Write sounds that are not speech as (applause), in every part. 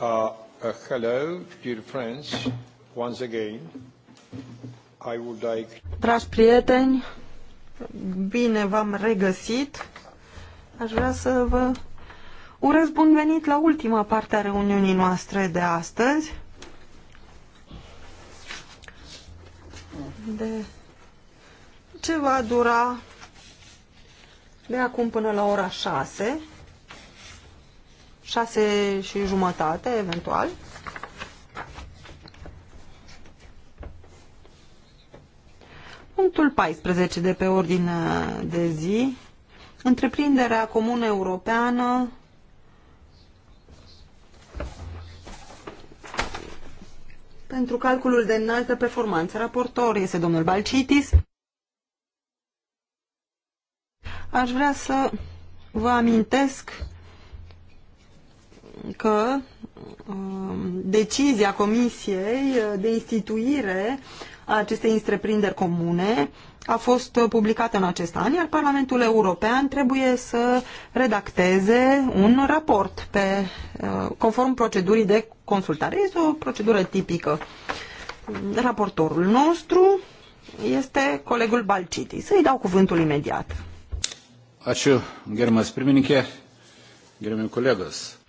Uh, uh, hello, dear friends, once again. I would like... Dragi prieteni, bine v-am regăsit. Aș vrea să vă urez bun venit la ultima parte a reuniunii noastre de astăzi. De ce va dura de acum până la ora 6 6 și jumătate, eventual. Punctul 14 de pe ordine de zi. Întreprinderea comună europeană pentru calculul de înaltă performanță. Raportor este domnul Balcitis. Aș vrea să vă amintesc că um, decizia Comisiei de instituire a acestei întreprinderi comune a fost publicată în acest an, iar Parlamentul European trebuie să redacteze un raport pe, uh, conform procedurii de consultare. Este o procedură tipică. Raportorul nostru este colegul Balciti. Să-i dau cuvântul imediat. Ačiū, gerbiamas pirmininkė, gerbiami kolegos.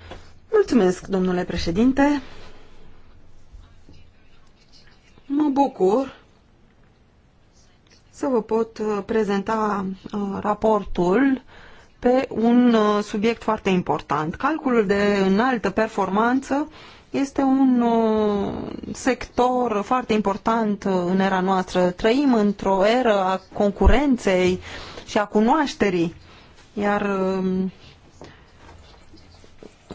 Mulțumesc, domnule președinte. Mă bucur să vă pot uh, prezenta uh, raportul pe un uh, subiect foarte important. Calculul de înaltă performanță este un sector foarte important în era noastră. Trăim într-o eră a concurenței și a cunoașterii, iar um,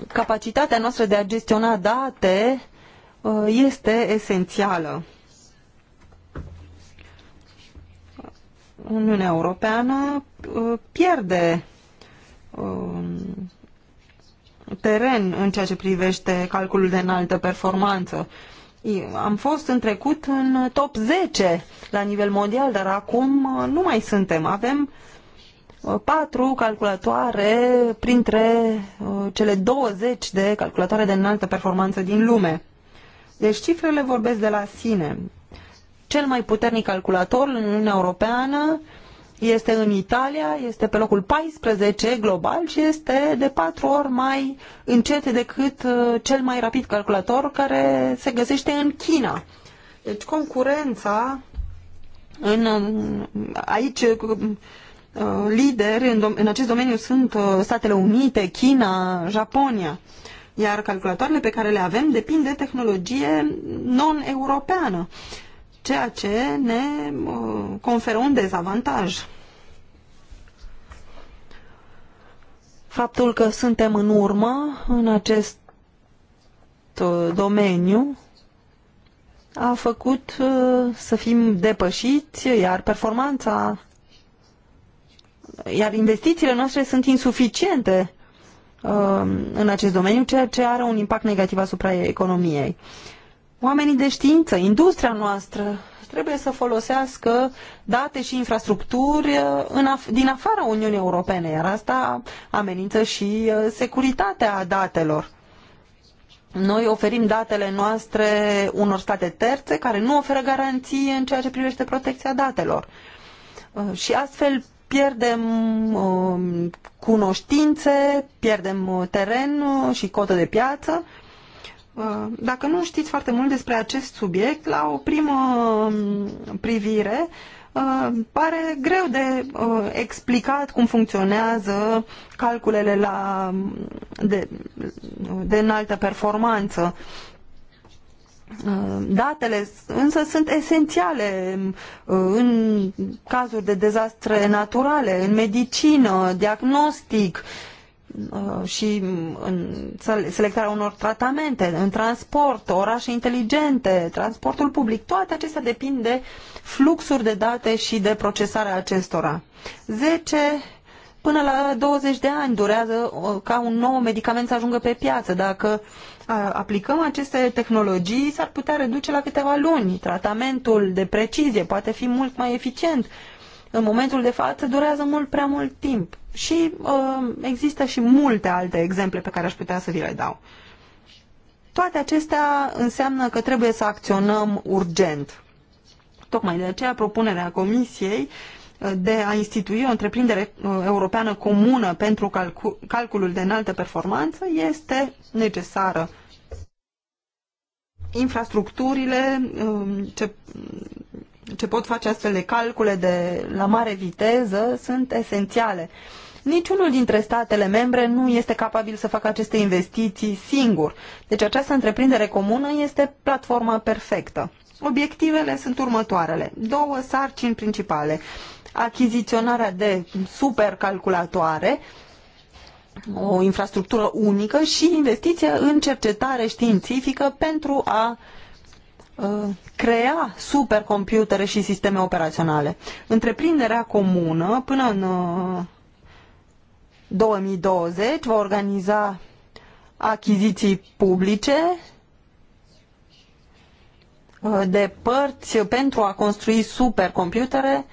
capacitatea noastră de a gestiona date uh, este esențială. Uniunea Europeană uh, pierde um, teren în ceea ce privește calculul de înaltă performanță. Am fost în trecut în top 10 la nivel mondial, dar acum uh, nu mai suntem. Avem uh, Uh, patru calculatoare printre uh, cele 20 de calculatoare de înaltă performanță din lume. Deci cifrele vorbesc de la sine. Cel mai puternic calculator în Uniunea Europeană este în Italia, este pe locul 14 global și este de patru ori mai încet decât uh, cel mai rapid calculator care se găsește în China. Deci concurența în, um, aici um, Uh, lideri în, în acest domeniu sunt uh, Statele Unite, China, Japonia. Iar calculatoarele pe care le avem depind de tehnologie non-europeană, ceea ce ne uh, conferă un dezavantaj. Faptul că suntem în urmă în acest domeniu a făcut să fim depășiți, iar performanța iar investițiile noastre sunt insuficiente um, în acest domeniu, ceea ce are un impact negativ asupra economiei. Oamenii de știință, industria noastră, trebuie să folosească date și infrastructuri uh, din afara Uniunii Europene, iar asta amenință și uh, securitatea datelor. Noi oferim datele noastre unor state terțe care nu oferă garanții în ceea ce privește protecția datelor. Uh, și astfel pierdem um, cunoștințe, pierdem uh, teren uh, și cotă de piață. Uh, dacă nu știți foarte mult despre acest subiect, la o primă um, privire, pare greu de explicat cum funcționează calculele la, de, de înaltă performanță. Uh, datele însă sunt esențiale uh, în cazuri de dezastre naturale, în medicină, diagnostic uh, și în selectarea unor tratamente, în transport, orașe inteligente, transportul public, toate acestea depind de fluxuri de date și de procesarea acestora. 10 până la 20 de ani durează ca un nou medicament să ajungă pe piață. Dacă aplicăm aceste tehnologii, s-ar putea reduce la câteva luni. Tratamentul de precizie poate fi mult mai eficient. În momentul de față durează mult prea mult timp. Și uh, există și multe alte exemple pe care aș putea să vi le dau. Toate acestea înseamnă că trebuie să acționăm urgent. Tocmai de aceea propunerea Comisiei de a institui o întreprindere europeană comună pentru calcul, calculul de înaltă performanță este necesară infrastructurile um, ce, ce pot face astfel de calcule de la mare viteză sunt esențiale. Niciunul dintre statele membre nu este capabil să facă aceste investiții singur. Deci această întreprindere comună este platforma perfectă. Obiectivele sunt următoarele. Două sarcini principale. Achiziționarea de supercalculatoare o infrastructură unică și investiția în cercetare științifică pentru a uh, crea supercomputere și sisteme operaționale. Întreprinderea comună până în 2020 uh, va organiza achiziții publice uh, de părți pentru a construi supercomputere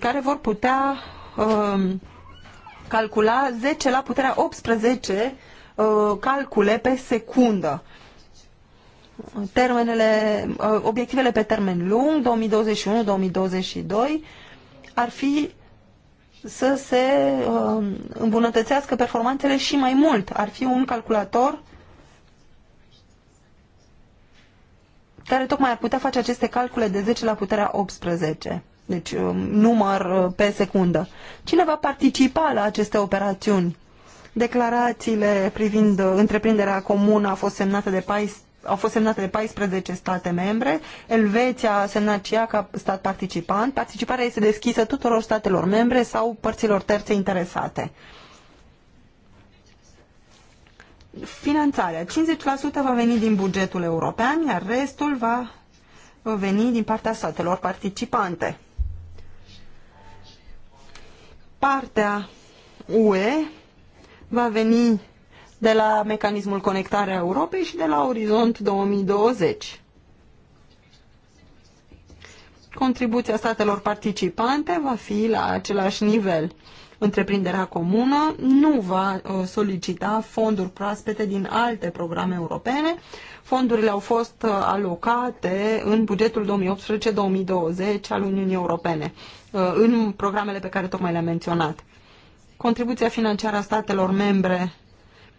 care vor putea calcula 10 la puterea 18 uh, calcule pe secundă. Termenele, uh, obiectivele pe termen lung, 2021-2022, ar fi să se uh, îmbunătățească performanțele și mai mult. Ar fi un calculator care tocmai ar putea face aceste calcule de 10 la puterea 18 deci um, număr uh, pe secundă. Cine va participa la aceste operațiuni? Declarațiile privind uh, întreprinderea comună au fost semnate de 14 au fost semnate de 14 state membre, Elveția a semnat și ea ca stat participant. Participarea este deschisă tuturor statelor membre sau părților terțe interesate. Finanțarea. 50% va veni din bugetul european, iar restul va veni din partea statelor participante partea UE va veni de la mecanismul conectarea Europei și de la Orizont 2020. Contribuția statelor participante va fi la același nivel. Întreprinderea comună nu va uh, solicita fonduri proaspete din alte programe europene, fondurile au fost uh, alocate în bugetul 2018-2020 al Uniunii Europene, uh, în programele pe care tocmai le-am menționat. Contribuția financiară a statelor membre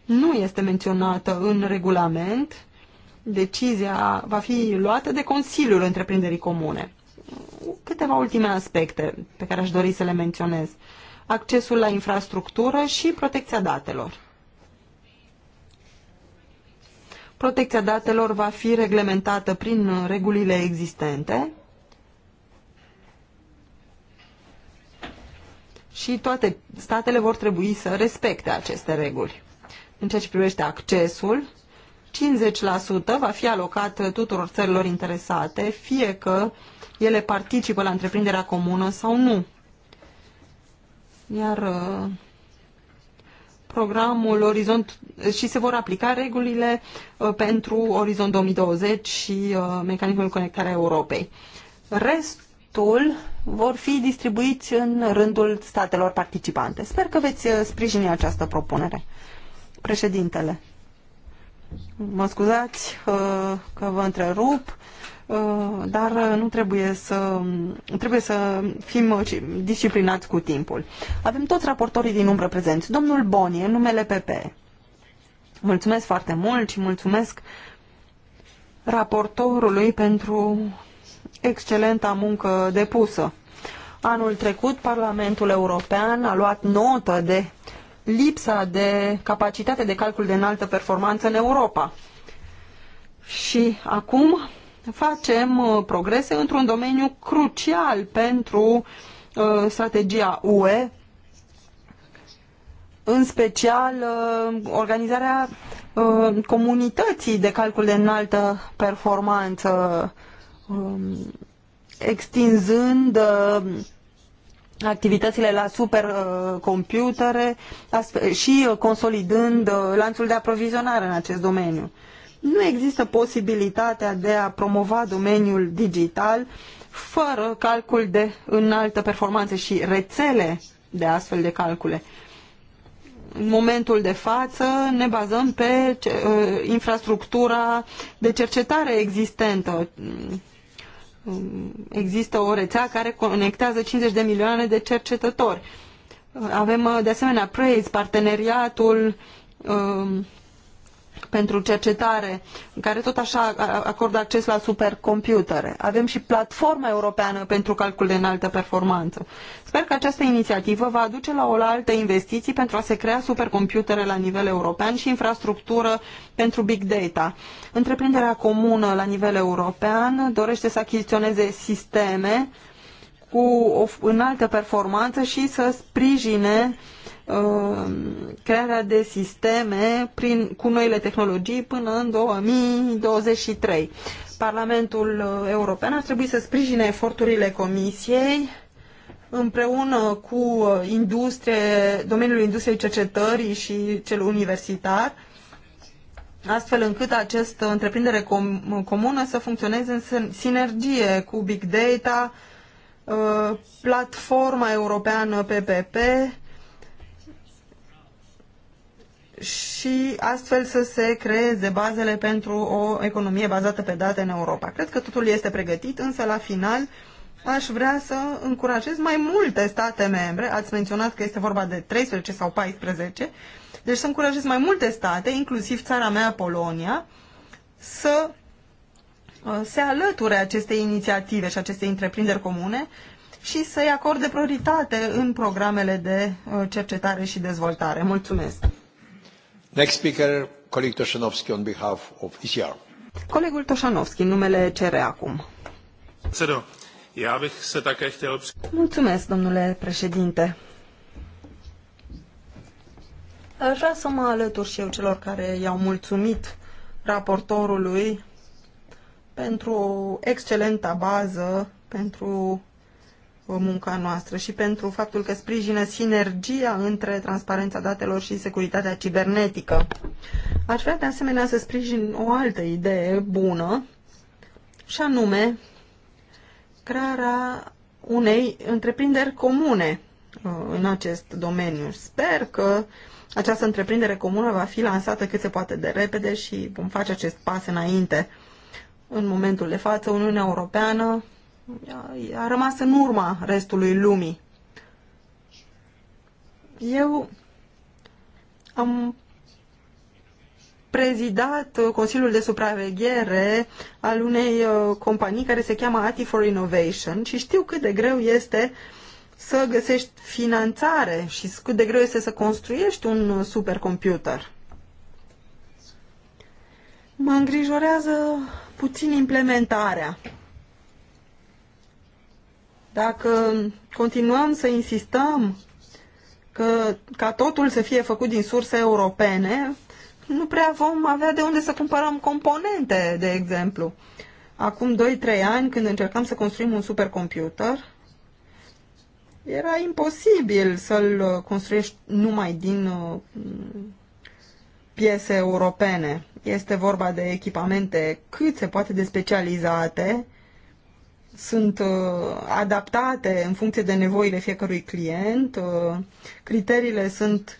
nu este menționată în regulament. Decizia va fi luată de Consiliul Întreprinderii Comune. Câteva ultime aspecte pe care aș dori să le menționez. Accesul la infrastructură și protecția datelor Protecția datelor va fi reglementată prin regulile existente și toate statele vor trebui să respecte aceste reguli. În ceea ce privește accesul, 50% va fi alocat tuturor țărilor interesate, fie că ele participă la întreprinderea comună sau nu. Iar uh, programul Orizont și se vor aplica regulile uh, pentru Orizont 2020 și uh, mecanismul conectarea Europei. Restul vor fi distribuiți în rândul statelor participante. Sper că veți uh, sprijini această propunere. Președintele, Mă scuzați uh, că vă întrerup, uh, dar uh, nu trebuie să, trebuie să fim disciplinați cu timpul. Avem toți raportorii din umbră prezenți. Domnul Boni, în numele PP. Mulțumesc foarte mult și mulțumesc raportorului pentru excelenta muncă depusă. Anul trecut, Parlamentul European a luat notă de lipsa de capacitate de calcul de înaltă performanță în Europa. Și acum facem uh, progrese într-un domeniu crucial pentru uh, strategia UE, în special uh, organizarea uh, comunității de calcul de înaltă performanță, um, extinzând uh, activitățile la supercomputere uh, și uh, consolidând uh, lanțul de aprovizionare în acest domeniu. Nu există posibilitatea de a promova domeniul digital fără calcul de înaltă performanță și rețele de astfel de calcule. În momentul de față ne bazăm pe infrastructura de cercetare existentă, există o rețea care conectează 50 de milioane de cercetători. Avem uh, de asemenea Praise, parteneriatul um, pentru cercetare, care tot așa acordă acces la supercomputere. Avem și platforma europeană pentru calcul de înaltă performanță. Sper că această inițiativă va aduce la oaltă investiții pentru a se crea supercomputere la nivel european și infrastructură pentru big data. Întreprinderea comună la nivel european dorește să achiziționeze sisteme cu o înaltă performanță și să sprijine uh, Uh, crearea de sisteme prin, cu noile tehnologii până în 2023. Parlamentul uh, European ar trebui să sprijine eforturile Comisiei împreună cu uh, industrie, domeniul industriei cercetării și cel universitar, astfel încât această întreprindere com comună să funcționeze în sinergie cu Big Data, platforma europeană PPP, și astfel să se creeze bazele pentru o economie bazată pe date în Europa. Cred că totul este pregătit, însă la final aș vrea să încurajez mai multe state membre, ați menționat că este vorba de 13 sau 14, deci să încurajez mai multe state, inclusiv țara mea, Polonia, să uh, se alăture acestei inițiative și acestei întreprinderi comune și să-i acorde prioritate în programele de uh, cercetare și dezvoltare. Mulțumesc! Next speaker, colleague Toshanovski on behalf of ECR. Colegul Toșanovski, numele cere acum. Mulțumesc, domnule președinte. Aș vrea să mă alătur și eu celor care i-au mulțumit raportorului pentru excelenta bază, pentru munca noastră și pentru faptul că sprijină sinergia între transparența datelor și securitatea cibernetică. Aș vrea de asemenea să sprijin o altă idee bună și anume crearea unei întreprinderi comune uh, în acest domeniu. Sper că această întreprindere comună va fi lansată cât se poate de repede și vom face acest pas înainte. În momentul de față, Uniunea Europeană a rămas în urma restului lumii. Eu am prezidat uh, Consiliul de Supraveghere al unei uh, companii care se cheamă Ati for Innovation și știu cât de greu este să găsești finanțare și cât de greu este să construiești un uh, supercomputer. Mă îngrijorează puțin implementarea. Dacă continuăm să insistăm că, ca totul să fie făcut din surse europene, nu prea vom avea de unde să cumpărăm componente, de exemplu. Acum 2-3 ani, când încercam să construim un supercomputer, era imposibil să-l construiești numai din uh, piese europene. Este vorba de echipamente cât se poate de specializate, sunt uh, adaptate în funcție de nevoile fiecărui client, uh, criteriile sunt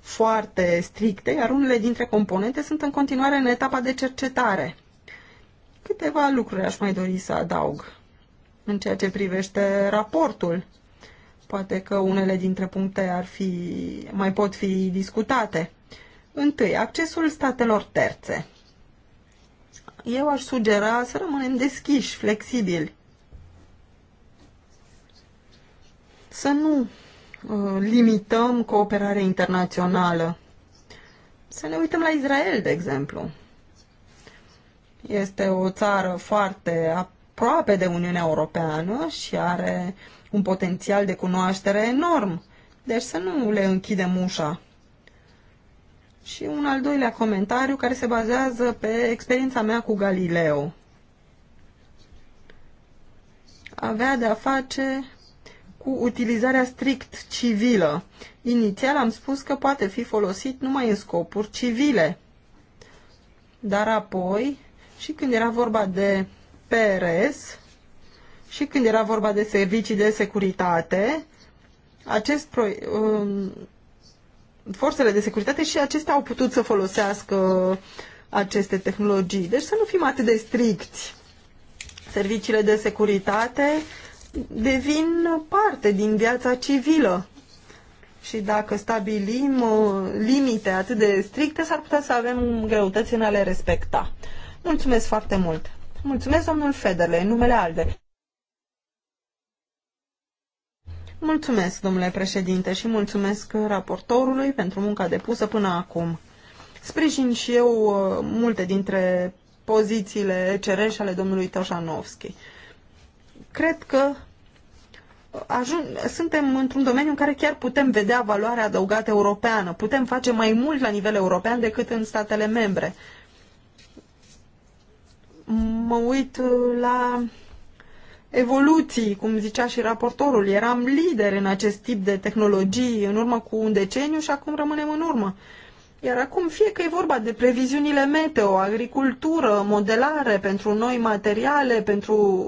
foarte stricte, iar unele dintre componente sunt în continuare în etapa de cercetare. Câteva lucruri aș mai dori să adaug în ceea ce privește raportul. Poate că unele dintre puncte ar fi, mai pot fi discutate. Întâi, accesul statelor terțe. Eu aș sugera să rămânem deschiși, flexibili. să nu uh, limităm cooperarea internațională. Să ne uităm la Israel, de exemplu. Este o țară foarte aproape de Uniunea Europeană și are un potențial de cunoaștere enorm. Deci să nu le închidem ușa. Și un al doilea comentariu care se bazează pe experiența mea cu Galileo. Avea de a face cu utilizarea strict civilă. Inițial am spus că poate fi folosit numai în scopuri civile. Dar apoi, și când era vorba de PRS, și când era vorba de servicii de securitate, acest pro, um, forțele de securitate și acestea au putut să folosească aceste tehnologii. Deci să nu fim atât de stricți. Serviciile de securitate uh, devin parte din viața civilă. Și dacă stabilim uh, limite atât de stricte, s-ar putea să avem greutăți în a le respecta. Mulțumesc foarte mult! Mulțumesc, domnul Federle, în numele ALDE. Mulțumesc, domnule președinte, și mulțumesc raportorului pentru munca depusă până acum. Sprijin și eu uh, multe dintre pozițiile cere ale domnului Toșanovski cred că ajung, suntem într-un domeniu în care chiar putem vedea valoarea adăugată europeană. Putem face mai mult la nivel european decât în statele membre. Mă uit uh, la evoluții, cum zicea și raportorul. Eram lider în acest tip de tehnologii în urmă cu un deceniu și acum rămânem în urmă. Iar acum, fie că e vorba de previziunile meteo, agricultură, modelare pentru noi materiale, pentru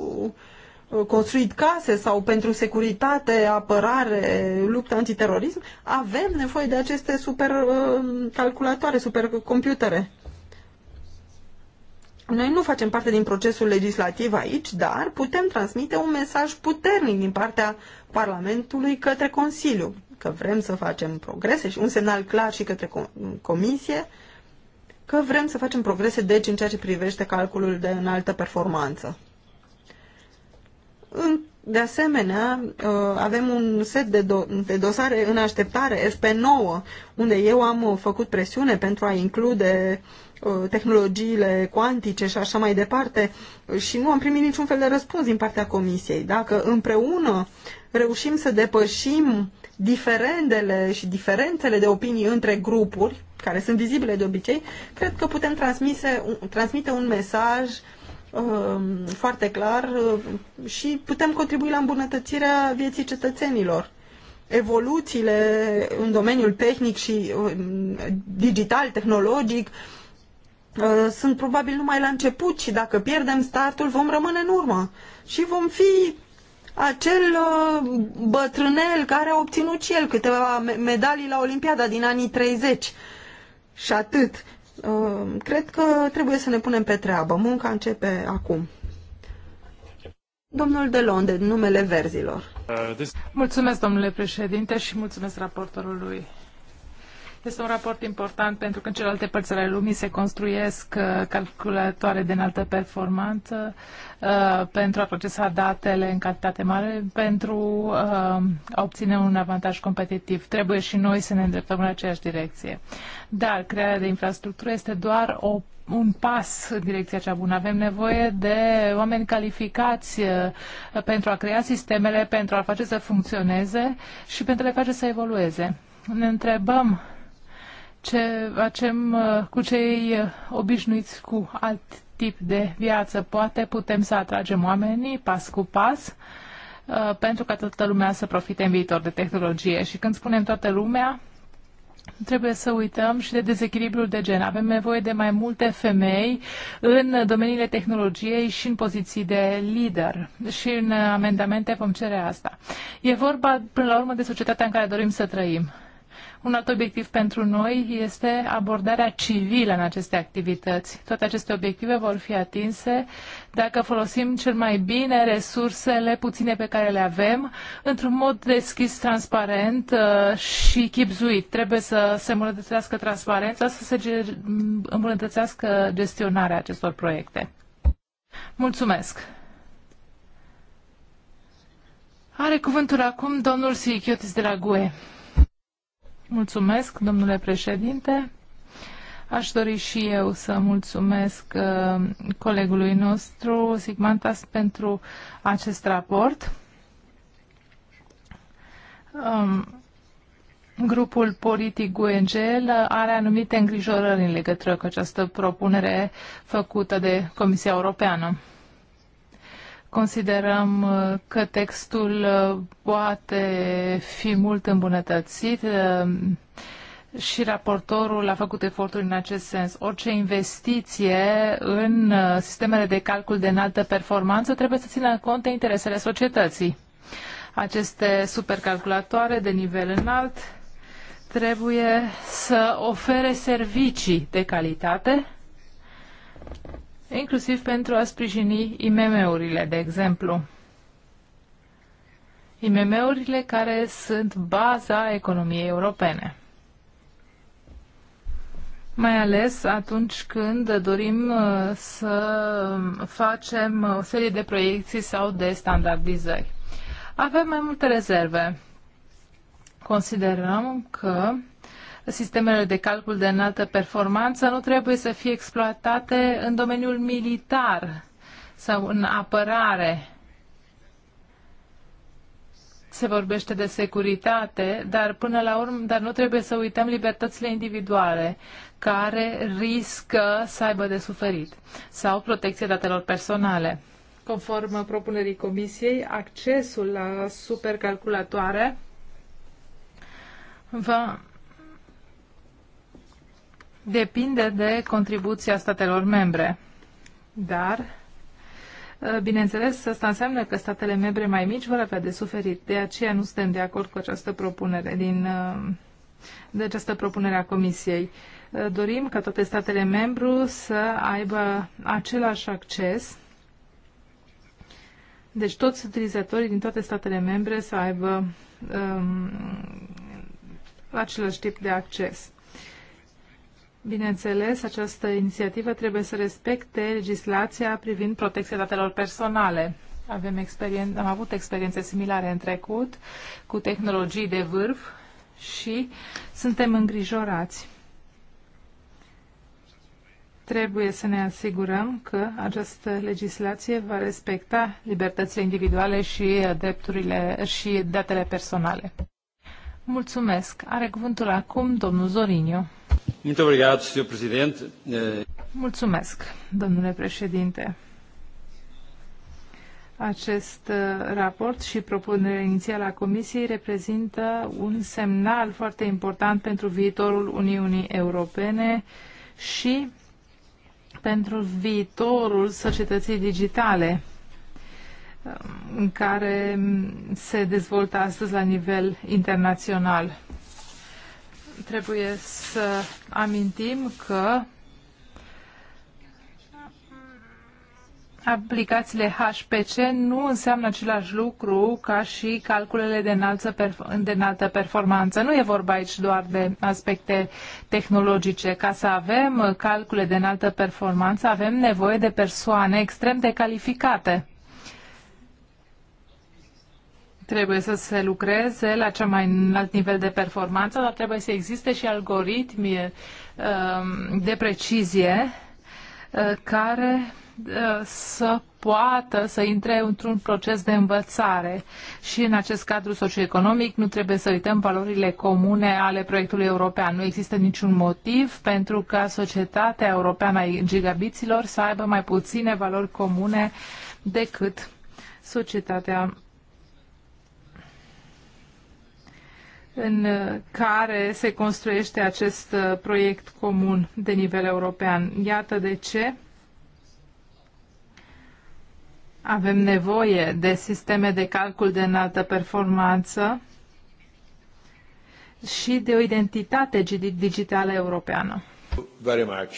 construit case sau pentru securitate, apărare, luptă antiterorism, avem nevoie de aceste supercalculatoare, uh, supercomputere. Noi nu facem parte din procesul legislativ aici, dar putem transmite un mesaj puternic din partea Parlamentului către Consiliu, că vrem să facem progrese și un semnal clar și către Comisie că vrem să facem progrese, deci, în ceea ce privește calculul de înaltă performanță. De asemenea, uh, avem un set de, do- de dosare în așteptare, FP9, unde eu am uh, făcut presiune pentru a include uh, tehnologiile cuantice și așa mai departe și nu am primit niciun fel de răspuns din partea Comisiei. Dacă împreună reușim să depășim diferendele și diferențele de opinii între grupuri, care sunt vizibile de obicei, cred că putem transmise, transmite un mesaj uh, Um, foarte clar uh, și putem contribui la îmbunătățirea vieții cetățenilor. Evoluțiile în domeniul tehnic și uh, digital, tehnologic, uh, sunt probabil numai la început și dacă pierdem startul vom rămâne în urmă și vom fi acel bătrânel care a obținut și el câteva medalii la Olimpiada din anii 30 și atât. Ehm, cred că trebuie să ne punem pe treabă. Munca începe acum. Domnul de Londe, numele verzilor. Mulțumesc, domnule președinte, și mulțumesc raportorului este un raport important pentru că în celelalte părți ale lumii se construiesc uh, calculatoare de înaltă performanță uh, pentru a procesa datele în cantitate mare, pentru uh, a obține un avantaj competitiv. Trebuie și noi să ne îndreptăm în aceeași direcție. Dar crearea de infrastructură este doar o un pas în direcția cea bună. Avem nevoie de oameni calificați pentru a crea sistemele, pentru a face să funcționeze și pentru a le face să evolueze. Ne întrebăm ce facem uh, cu cei uh, obișnuiți cu alt tip de viață. Poate putem să atragem oamenii pas cu pas uh, pentru ca toată lumea să profite în viitor de tehnologie. Și când spunem toată lumea, trebuie să uităm și de dezechilibrul de gen. Avem nevoie de mai multe femei în domeniile tehnologiei și în poziții de lider. Și în amendamente vom cere asta. E vorba, până la urmă, de societatea în care dorim să trăim. Un alt obiectiv pentru noi este abordarea civilă în aceste activități. Toate aceste obiective vor fi atinse dacă folosim cel mai bine resursele puține pe care le avem într-un mod deschis, transparent uh, și chipzuit. Trebuie să se îmbunătățească transparența, să se îmbunătățească gestionarea acestor proiecte. Mulțumesc! Are cuvântul acum domnul Sirichiotis de la GUE. Mulțumesc, domnule președinte. Aș dori și eu să mulțumesc uh, colegului nostru, Sigmantas, pentru acest raport. Um, grupul politic Guengel are anumite îngrijorări în legătură cu această propunere făcută de Comisia Europeană. Considerăm uh, că textul uh, poate fi mult îmbunătățit uh, și raportorul a făcut eforturi în acest sens. Orice investiție în sistemele de calcul de înaltă performanță trebuie să țină cont de interesele societății. Aceste supercalculatoare de nivel înalt trebuie să ofere servicii de calitate inclusiv pentru a sprijini IMM-urile, de exemplu. IMM-urile care sunt baza economiei europene. Mai ales atunci când dorim uh, să facem o serie de proiecții sau de standardizări. Avem mai multe rezerve. Considerăm că sistemele de calcul de înaltă performanță nu trebuie să fie exploatate în domeniul militar sau în apărare. Se vorbește de securitate, dar până la urmă, dar nu trebuie să uităm libertățile individuale care riscă să aibă de suferit sau protecția datelor personale. Conform propunerii comisiei, accesul la supercalculatoare va depinde de contribuția statelor membre. Dar, ă, bineînțeles, asta înseamnă că statele membre mai mici vor avea de suferit. De aceea nu suntem de acord cu această propunere din ă, de această propunere a Comisiei. Ă, dorim ca toate statele membru să aibă același acces, deci toți utilizatorii din toate statele membre să aibă um, același tip de acces. Bineînțeles, această inițiativă trebuie să respecte legislația privind protecția datelor personale. Avem experien- am avut experiențe similare în trecut cu tehnologii de vârf și suntem îngrijorați. Trebuie să ne asigurăm că această legislație va respecta libertățile individuale și drepturile și datele personale. Mulțumesc. Are cuvântul acum domnul Zorinio. Eh, Mulțumesc, domnule președinte. Acest eh, raport și propunerea inițială a Comisiei reprezintă un semnal foarte important pentru viitorul Uniunii Europene și pentru viitorul societății digitale în care se dezvoltă astăzi la nivel internațional. Trebuie să amintim că aplicațiile HPC nu înseamnă același lucru ca și calculele de înaltă, de înaltă performanță. Nu e vorba aici doar de aspecte tehnologice. Ca să avem calcule de înaltă performanță, avem nevoie de persoane extrem de calificate Trebuie să se lucreze la cel mai înalt nivel de performanță, dar trebuie să existe și algoritmi uh, de precizie uh, care uh, să poată să intre într-un proces de învățare. Și în acest cadru socioeconomic nu trebuie să uităm valorile comune ale proiectului european. Nu există niciun motiv pentru ca societatea europeană a gigabiților să aibă mai puține valori comune decât societatea în care se construiește acest uh, proiect comun de nivel european. Iată de ce avem nevoie de sisteme de calcul de înaltă performanță și de o identitate digitală europeană. Very much.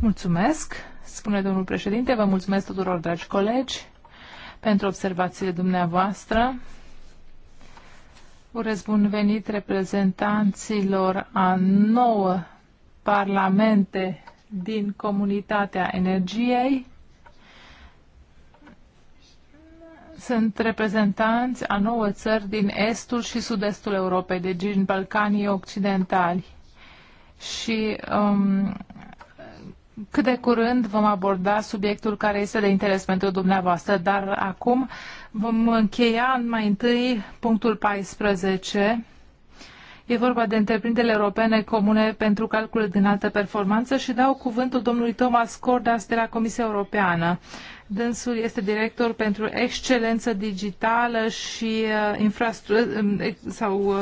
Mulțumesc, spune domnul președinte, vă mulțumesc tuturor, dragi colegi, pentru observațiile dumneavoastră. Urez bun venit reprezentanților a nouă parlamente din comunitatea energiei. Sunt reprezentanți a nouă țări din estul și sud-estul Europei, deci din Balcanii Occidentali. Și um, cât de curând vom aborda subiectul care este de interes pentru dumneavoastră, dar acum vom încheia mai întâi punctul 14. E vorba de întreprinderile europene comune pentru calcul din altă performanță și dau cuvântul domnului Thomas Cordas de la Comisia Europeană. Dânsul este director pentru excelență digitală și uh, infrastru- um, sau, uh,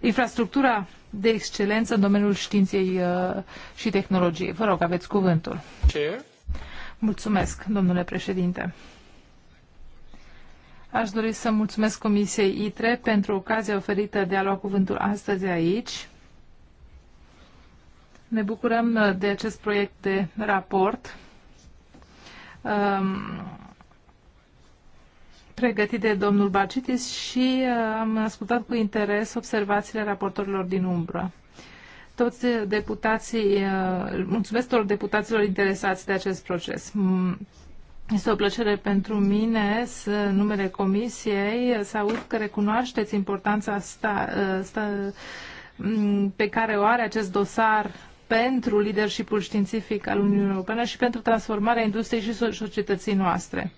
infrastructura de excelență în domeniul științei uh, și tehnologiei. Vă rog, aveți cuvântul. Chair. Mulțumesc, domnule președinte. Aș dori să mulțumesc Comisiei ITRE pentru ocazia oferită de a lua cuvântul astăzi aici. Ne bucurăm uh, de acest proiect de raport. Um, pregătit de domnul Bacitis și uh, am ascultat cu interes observațiile raportorilor din umbră. Toți deputații, uh, mulțumesc tuturor deputaților interesați de acest proces. Mm, este o plăcere pentru mine, în numele Comisiei, să aud că recunoașteți importanța sta, uh, sta, mm, pe care o are acest dosar pentru leadership științific al Uniunii Europene și pentru transformarea industriei și societății noastre.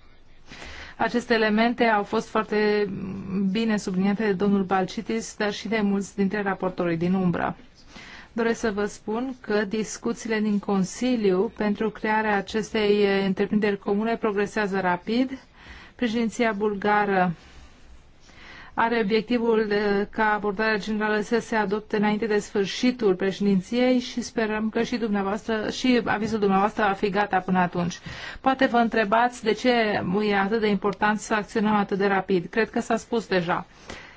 Aceste elemente au fost foarte bine subliniate de domnul Balcitis, dar și de mulți dintre raportorii din umbră. Doresc să vă spun că discuțiile din Consiliu pentru crearea acestei eh, întreprinderi comune progresează rapid. Președinția bulgară are obiectivul ca abordarea generală să se adopte înainte de sfârșitul președinției și sperăm că și dumneavoastră și avizul dumneavoastră va fi gata până atunci. Poate vă întrebați de ce e atât de important să acționăm atât de rapid. Cred că s-a spus deja.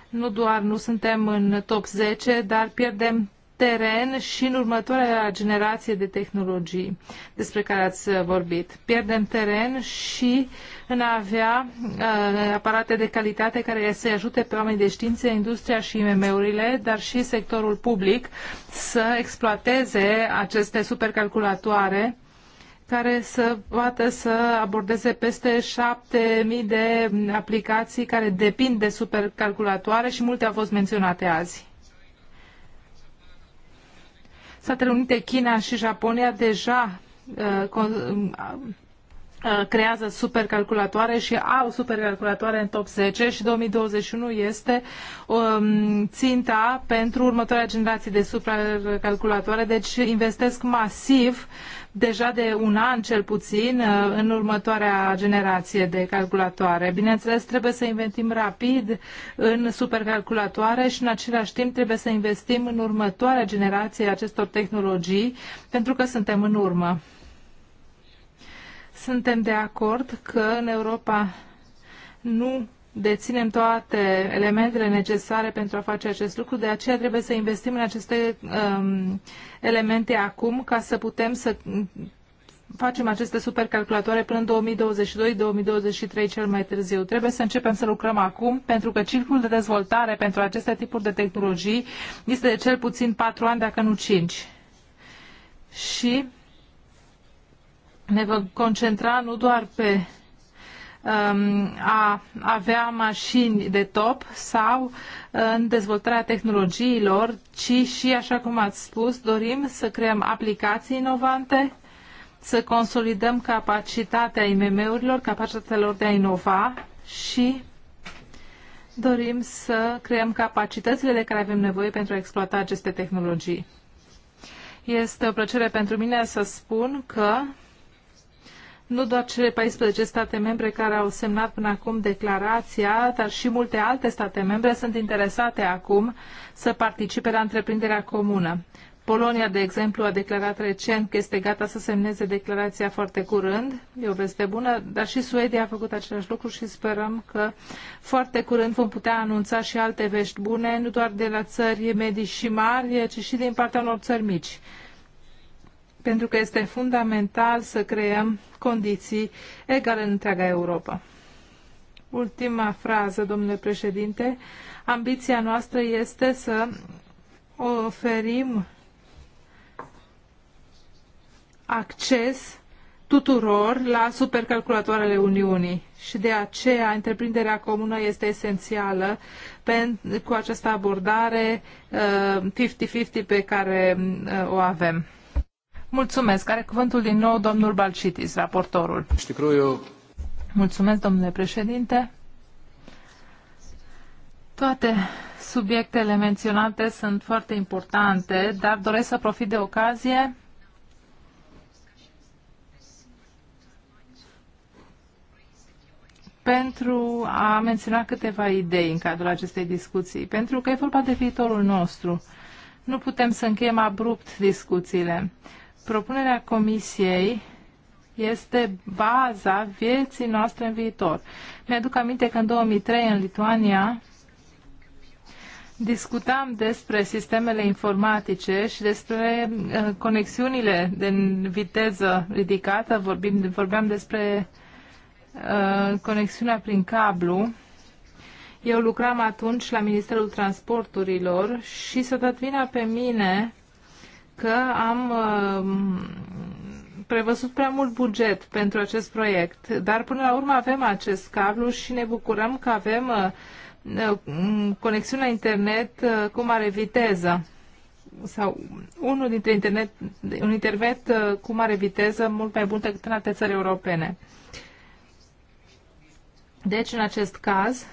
Nu doar nu suntem în top 10, dar pierdem teren și în următoarea generație de tehnologii despre care ați vorbit. Pierdem teren și uh, în a avea uh, aparate de calitate care să ajute pe oameni de știință, industria și IMM-urile, dar și sectorul public să exploateze aceste supercalculatoare care să poată să abordeze peste 7000 de aplicații care depind de supercalculatoare și multe au fost menționate azi. Statele Unite, China și Japonia deja uh, Uh, creează supercalculatoare și au supercalculatoare în top 10 și 2021 este um, ținta pentru următoarea generație de supercalculatoare, deci investesc masiv deja de un an cel puțin uh, în următoarea generație de calculatoare. Bineînțeles, trebuie să inventim rapid în supercalculatoare și în același timp trebuie să investim în următoarea generație acestor tehnologii pentru că suntem în urmă. Suntem de acord că în Europa nu deținem toate elementele necesare pentru a face acest lucru, de aceea trebuie să investim în aceste um, elemente acum ca să putem să facem aceste supercalculatoare până în 2022-2023 cel mai târziu. Trebuie să începem să lucrăm acum, pentru că ciclul de dezvoltare pentru aceste tipuri de tehnologii este de cel puțin 4 ani, dacă nu 5. Și ne vom concentra nu doar pe um, a avea mașini de top sau uh, în dezvoltarea tehnologiilor, ci și, așa cum ați spus, dorim să creăm aplicații inovante, să consolidăm capacitatea IMM-urilor, capacitatea lor de a inova și dorim să creăm capacitățile de care avem nevoie pentru a exploata aceste tehnologii. Este o plăcere pentru mine să spun că nu doar cele 14 state membre care au semnat până acum declarația, dar și multe alte state membre sunt interesate acum să participe la întreprinderea comună. Polonia, de exemplu, a declarat recent că este gata să semneze declarația foarte curând, e o veste bună, dar și Suedia a făcut același lucru și sperăm că foarte curând vom putea anunța și alte vești bune, nu doar de la țări medii și mari, ci și din partea unor țări mici pentru că este fundamental să creăm condiții egale în întreaga Europa. Ultima frază, domnule președinte, ambiția noastră este să oferim acces tuturor la supercalculatoarele Uniunii și de aceea întreprinderea comună este esențială cu această abordare 50-50 uh, pe care uh, o avem. Mulțumesc. Are cuvântul din nou domnul Balcitis, raportorul. Mulțumesc, domnule președinte. Toate subiectele menționate sunt foarte importante, dar doresc să profit de ocazie pentru a menționa câteva idei în cadrul acestei discuții, pentru că e vorba de viitorul nostru. Nu putem să încheiem abrupt discuțiile. Propunerea Comisiei este baza vieții noastre în viitor. Mi-aduc aminte că în 2003 în Lituania discutam despre sistemele informatice și despre uh, conexiunile de viteză ridicată, vorbim, vorbeam despre uh, conexiunea prin cablu. Eu lucram atunci la Ministerul Transporturilor și s-a dat vina pe mine că am um, prevăzut prea mult buget pentru acest proiect, dar până la urmă avem acest cablu și ne bucurăm că avem uh, conexiunea internet uh, cu mare viteză sau unul dintre internet, un internet uh, cu mare viteză mult mai bun decât în alte țări europene. Deci, în acest caz,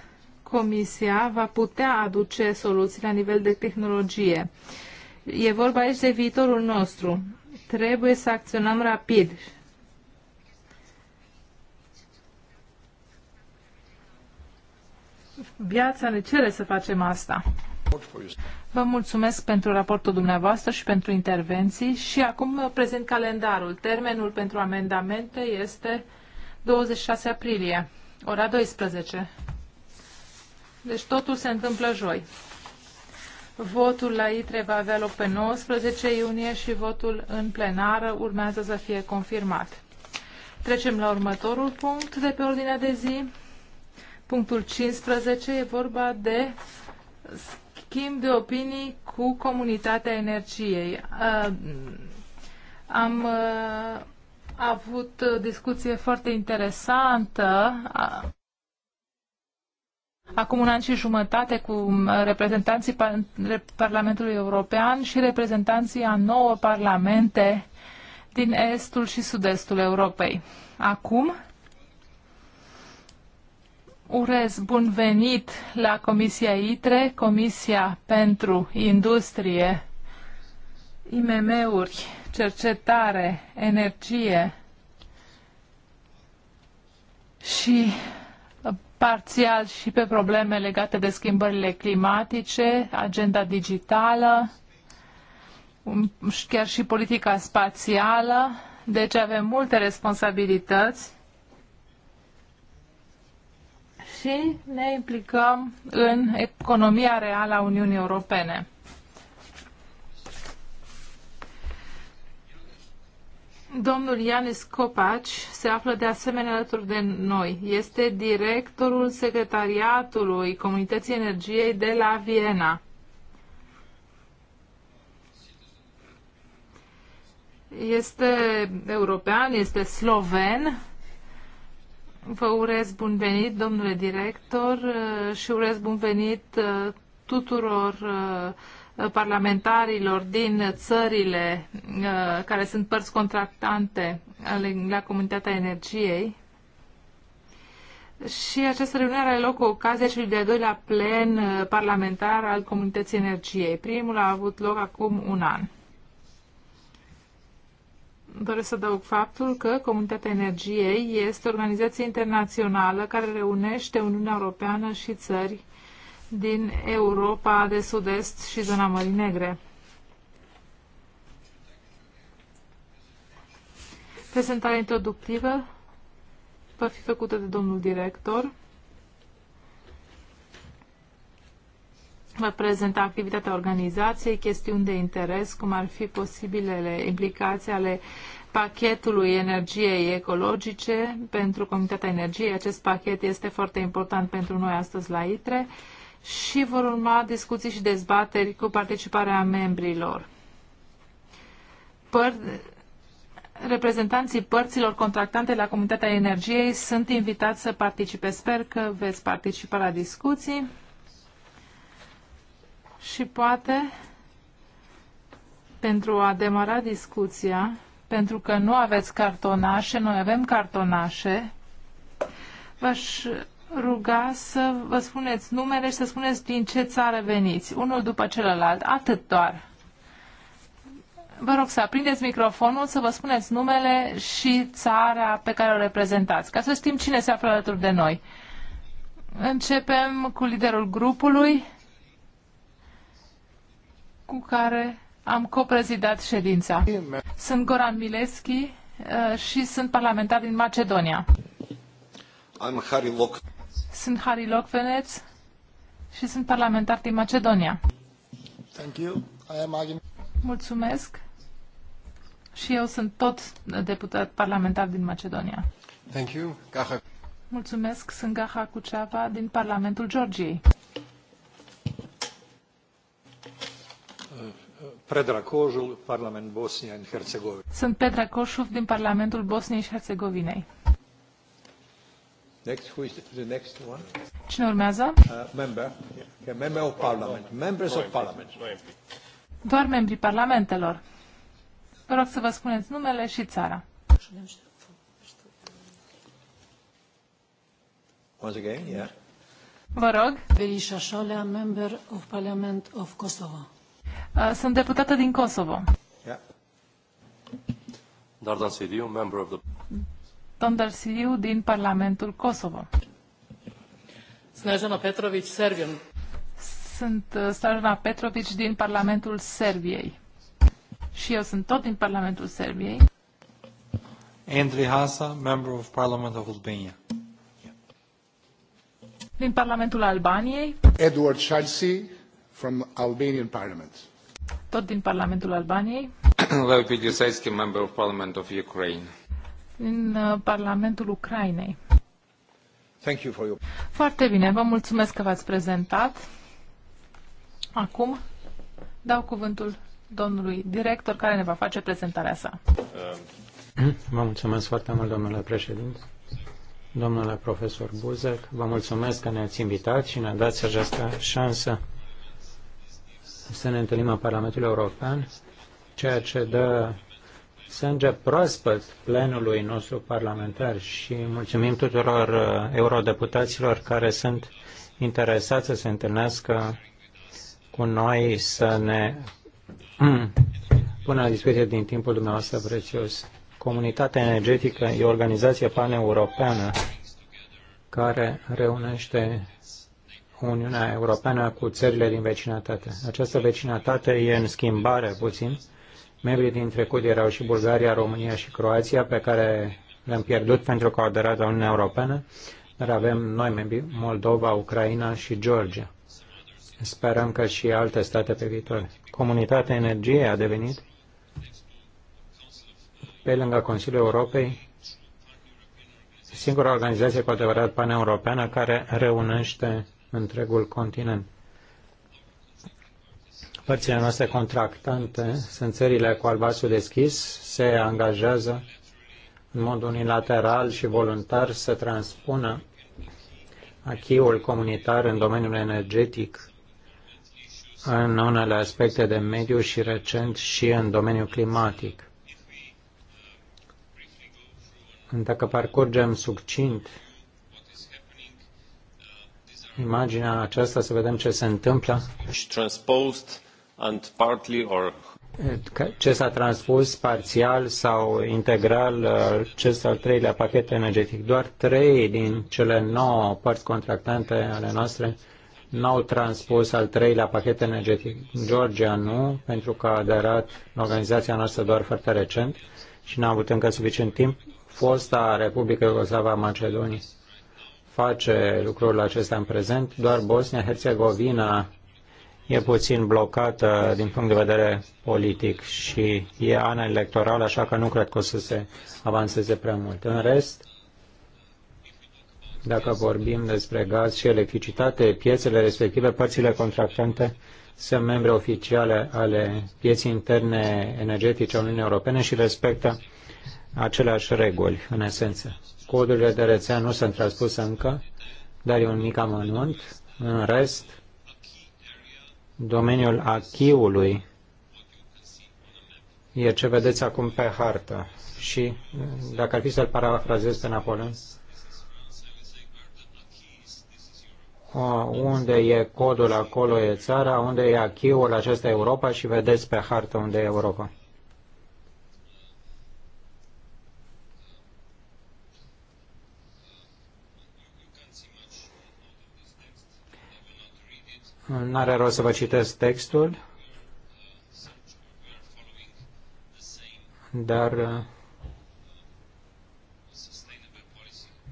Comisia va putea aduce soluții la nivel de tehnologie. Uh, E vorba aici de viitorul nostru. Trebuie să acționăm rapid. Viața ne cere să facem asta. Vă mulțumesc pentru raportul dumneavoastră și pentru intervenții și acum prezint calendarul. Termenul pentru amendamente este 26 aprilie, ora 12. Deci totul se întâmplă joi. Votul la ITRE va avea loc pe 19 iunie și votul în plenară urmează să fie confirmat. Trecem la următorul punct de pe ordinea de zi. Punctul 15 e vorba de schimb de opinii cu comunitatea energiei. Uh, am uh, avut o discuție foarte interesantă. Uh, acum un an și jumătate cu uh, reprezentanții Parlamentului European și reprezentanții a nouă parlamente din estul și sud-estul Europei. Acum urez bun venit la Comisia ITRE, Comisia pentru Industrie, IMM-uri, Cercetare, Energie și parțial și pe probleme legate de schimbările climatice, agenda digitală, um, chiar și politica spațială. Deci avem multe responsabilități și ne implicăm în economia reală a Uniunii Europene. Domnul Ianis Copaci se află de asemenea alături de noi. Este directorul secretariatului Comunității Energiei de la Viena. Este european, este sloven. Vă urez bun venit, domnule director, și urez bun venit uh, tuturor uh, parlamentarilor din țările uh, care sunt părți contractante la Comunitatea Energiei. Și această reuniune are loc cu ocazia celui de-al doilea plen uh, parlamentar al Comunității Energiei. Primul a avut loc acum un an. Doresc să adaug faptul că Comunitatea Energiei este o organizație internațională care reunește Uniunea Europeană și țări din Europa de Sud-Est și zona Mării Negre. Prezentarea introductivă va fi făcută de domnul director. Va prezenta activitatea organizației, chestiuni de interes, cum ar fi posibilele implicații ale pachetului energiei ecologice pentru Comunitatea Energiei. Acest pachet este foarte important pentru noi astăzi la ITRE și vor urma discuții și dezbateri cu participarea membrilor. Păr- reprezentanții părților contractante la Comunitatea Energiei sunt invitați să participe. Sper că veți participa la discuții și poate pentru a demara discuția, pentru că nu aveți cartonașe, noi avem cartonașe, v-aș ruga să vă spuneți numele și să spuneți din ce țară veniți, unul după celălalt, atât doar. Vă rog să aprindeți microfonul, să vă spuneți numele și țara pe care o reprezentați, ca să știm cine se află alături de noi. Începem cu liderul grupului cu care am coprezidat ședința. Sunt Goran Mileschi uh, și sunt parlamentar din Macedonia. I'm Harry sunt Harry Lokveneț și sunt parlamentar din Macedonia. Thank you. I am Agim. Mulțumesc. Și eu sunt tot deputat parlamentar din Macedonia. Thank you. Gaha. Mulțumesc. Sunt Gaha Cuceava din Parlamentul Georgiei. Predra Coșul, Parlament Bosnia și Herțegovina. Sunt Petra Coșov din Parlamentul Bosniei și Herțegovinei. Next, who is the next one? Cine urmează? Uh, member. Yeah. member of Parliament. Members of Parliament. Doar membrii parlamentelor. Vă rog să vă spuneți numele și țara. Once again, yeah. Vă rog. Berisha Șolea, member of Parliament of Kosovo. Uh, sunt deputată din Kosovo. Yeah. Dardan Sidiu, member of the... Tondarsiu din Parlamentul Kosovo. Snežana Petrović, Serbian. Sunt uh, Snežana Petrović din Parlamentul Serbiei. Și eu sunt tot din Parlamentul Serbiei. Andrei Hasa, Member of Parliament of Albania. Din Parlamentul Albaniei. Edward Chalsi, from Albanian Parliament. Tot din Parlamentul Albaniei. Leopid Yusayski, Member of Parliament of Ukraine în uh, Parlamentul Ucrainei. Thank you for your... Foarte bine, vă mulțumesc că v-ați prezentat. Acum dau cuvântul domnului director care ne va face prezentarea sa. Vă mulțumesc foarte mult, domnule președinte. Domnule profesor Buzek, vă mulțumesc că ne-ați invitat și ne dat această șansă să ne întâlnim în Parlamentul European, ceea ce dă sânge proaspăt plenului nostru parlamentar și mulțumim tuturor uh, eurodeputaților care sunt interesați să se întâlnească cu noi, să ne (clears throat) pună la discuție din timpul dumneavoastră prețios. Comunitatea energetică e o organizație paneuropeană care reunește Uniunea Europeană cu țările din vecinătate. Această vecinătate e în schimbare puțin Membrii din trecut erau și Bulgaria, România și Croația, pe care le-am pierdut pentru că au aderat la Uniunea Europeană, dar avem noi membri, Moldova, Ucraina și Georgia. Sperăm că și alte state pe viitor. Comunitatea Energiei a devenit, pe lângă Consiliul Europei, singura organizație cu adevărat paneuropeană care reunește întregul continent. Părțile noastre contractante sunt țările cu albasul deschis, se angajează în mod unilateral și voluntar să transpună achiul comunitar în domeniul energetic în unele aspecte de mediu și recent și în domeniul climatic. Dacă parcurgem succint imaginea aceasta, să vedem ce se întâmplă ce s-a transpus parțial sau integral uh, cel al treilea pachet energetic. Doar trei din cele nouă părți contractante ale noastre n-au transpus al treilea pachet energetic. Georgia nu, pentru că a aderat în organizația noastră doar foarte recent și n-a avut încă suficient timp. Fosta Republică Iugoslava Macedoniei face lucrul acesta în prezent. Doar Bosnia-Herzegovina e puțin blocată din punct de vedere politic și e an electoral, așa că nu cred că o să se avanseze prea mult. În rest, dacă vorbim despre gaz și electricitate, piețele respective, părțile contractante, sunt membre oficiale ale pieții interne energetice a Uniunii Europene și respectă aceleași reguli, în esență. Codurile de rețea nu sunt transpuse încă, dar e un mic amănunt. În rest, Domeniul achiului e ce vedeți acum pe hartă. Și dacă ar fi să-l parafrazez pe Napoleon, unde e codul, acolo e țara, unde e achiul, aceasta e Europa și vedeți pe hartă unde e Europa. N-are rost să vă citesc textul, dar uh,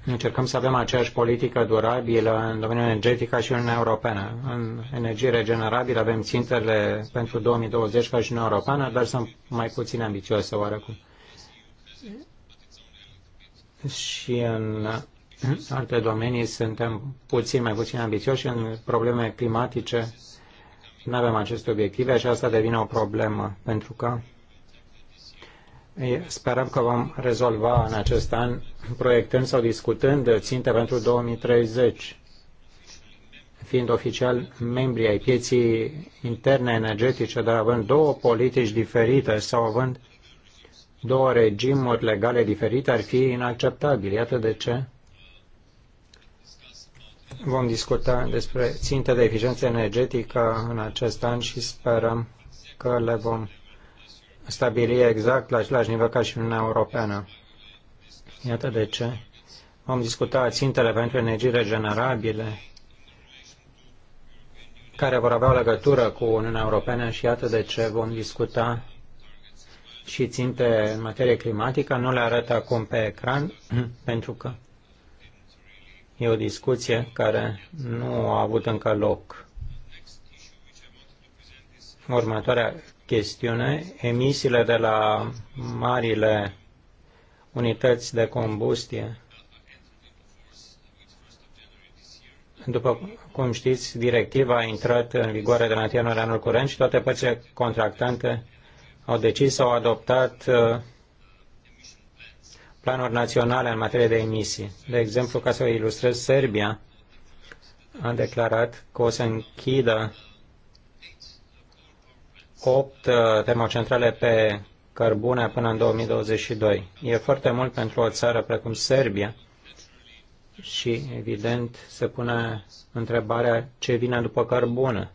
încercăm să avem aceeași politică durabilă în domeniul energetic și în Uniunea Europeană. În energie regenerabilă avem țintele pentru 2020 ca și Uniunea Europeană, dar sunt mai puțin ambițioase oarecum. Și în în alte domenii suntem puțin mai puțin ambițioși în probleme climatice. Nu avem aceste obiective și asta devine o problemă, pentru că sperăm că vom rezolva în acest an, proiectând sau discutând ținte pentru 2030, fiind oficial membri ai pieții interne energetice, dar având două politici diferite sau având două regimuri legale diferite, ar fi inacceptabil. Iată de ce vom discuta despre ținte de eficiență energetică în acest an și sperăm că le vom stabili exact la același nivel ca și Uniunea Europeană. Iată de ce. Vom discuta țintele pentru energii regenerabile care vor avea legătură cu Uniunea Europeană și iată de ce vom discuta și ținte în materie climatică. Nu le arăt acum pe ecran (clears throat) pentru că E o discuție care nu a avut încă loc. Următoarea chestiune, emisiile de la marile unități de combustie. După cum știți, directiva a intrat în vigoare de la ianuarie anul curent și toate părțile contractante au decis, sau adoptat uh, planuri naționale în materie de emisii. De exemplu, ca să o ilustrez, Serbia a declarat că o să închidă 8 uh, termocentrale pe cărbune până în 2022. E foarte mult pentru o țară precum Serbia și, evident, se pune întrebarea ce vine după cărbune.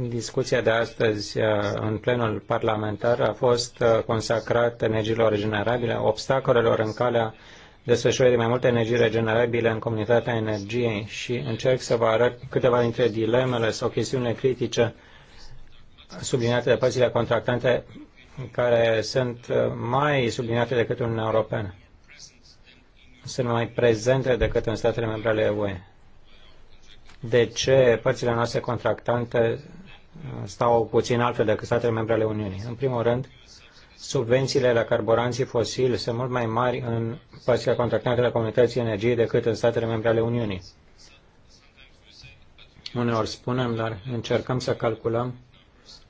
Discuția de astăzi uh, în plenul parlamentar a fost uh, consacrată energiilor regenerabile, obstacolelor în calea desfășurării mai multe energii regenerabile în comunitatea energiei și încerc să vă arăt câteva dintre dilemele sau chestiunile critice subliniate de părțile contractante care sunt uh, mai subliniate decât în Uniunea Europeană. Sunt mai prezente decât în statele membre ale UE. De ce părțile noastre contractante stau puțin altfel decât statele membre ale Uniunii. În primul rând, subvențiile la carburanții fosili sunt mult mai mari în părțile contractante la comunității energiei decât în statele membre ale Uniunii. Uneori spunem, dar încercăm să calculăm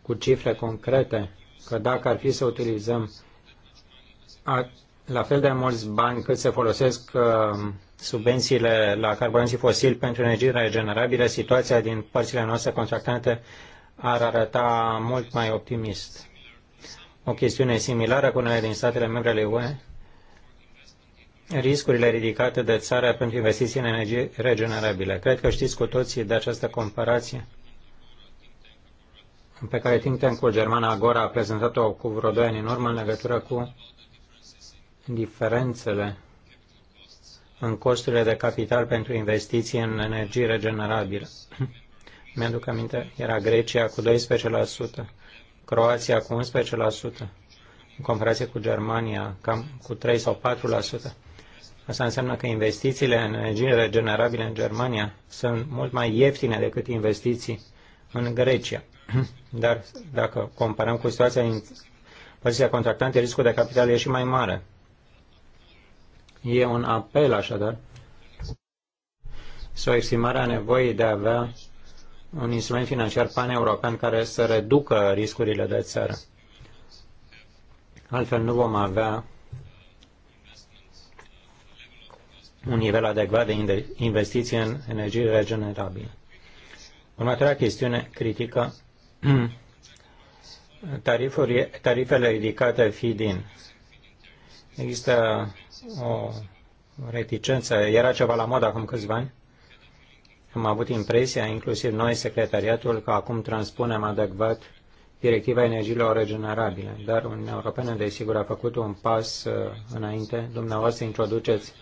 cu cifre concrete că dacă ar fi să utilizăm la fel de mulți bani cât se folosesc uh, subvențiile la carburanții fosili pentru energie regenerabilă, situația din părțile noastre contractante ar arăta mult mai optimist. O chestiune similară cu unele din statele membre ale UE, riscurile ridicate de țară pentru investiții în energie regenerabile. Cred că știți cu toții de această comparație pe care think tank-ul german Agora a prezentat-o cu vreo doi ani în urmă în legătură cu diferențele în costurile de capital pentru investiții în energie regenerabile. Mi-aduc aminte, era Grecia cu 12%, Croația cu 11%, în comparație cu Germania, cam cu 3 sau 4%. Asta înseamnă că investițiile în energie regenerabile în Germania sunt mult mai ieftine decât investiții în Grecia. (clears throat) Dar dacă comparăm cu situația din poziția contractante, riscul de capital e și mai mare. E un apel așadar să o exprimare a nevoii de a avea un instrument financiar pan-european care să reducă riscurile de țară. Altfel nu vom avea un nivel adecvat de investiții în energie regenerabilă. Următoarea chestiune critică (clears throat) tarifuri, tarifele ridicate fi din Există o reticență, era ceva la mod acum câțiva ani, am avut impresia, inclusiv noi, secretariatul, că acum transpunem adecvat directiva energiilor regenerabile. Dar Uniunea Europeană, desigur, a făcut un pas uh, înainte. Dumneavoastră introduceți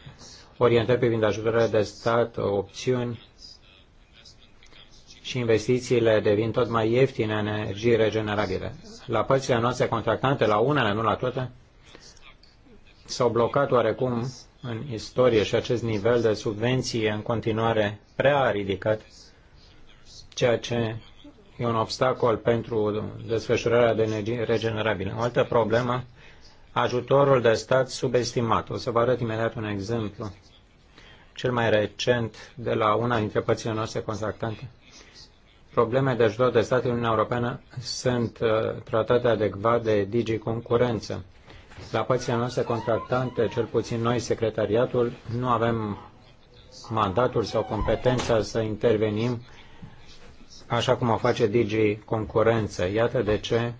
orientări privind ajutorarea de stat, opțiuni și investițiile devin tot mai ieftine în energii regenerabile. La părțile noastre contractante, la unele, nu la toate, s-au blocat oarecum în istorie și acest nivel de subvenție în continuare prea ridicat, ceea ce e un obstacol pentru desfășurarea de energie regenerabilă. O altă problemă, ajutorul de stat subestimat. O să vă arăt imediat un exemplu, cel mai recent de la una dintre părțile noastre contractante. Probleme de ajutor de stat în Uniunea Europeană sunt uh, tratate adecvat de Digi Concurență la părțile noastre contractante, cel puțin noi, secretariatul, nu avem mandatul sau competența să intervenim așa cum o face Digi Concurență. Iată de ce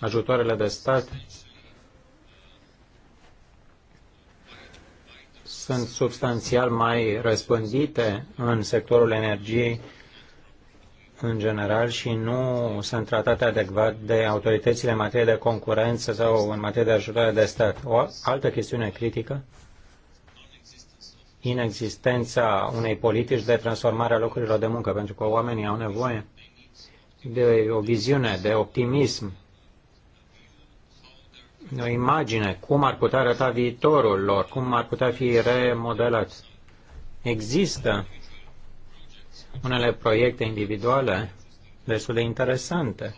ajutoarele de stat sunt substanțial mai răspândite în sectorul energiei în general și nu sunt tratate adecvat de autoritățile în materie de concurență sau în materie de ajutoare de stat. O altă chestiune critică, inexistența unei politici de transformare a locurilor de muncă, pentru că oamenii au nevoie de o viziune, de optimism, de o imagine, cum ar putea arăta viitorul lor, cum ar putea fi remodelat. Există unele proiecte individuale destul de interesante,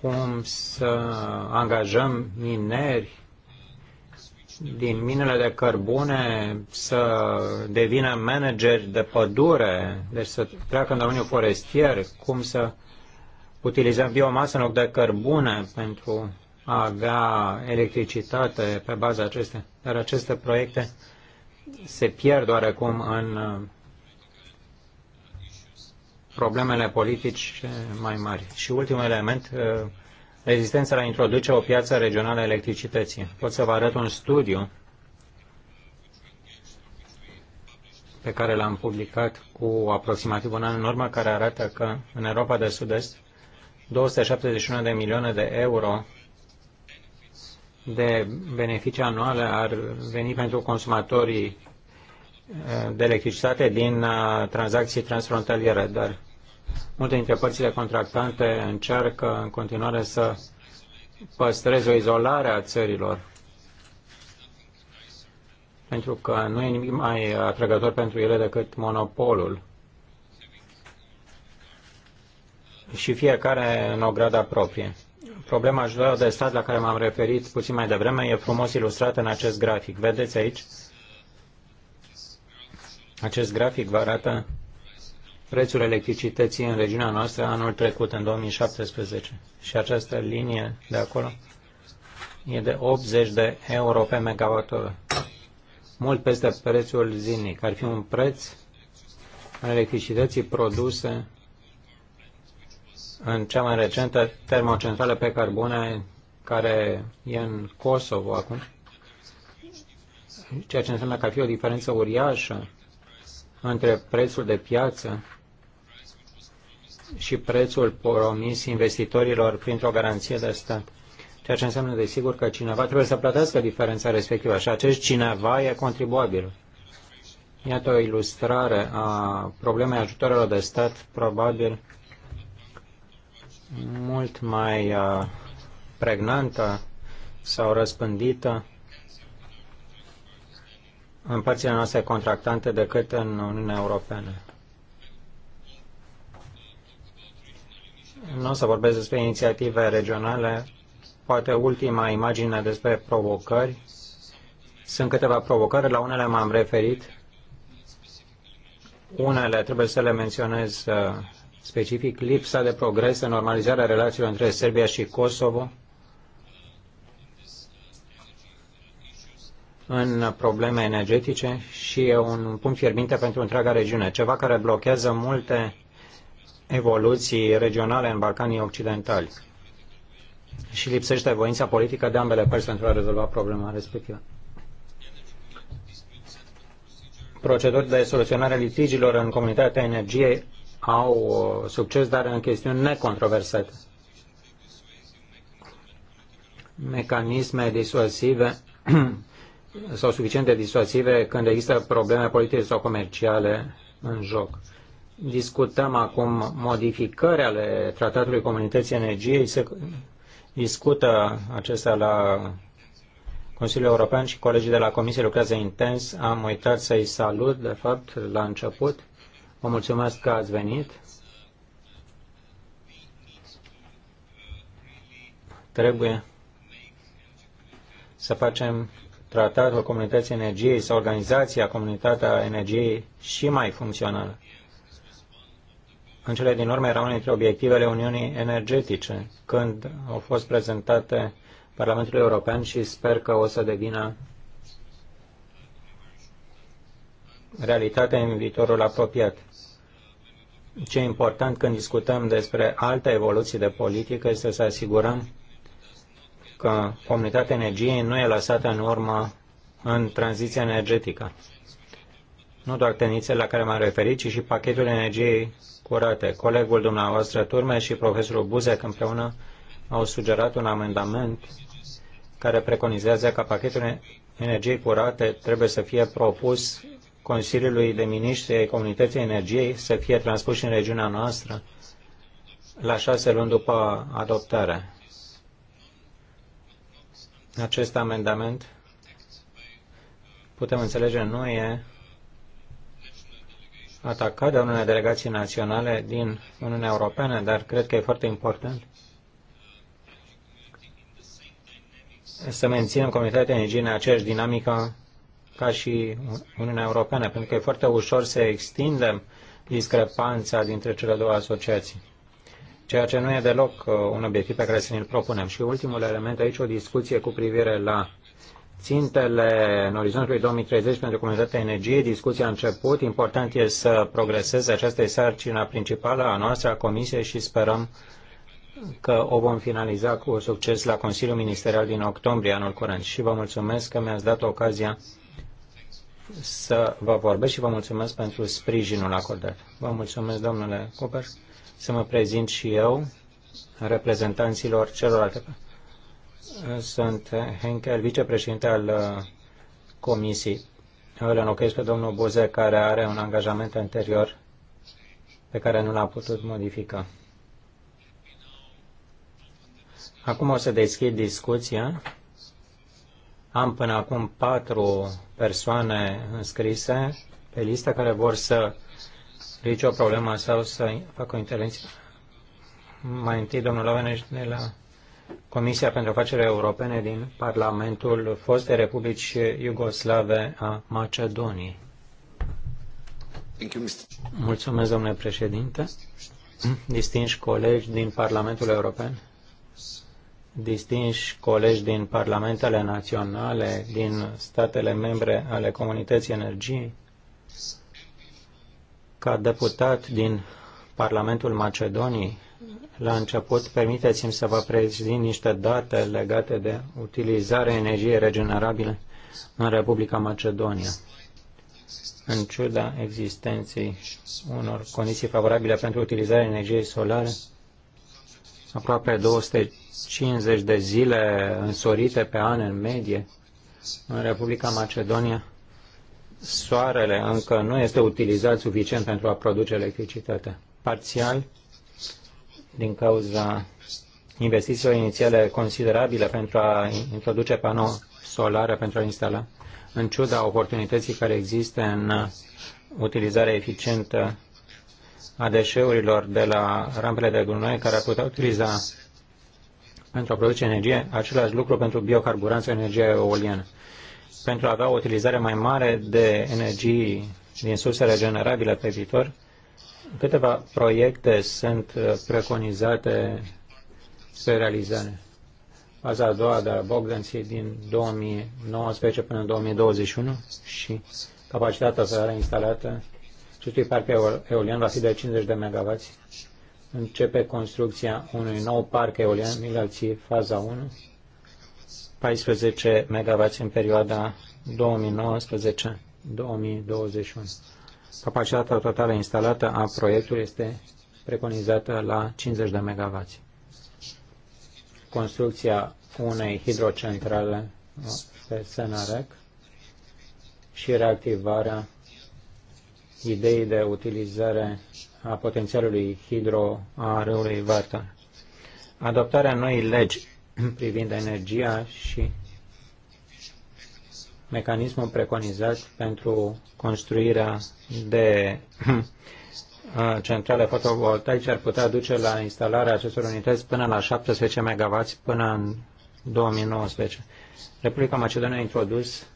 cum să angajăm mineri din minele de cărbune să devină manageri de pădure, deci să treacă în domeniul forestier, cum să utilizăm biomasă în loc de cărbune pentru a avea electricitate pe baza acestea. Dar aceste proiecte se pierd oarecum în problemele politice mai mari. Și ultimul element, uh, rezistența la introduce o piață regională a electricității. Pot să vă arăt un studiu pe care l-am publicat cu aproximativ un an în urmă, care arată că în Europa de Sud-Est 271 de milioane de euro de beneficii anuale ar veni pentru consumatorii uh, de electricitate din uh, tranzacții transfrontaliere, dar Multe dintre părțile contractante încearcă în continuare să păstreze o izolare a țărilor, pentru că nu e nimic mai atrăgător pentru ele decât monopolul. Și fiecare în o grada proprie. Problema ajutorului de stat la care m-am referit puțin mai devreme e frumos ilustrată în acest grafic. Vedeți aici? Acest grafic vă arată prețul electricității în regiunea noastră anul trecut, în 2017. Și această linie de acolo e de 80 de euro pe megawattoră. Mult peste prețul zilnic. Ar fi un preț al electricității produse în cea mai recentă termocentrală pe carbone care e în Kosovo acum, ceea ce înseamnă că ar fi o diferență uriașă între prețul de piață și prețul promis investitorilor printr-o garanție de stat. Ceea ce înseamnă, desigur, că cineva trebuie să plătească diferența respectivă și acest cineva e contribuabil. Iată o ilustrare a problemei ajutoarelor de stat, probabil mult mai uh, pregnantă sau răspândită în părțile noastre contractante decât în Uniunea Europeană. Nu o să vorbesc despre inițiative regionale, poate ultima imagine despre provocări. Sunt câteva provocări, la unele m-am referit. Unele trebuie să le menționez uh, specific, lipsa de progres în normalizarea relațiilor între Serbia și Kosovo, în probleme energetice și e un punct fierbinte pentru întreaga regiune, ceva care blochează multe evoluții regionale în Balcanii Occidentali și lipsește voința politică de ambele părți pentru a rezolva problema respectivă. Proceduri de soluționare litigiilor în comunitatea energiei au uh, succes, dar în chestiuni necontroversate. Mecanisme disuasive (clears throat) sau suficient de disuasive când există probleme politice sau comerciale în joc discutăm acum modificări ale Tratatului Comunității Energiei, se discută acestea la Consiliul European și colegii de la Comisie lucrează intens. Am uitat să-i salut, de fapt, la început. Vă mulțumesc că ați venit. Trebuie să facem tratatul comunității energiei să organizația comunitatea energiei și mai funcțională în cele din urmă era unul dintre obiectivele Uniunii Energetice, când au fost prezentate Parlamentului European și sper că o să devină realitate în viitorul apropiat. Ce e important când discutăm despre alte evoluții de politică este să asigurăm că comunitatea energiei nu e lăsată în urmă în tranziția energetică. Nu doar tenițele la care m-am referit, ci și pachetul energiei curate. Colegul dumneavoastră Turme și profesorul Buzec împreună au sugerat un amendament care preconizează că pachetul energiei curate trebuie să fie propus Consiliului de Miniștri ai Comunității Energiei să fie transpus în regiunea noastră la șase luni după adoptare. Acest amendament, putem înțelege, nu e atacat de unele delegații naționale din Uniunea Europeană, dar cred că e foarte important să menținem comunitatea energiei în aceeași dinamică ca și Uniunea Europeană, pentru că e foarte ușor să extindem discrepanța dintre cele două asociații, ceea ce nu e deloc uh, un obiectiv pe care să ne-l propunem. Și ultimul element aici, o discuție cu privire la țintele în orizontului 2030 pentru comunitatea energiei. Discuția a început. Important e să progreseze. Aceasta e sarcina principală a noastră, a Comisiei și sperăm că o vom finaliza cu succes la Consiliul Ministerial din octombrie anul curent. Și vă mulțumesc că mi-ați dat ocazia să vă vorbesc și vă mulțumesc pentru sprijinul acordat. Vă mulțumesc, domnule Cooper, să mă prezint și eu reprezentanților celorlalte sunt Henkel, vicepreședinte al uh, Comisiei. Îl înlocuiesc pe domnul Buze, care are un angajament anterior pe care nu l-a putut modifica. Acum o să deschid discuția. Am până acum patru persoane înscrise pe listă care vor să ridice o problemă sau să facă o intervenție. Mai întâi, domnul Ovenești de la Comisia pentru Afaceri Europene din Parlamentul fostei Republici Iugoslave a Macedoniei. Mulțumesc, domnule președinte. Distinși colegi din Parlamentul European, distinși colegi din parlamentele naționale, din statele membre ale Comunității Energiei, ca deputat din Parlamentul Macedoniei, la început, permiteți-mi să vă prezint niște date legate de utilizarea energiei regenerabile în Republica Macedonia. În ciuda existenței unor condiții favorabile pentru utilizarea energiei solare, aproape 250 de zile însorite pe an în medie, în Republica Macedonia, soarele încă nu este utilizat suficient pentru a produce electricitate. Parțial, din cauza investițiilor inițiale considerabile pentru a introduce panou solară pentru a instala, în ciuda oportunității care există în utilizarea eficientă a deșeurilor de la rampele de gunoi care ar putea utiliza pentru a produce energie, același lucru pentru biocarburanță, sau energie eoliană. Pentru a avea o utilizare mai mare de energii din surse regenerabile pe viitor, Câteva proiecte sunt uh, preconizate pe realizare. Faza a doua de la Bogdan din 2019 până în 2021 și capacitatea solară instalată acestui parc eolian va fi de 50 de MW. Începe construcția unui nou parc eolian, Milații, faza 1, 14 MW în perioada 2019-2021 Capacitatea totală instalată a proiectului este preconizată la 50 de MW. Construcția unei hidrocentrale pe Senarec și reactivarea ideii de utilizare a potențialului hidro a râului Varta. Adoptarea noii legi (clears throat) privind energia și mecanismul preconizat pentru construirea de (clears throat) uh, centrale fotovoltaice ar putea duce la instalarea acestor unități până la 17 MW până în 2019. Republica Macedonia a introdus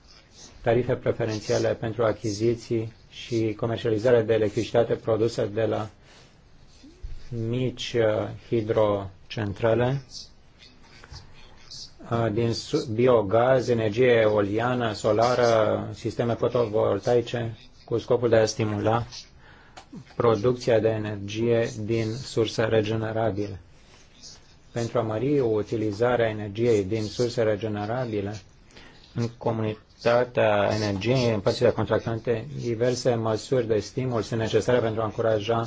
tarife preferențiale pentru achiziții și comercializare de electricitate produse de la mici uh, hidrocentrale din biogaz, energie eoliană, solară, sisteme fotovoltaice cu scopul de a stimula producția de energie din surse regenerabile. Pentru a mări utilizarea energiei din surse regenerabile, în comunitatea energiei, în părțile contractante, diverse măsuri de stimul sunt necesare pentru a încuraja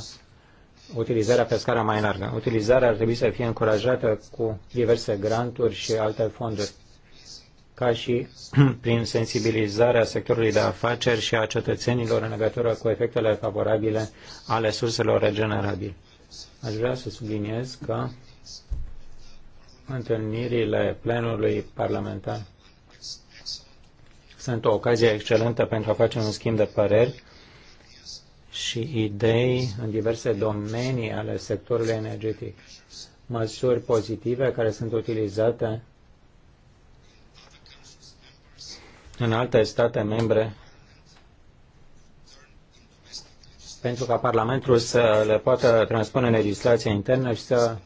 utilizarea pe scara mai largă. Utilizarea ar trebui să fie încurajată cu diverse granturi și alte fonduri, ca și (clears throat) prin sensibilizarea sectorului de afaceri și a cetățenilor în legătură cu efectele favorabile ale surselor regenerabile. Aș vrea să subliniez că întâlnirile plenului parlamentar sunt o ocazie excelentă pentru a face un schimb de păreri și idei în diverse domenii ale sectorului energetic. Măsuri pozitive care sunt utilizate în alte state membre pentru ca Parlamentul să le poată transpune în legislația internă și să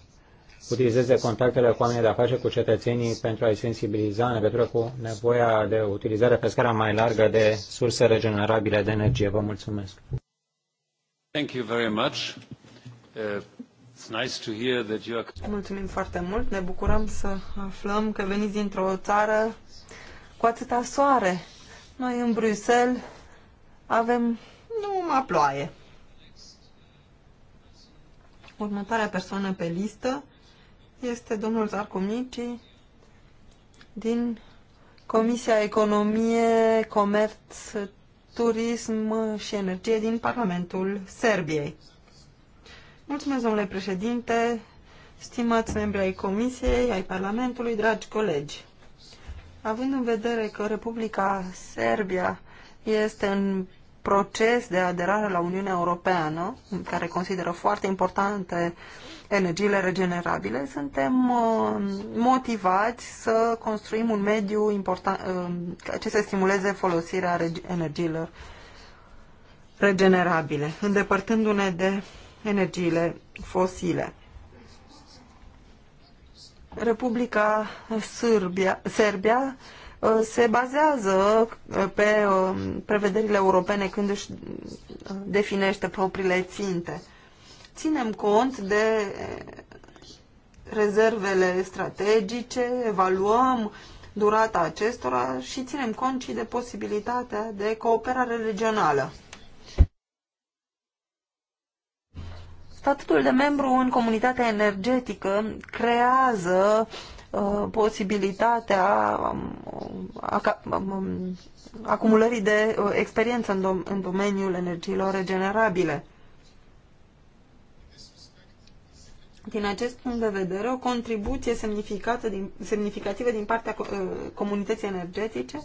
utilizeze contactele cu oamenii de afaceri, cu cetățenii pentru a-i sensibiliza în legătură cu nevoia de utilizare pe scara mai largă de surse regenerabile de energie. Vă mulțumesc! Mulțumim foarte mult. Ne bucurăm să aflăm că veniți dintr-o țară cu atâta soare. Noi în Bruxelles avem numai ploaie. Următoarea persoană pe listă este domnul Zarcomici din Comisia Economie, Comerț, turism și energie din Parlamentul Serbiei. Mulțumesc, domnule președinte, stimați membri ai Comisiei, ai Parlamentului, dragi colegi. Având în vedere că Republica Serbia este în proces de aderare la Uniunea Europeană, care consideră foarte importante uh, energiile regenerabile, suntem uh, motivați să construim un mediu important, uh, ce să stimuleze folosirea energiilor regenerabile, îndepărtându-ne de energiile fosile. Republica Sârbia, Serbia uh, se bazează pe prevederile europene când își definește propriile ținte ținem cont de eh, rezervele strategice, evaluăm durata acestora și ținem cont și de posibilitatea de cooperare regională. Statutul de membru în comunitatea energetică creează uh, posibilitatea um, um, um, acumulării de uh, experiență în domeniul energiilor regenerabile. din acest punct de vedere, o contribuție semnificată din, semnificativă din partea uh, comunității energetice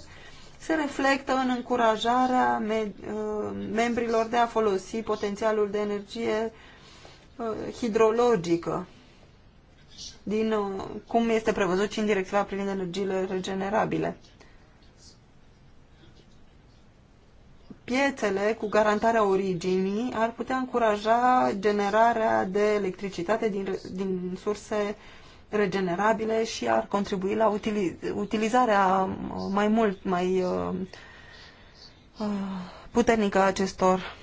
se reflectă în încurajarea me, uh, membrilor de a folosi potențialul de energie uh, hidrologică, din cum este prevăzut și în directiva privind energiile regenerabile. piețele cu garantarea originii ar putea încuraja generarea de electricitate din, din surse regenerabile și ar contribui la utiliz utilizarea mai mult, mai uh, uh, puternică a acestor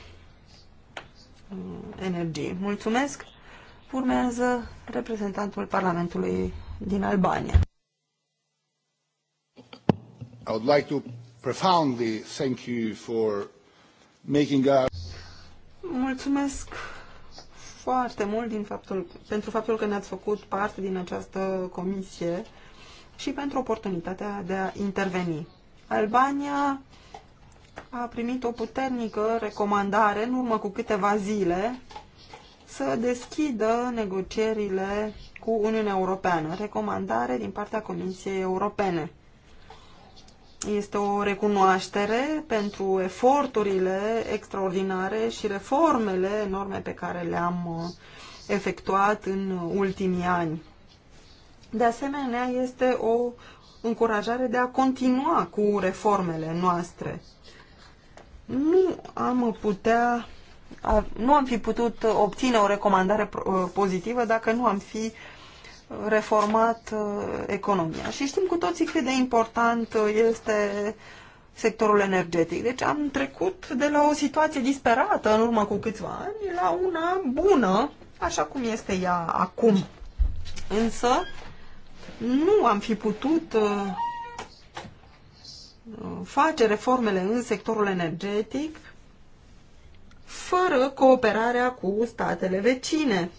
uh, energii. Mulțumesc! Urmează reprezentantul Parlamentului din Albania. I would like to profoundly thank you for making us Mulțumesc foarte mult din faptul, pentru faptul că ne-ați făcut parte din această comisie și pentru oportunitatea de a interveni. Albania a primit o puternică recomandare în urmă cu câteva zile să deschidă negocierile cu Uniunea Europeană, recomandare din partea Comisiei Europene. Este o recunoaștere pentru eforturile extraordinare și reformele enorme pe care le-am uh, efectuat în ultimii ani. De asemenea, este o încurajare de a continua cu reformele noastre. Nu am putea, nu am fi putut obține o recomandare uh, pozitivă dacă nu am fi reformat uh, economia. Și știm cu toții cât de important uh, este sectorul energetic. Deci am trecut de la o situație disperată în urmă cu câțiva ani la una bună, așa cum este ea acum. Însă nu am fi putut uh, face reformele în sectorul energetic fără cooperarea cu statele vecine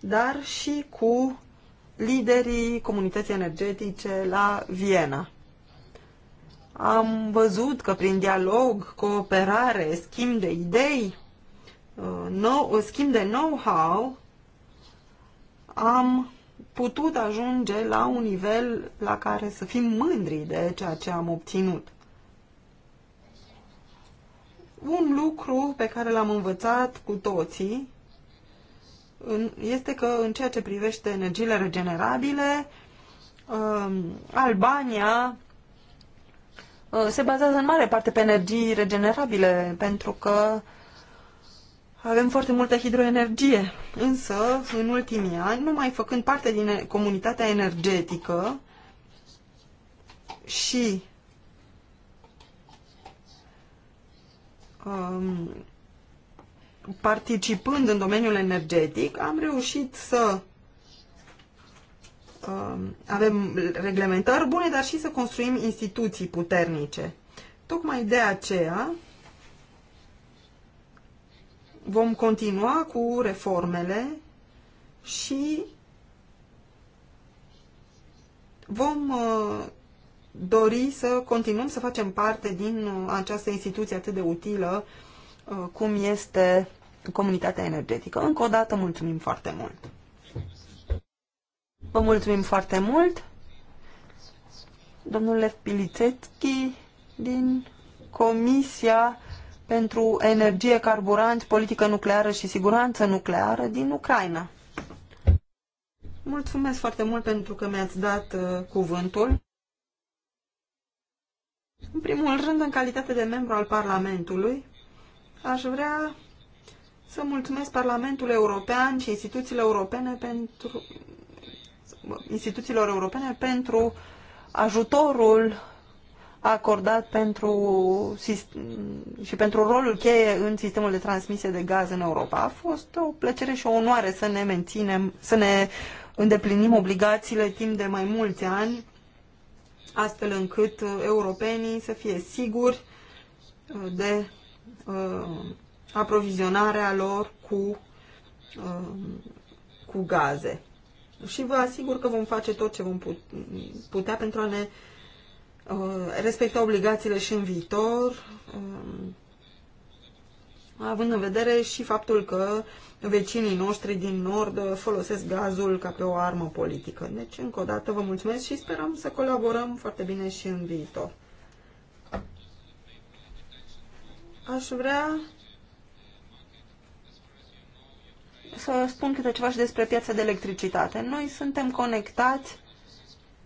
dar și cu liderii comunității energetice la Viena. Am văzut că prin dialog, cooperare, schimb de idei, uh, nou, uh, schimb de know-how, am putut ajunge la un nivel la care să fim mândri de ceea ce am obținut. Un lucru pe care l-am învățat cu toții este că în ceea ce privește energiile regenerabile, um, Albania uh, se bazează în mare parte pe energii regenerabile, pentru că avem foarte multă hidroenergie. Însă, în ultimii ani, numai făcând parte din comunitatea energetică și um, participând în domeniul energetic, am reușit să uh, avem reglementări bune, dar și să construim instituții puternice. Tocmai de aceea vom continua cu reformele și vom uh, dori să continuăm să facem parte din uh, această instituție atât de utilă uh, Uh, cum este comunitatea energetică. Încă o dată mulțumim foarte mult. Vă mulțumim foarte mult. Domnule Pilițetchi din Comisia pentru Energie, Carburant, Politică Nucleară și Siguranță Nucleară din Ucraina. Mulțumesc foarte mult pentru că mi-ați dat uh, cuvântul. În primul rând, în calitate de membru al Parlamentului, Aș vrea să mulțumesc Parlamentul European și instituțiile europene pentru instituțiilor europene pentru ajutorul acordat pentru și pentru rolul cheie în sistemul de transmisie de gaz în Europa. A fost o plăcere și o onoare să ne menținem, să ne îndeplinim obligațiile timp de mai mulți ani, astfel încât europenii să fie siguri uh, de Uh, aprovizionarea lor cu, uh, cu gaze. Și vă asigur că vom face tot ce vom putea pentru a ne uh, respecta obligațiile și în viitor, având în vedere și faptul că vecinii noștri din nord folosesc gazul ca pe o armă politică. Deci, încă o dată, vă mulțumesc și sperăm să colaborăm foarte bine și în viitor. Aș vrea să spun câte ceva și despre piața de electricitate. Noi suntem conectați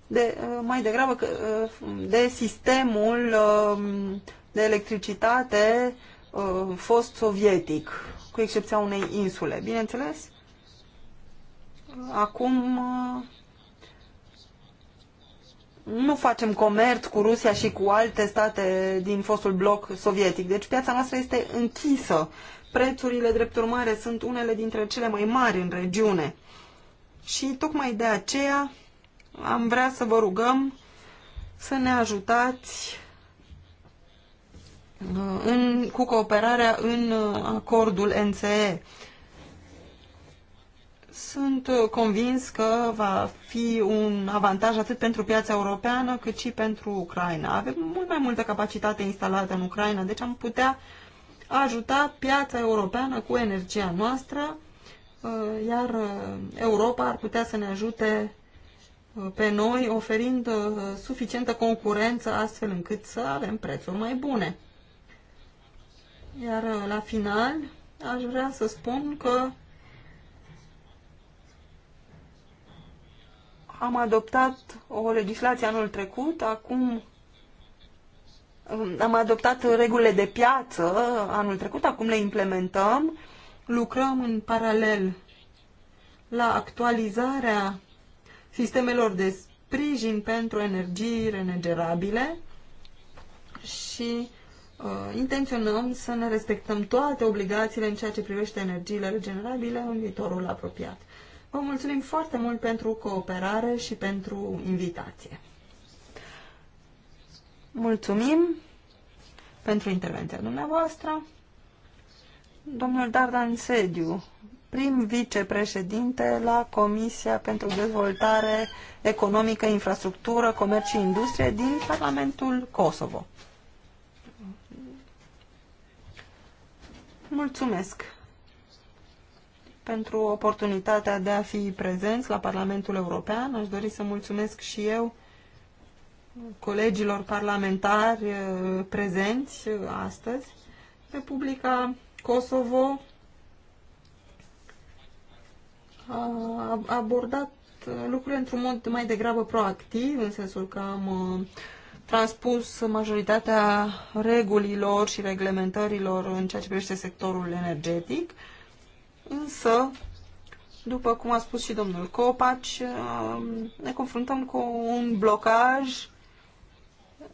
de, uh, mai degrabă uh, de sistemul um, de electricitate uh, fost sovietic, cu excepția unei insule, bineînțeles. Acum nu facem comerț cu Rusia și cu alte state din fostul bloc sovietic. Deci piața noastră este închisă. Prețurile, drept urmare, sunt unele dintre cele mai mari în regiune. Și tocmai de aceea am vrea să vă rugăm să ne ajutați uh, în, cu cooperarea în uh, acordul NCE sunt convins că va fi un avantaj atât pentru piața europeană cât și pentru Ucraina. Avem mult mai multă capacitate instalată în Ucraina, deci am putea ajuta piața europeană cu energia noastră, uh, iar uh, Europa ar putea să ne ajute uh, pe noi, oferind suficientă concurență astfel încât să avem prețuri mai bune. Iar la final, aș vrea să spun că Am adoptat o legislație anul trecut, acum um, am adoptat regulile de piață anul trecut, acum le implementăm. Lucrăm în paralel la actualizarea sistemelor de sprijin pentru energii regenerabile și uh, intenționăm să ne respectăm toate obligațiile în ceea ce privește energiile regenerabile în viitorul apropiat. Vă mulțumim foarte mult pentru cooperare și pentru invitație. Mulțumim pentru intervenția dumneavoastră. Domnul Dardan Sediu, prim vicepreședinte la Comisia pentru Dezvoltare Economică, Infrastructură, Comerț și Industrie din Parlamentul Kosovo. Mulțumesc! pentru oportunitatea de a fi prezenți la Parlamentul European. Aș dori să mulțumesc și eu colegilor parlamentari eh, prezenți eh, astăzi. Republica Kosovo a abordat eh, lucrurile într-un mod mai degrabă proactiv, în sensul că am transpus majoritatea regulilor și reglementărilor în ceea ce privește sectorul energetic. Însă, după cum a spus și domnul Copaci, ne confruntăm cu un blocaj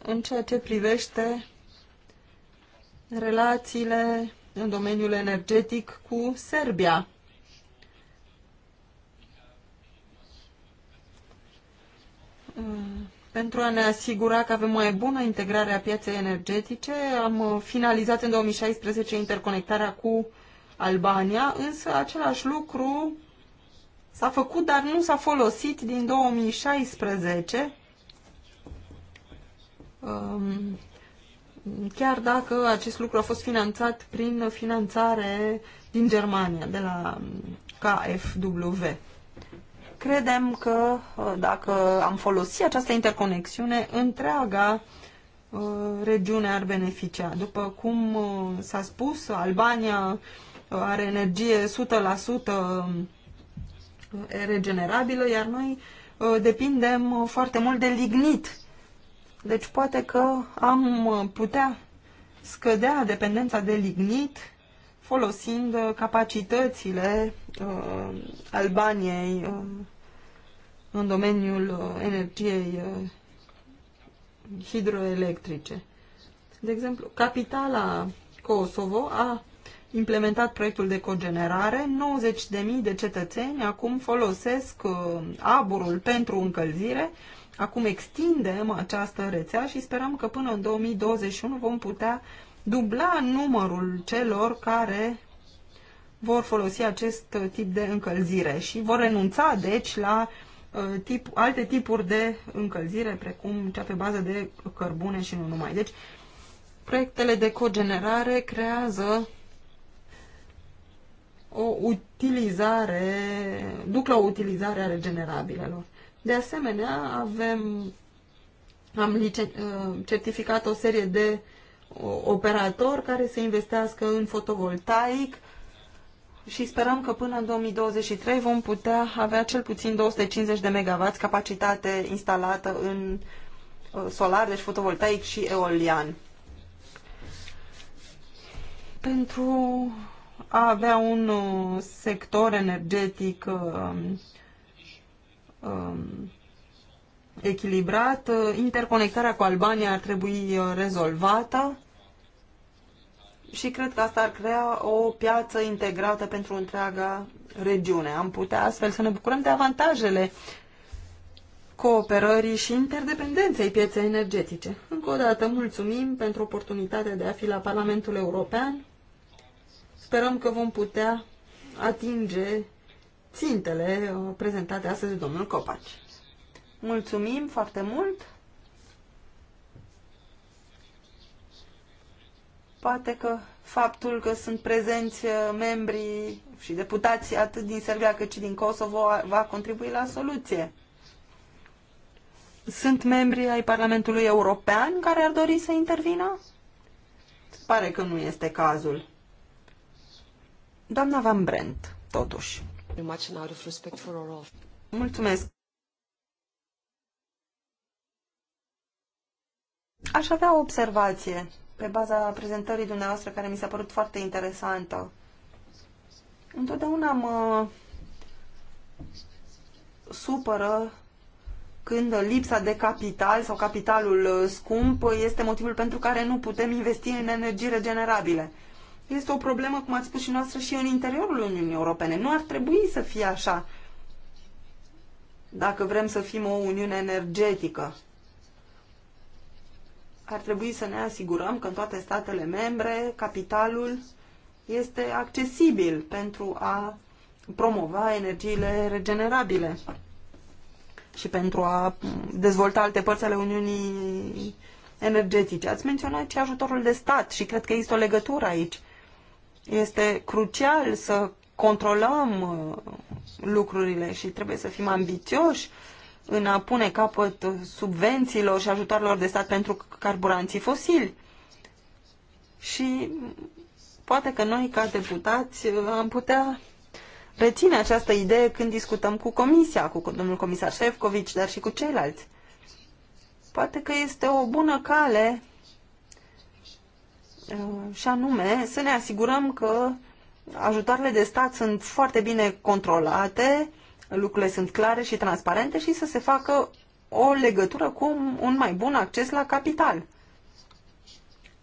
în ceea ce privește relațiile în domeniul energetic cu Serbia. Pentru a ne asigura că avem mai bună integrare a pieței energetice, am finalizat în 2016 interconectarea cu Albania, însă același lucru s-a făcut, dar nu s-a folosit din 2016. Um, chiar dacă acest lucru a fost finanțat prin finanțare din Germania, de la KfW. Credem că uh, dacă am folosit această interconexiune, întreaga uh, regiune ar beneficia. După cum uh, s-a spus, Albania uh, are energie 100% regenerabilă, iar noi uh, depindem uh, foarte mult de lignit. Deci poate că am uh, putea scădea dependența de lignit folosind capacitățile uh, Albaniei uh, în domeniul uh, energiei uh, hidroelectrice. De exemplu, capitala Kosovo a implementat proiectul de cogenerare, 90.000 de cetățeni acum folosesc uh, aburul pentru încălzire. Acum extindem această rețea și sperăm că până în 2021 vom putea dubla numărul celor care vor folosi acest uh, tip de încălzire și vor renunța, deci, la uh, tip, alte tipuri de încălzire, precum cea pe bază de cărbune și nu numai. Deci, proiectele de cogenerare creează o utilizare, duc la o utilizare a regenerabilelor. De asemenea, avem, am uh, certificat o serie de operatori care să investească în fotovoltaic și sperăm că până în 2023 vom putea avea cel puțin 250 de MW capacitate instalată în uh, solar, deci fotovoltaic și eolian. Pentru a avea un uh, sector energetic uh, um, echilibrat. Uh, interconectarea cu Albania ar trebui rezolvată și cred că asta ar crea o piață integrată pentru întreaga regiune. Am putea astfel să ne bucurăm de avantajele cooperării și interdependenței pieței energetice. Încă o dată mulțumim pentru oportunitatea de a fi la Parlamentul European Sperăm că vom putea atinge țintele uh, prezentate astăzi de domnul Copaci. Mulțumim foarte mult! Poate că faptul că sunt prezenți uh, membrii și deputații atât din Serbia cât și din Kosovo va contribui la soluție. Sunt membri ai Parlamentului European care ar dori să intervină? Pare că nu este cazul. Doamna Van Brent, totuși. Mulțumesc. Aș avea o observație pe baza prezentării dumneavoastră care mi s-a părut foarte interesantă. Întotdeauna mă supără când lipsa de capital sau capitalul scump este motivul pentru care nu putem investi în energii regenerabile este o problemă, cum ați spus și noastră, și în interiorul Uniunii Europene. Nu ar trebui să fie așa dacă vrem să fim o Uniune energetică. Ar trebui să ne asigurăm că în toate statele membre capitalul este accesibil pentru a promova energiile regenerabile și pentru a dezvolta alte părți ale Uniunii energetice. Ați menționat și ajutorul de stat și cred că există o legătură aici. Este crucial să controlăm uh, lucrurile și trebuie să fim ambițioși în a pune capăt subvențiilor și ajutoarelor de stat pentru carburanții fosili. Și poate că noi, ca deputați, am putea reține această idee când discutăm cu comisia, cu domnul comisar Șefcovici, dar și cu ceilalți. Poate că este o bună cale Uh, și anume să ne asigurăm că ajutoarele de stat sunt foarte bine controlate, lucrurile sunt clare și transparente și să se facă o legătură cu un mai bun acces la capital.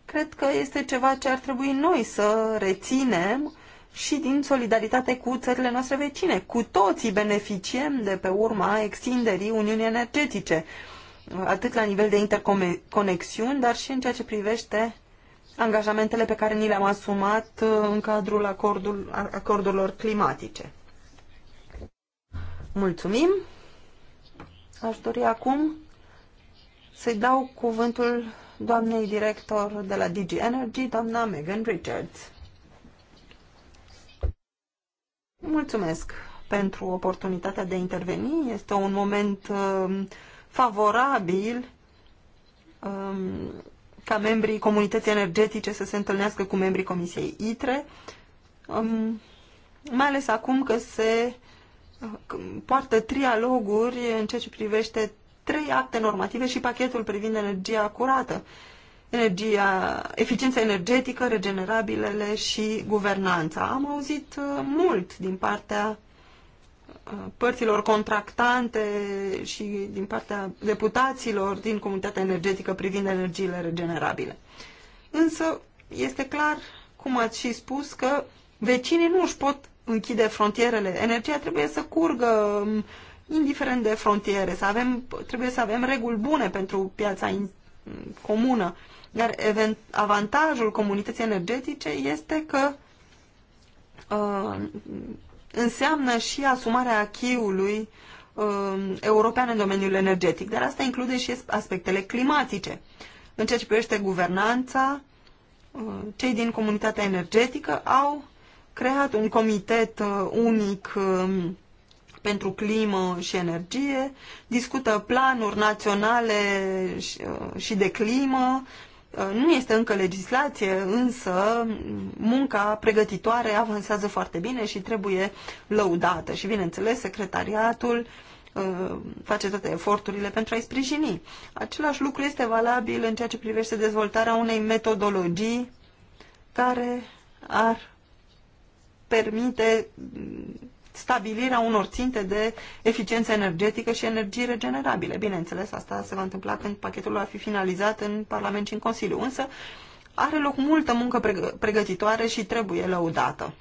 Cred că este ceva ce ar trebui noi să reținem și din solidaritate cu țările noastre vecine. Cu toții beneficiem de pe urma extinderii Uniunii Energetice, atât la nivel de interconexiuni, dar și în ceea ce privește angajamentele pe care ni le-am asumat uh, în cadrul acordul, acordurilor climatice. Mulțumim! Aș dori acum să-i dau cuvântul doamnei director de la DG Energy, doamna Megan Richards. Mulțumesc pentru oportunitatea de a interveni. Este un moment uh, favorabil uh, ca membrii comunității energetice să se întâlnească cu membrii Comisiei ITRE, um, mai ales acum că se uh, poartă trialoguri în ceea ce privește trei acte normative și pachetul privind energia curată, energia, eficiența energetică, regenerabilele și guvernanța. Am auzit uh, mult din partea părților contractante și din partea deputaților din comunitatea energetică privind energiile regenerabile. Însă este clar, cum ați și spus, că vecinii nu își pot închide frontierele. Energia trebuie să curgă um, indiferent de frontiere, să avem, trebuie să avem reguli bune pentru piața in, comună. Iar event, avantajul comunității energetice este că uh, înseamnă și asumarea achiului um, european în domeniul energetic, dar asta include și aspectele climatice. În ceea ce privește guvernanța, uh, cei din comunitatea energetică au creat un comitet uh, unic um, pentru climă și energie, discută planuri naționale și uh, de climă, Uh, nu este încă legislație, însă munca pregătitoare avansează foarte bine și trebuie lăudată. Și, bineînțeles, secretariatul uh, face toate eforturile pentru a-i sprijini. Același lucru este valabil în ceea ce privește dezvoltarea unei metodologii care ar permite stabilirea unor ținte de eficiență energetică și energii regenerabile. Bineînțeles, asta se va întâmpla când pachetul va fi finalizat în Parlament și în Consiliu, însă are loc multă muncă pregătitoare și trebuie lăudată.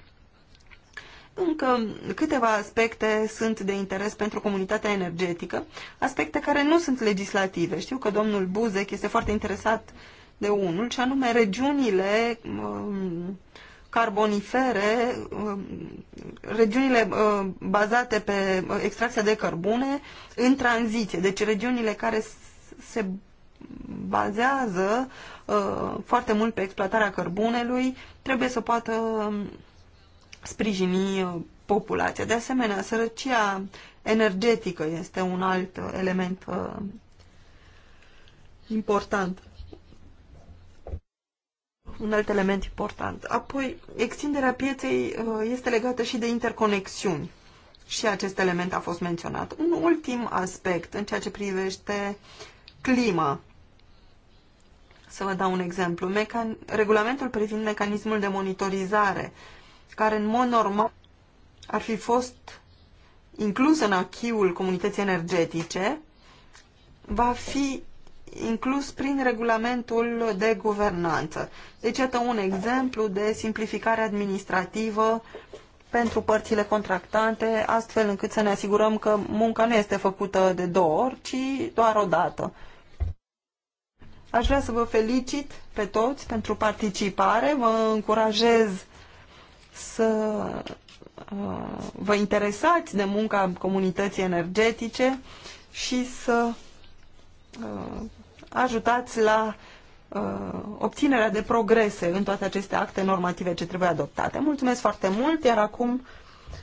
Încă câteva aspecte sunt de interes pentru comunitatea energetică, aspecte care nu sunt legislative. Știu că domnul Buzek este foarte interesat de unul, și anume regiunile um, carbonifere, um, regiunile um, bazate pe uh, extracția de cărbune în tranziție. Deci regiunile care se bazează uh, foarte mult pe exploatarea cărbunelui trebuie să poată um, sprijini uh, populația. De asemenea, sărăcia energetică este un alt element important un alt element important. Apoi, extinderea pieței uh, este legată și de interconexiuni. Și acest element a fost menționat. Un ultim aspect în ceea ce privește clima. Să vă dau un exemplu. Mecan... Regulamentul privind mecanismul de monitorizare, care în mod normal ar fi fost inclus în achiul comunității energetice, va fi inclus prin regulamentul de guvernanță. Deci, iată un exemplu de simplificare administrativă pentru părțile contractante, astfel încât să ne asigurăm că munca nu este făcută de două ori, ci doar o dată. Aș vrea să vă felicit pe toți pentru participare, vă încurajez să uh, vă interesați de munca comunității energetice și să Uh, ajutați la uh, obținerea de progrese în toate aceste acte normative ce trebuie adoptate. Mulțumesc foarte mult, iar acum,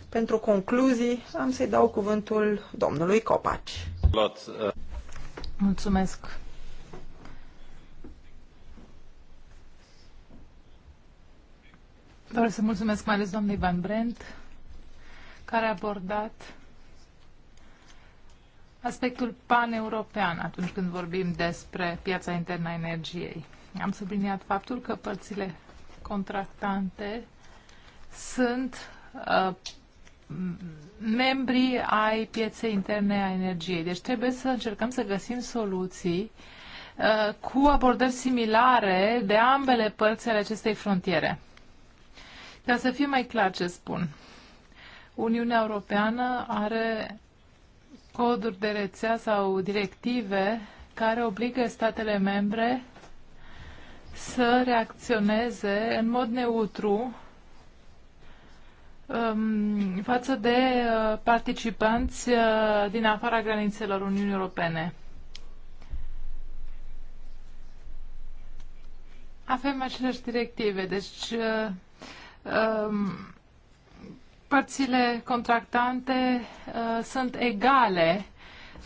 pentru concluzii, am să-i dau cuvântul domnului Copaci. Uh. Mulțumesc. Vreau să mulțumesc mai ales doamnei Van Brent, care a abordat aspectul paneuropean atunci când vorbim despre piața internă a energiei. Am subliniat faptul că părțile contractante sunt uh, membri ai pieței interne a energiei. Deci trebuie să încercăm să găsim soluții uh, cu abordări similare de ambele părți ale acestei frontiere. Ca să fie mai clar ce spun, Uniunea Europeană are coduri de rețea sau directive care obligă statele membre să reacționeze în mod neutru um, față de uh, participanți uh, din afara granițelor Uniunii Europene. Avem aceleași directive, deci uh, um, părțile contractante uh, sunt egale,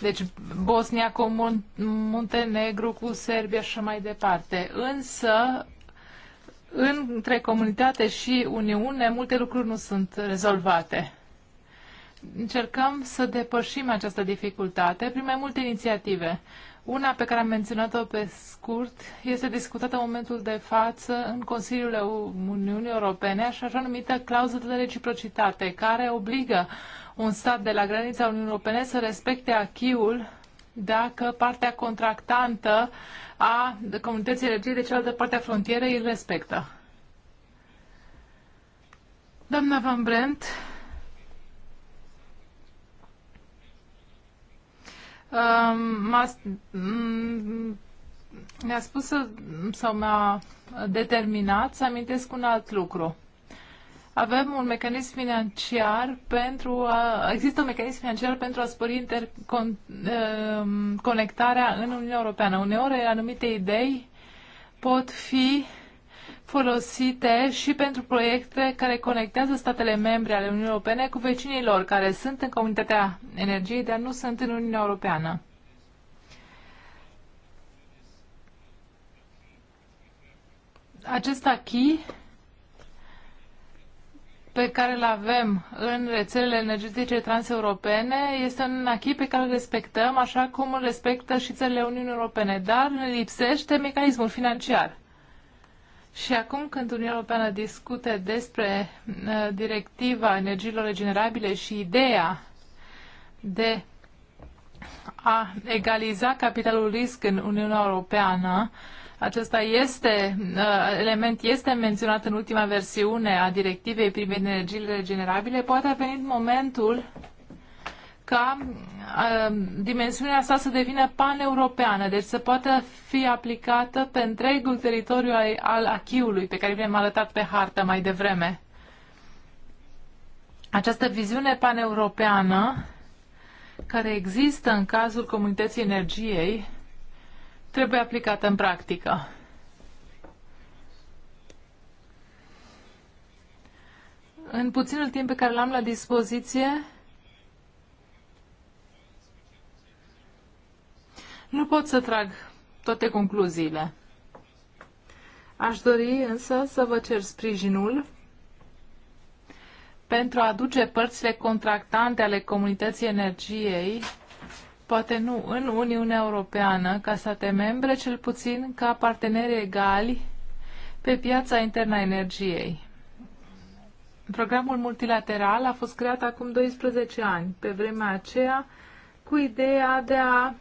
deci Bosnia cu Muntenegru, cu Serbia și mai departe. Însă, între comunitate și Uniune, multe lucruri nu sunt rezolvate. Încercăm să depășim această dificultate prin mai multe inițiative. Una pe care am menționat-o pe scurt este discutată în momentul de față în Consiliul Uniunii Europene, așa numită clauză de reciprocitate, care obligă un stat de la granița Uniunii Europene să respecte achiul dacă partea contractantă a comunității energiei de deci cealaltă parte a frontierei îl respectă. Doamna Van Brent, mi-a spus să, sau mi-a determinat să amintesc un alt lucru. Avem un mecanism financiar pentru a, există un mecanism financiar pentru a spori interconectarea um, în Uniunea Europeană. Uneori anumite idei pot fi uh, folosite și pentru proiecte care conectează statele membre ale Uniunii Europene cu vecinii lor care sunt în comunitatea energiei, dar nu sunt în Uniunea Europeană. Acest acquis pe care îl avem în rețelele energetice transeuropene este un achi pe care îl respectăm, așa cum îl respectă și țările Uniunii Europene, dar ne lipsește mecanismul financiar. Și acum când Uniunea Europeană discute despre uh, directiva energiilor regenerabile și ideea de a egaliza capitalul risc în Uniunea Europeană, acesta este, uh, element este menționat în ultima versiune a directivei privind energiile regenerabile, poate a venit momentul ca uh, dimensiunea asta să devină paneuropeană, deci să poată fi aplicată pe întregul teritoriu al achiului pe care vi am arătat pe hartă mai devreme. Această viziune paneuropeană care există în cazul comunității energiei trebuie aplicată în practică. În puținul timp pe care l-am la dispoziție, Nu pot să trag toate concluziile. Aș dori însă să vă cer sprijinul pentru a aduce părțile contractante ale comunității energiei, poate nu în Uniunea Europeană, ca state membre, cel puțin ca parteneri egali pe piața internă a energiei. Programul multilateral a fost creat acum 12 ani, pe vremea aceea, cu ideea de a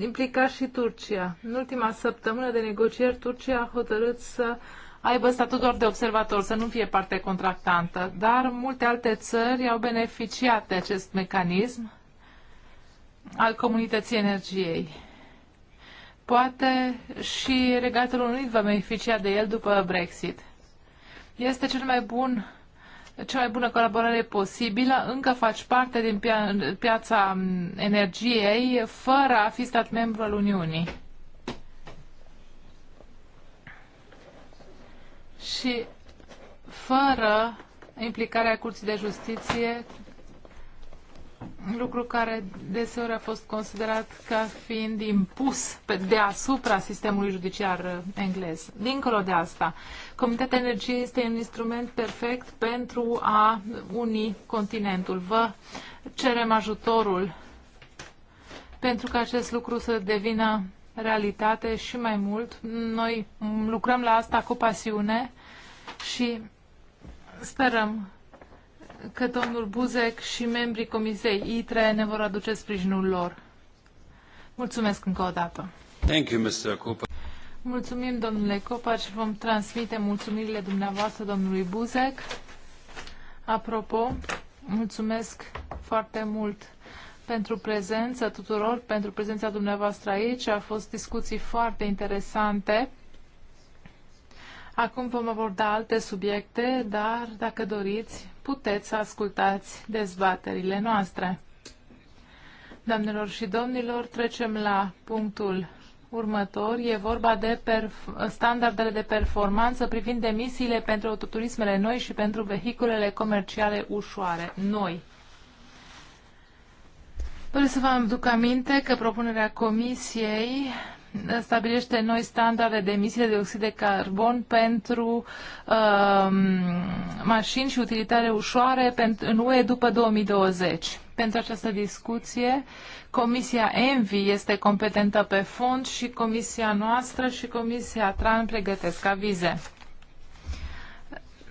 implica și Turcia. În ultima săptămână de negocieri, Turcia a hotărât să aibă statut doar de observator, să nu fie parte contractantă, dar multe alte țări au beneficiat de acest mecanism al comunității energiei. Poate și Regatul Unit va beneficia de el după Brexit. Este cel mai bun cea mai bună colaborare posibilă, încă faci parte din pia- piața energiei fără a fi stat membru al Uniunii. Și fără implicarea Curții de Justiție lucru care deseori a fost considerat ca fiind impus pe deasupra sistemului judiciar uh, englez. Dincolo de asta, Comitetul Energiei este un instrument perfect pentru a uni continentul. Vă cerem ajutorul pentru că acest lucru să devină realitate și mai mult. Noi lucrăm la asta cu pasiune și sperăm că domnul Buzek și membrii Comisiei ITRE ne vor aduce sprijinul lor. Mulțumesc încă o dată. Thank you, Mr. Cooper. Mulțumim, domnule Copa, și vom transmite mulțumirile dumneavoastră domnului Buzek. Apropo, mulțumesc foarte mult pentru prezență tuturor, pentru prezența dumneavoastră aici. Au fost discuții foarte interesante. Acum vom aborda alte subiecte, dar dacă doriți, puteți să ascultați dezbaterile noastre. Doamnelor și domnilor, trecem la punctul următor. E vorba de standardele de performanță privind emisiile pentru autoturismele noi și pentru vehiculele comerciale ușoare noi. Vreau să vă aduc aminte că propunerea Comisiei stabilește noi standarde de emisie de oxid de carbon pentru um, mașini și utilitare ușoare în UE după 2020. Pentru această discuție, Comisia ENVI este competentă pe fond și Comisia noastră și Comisia TRAN pregătesc avize.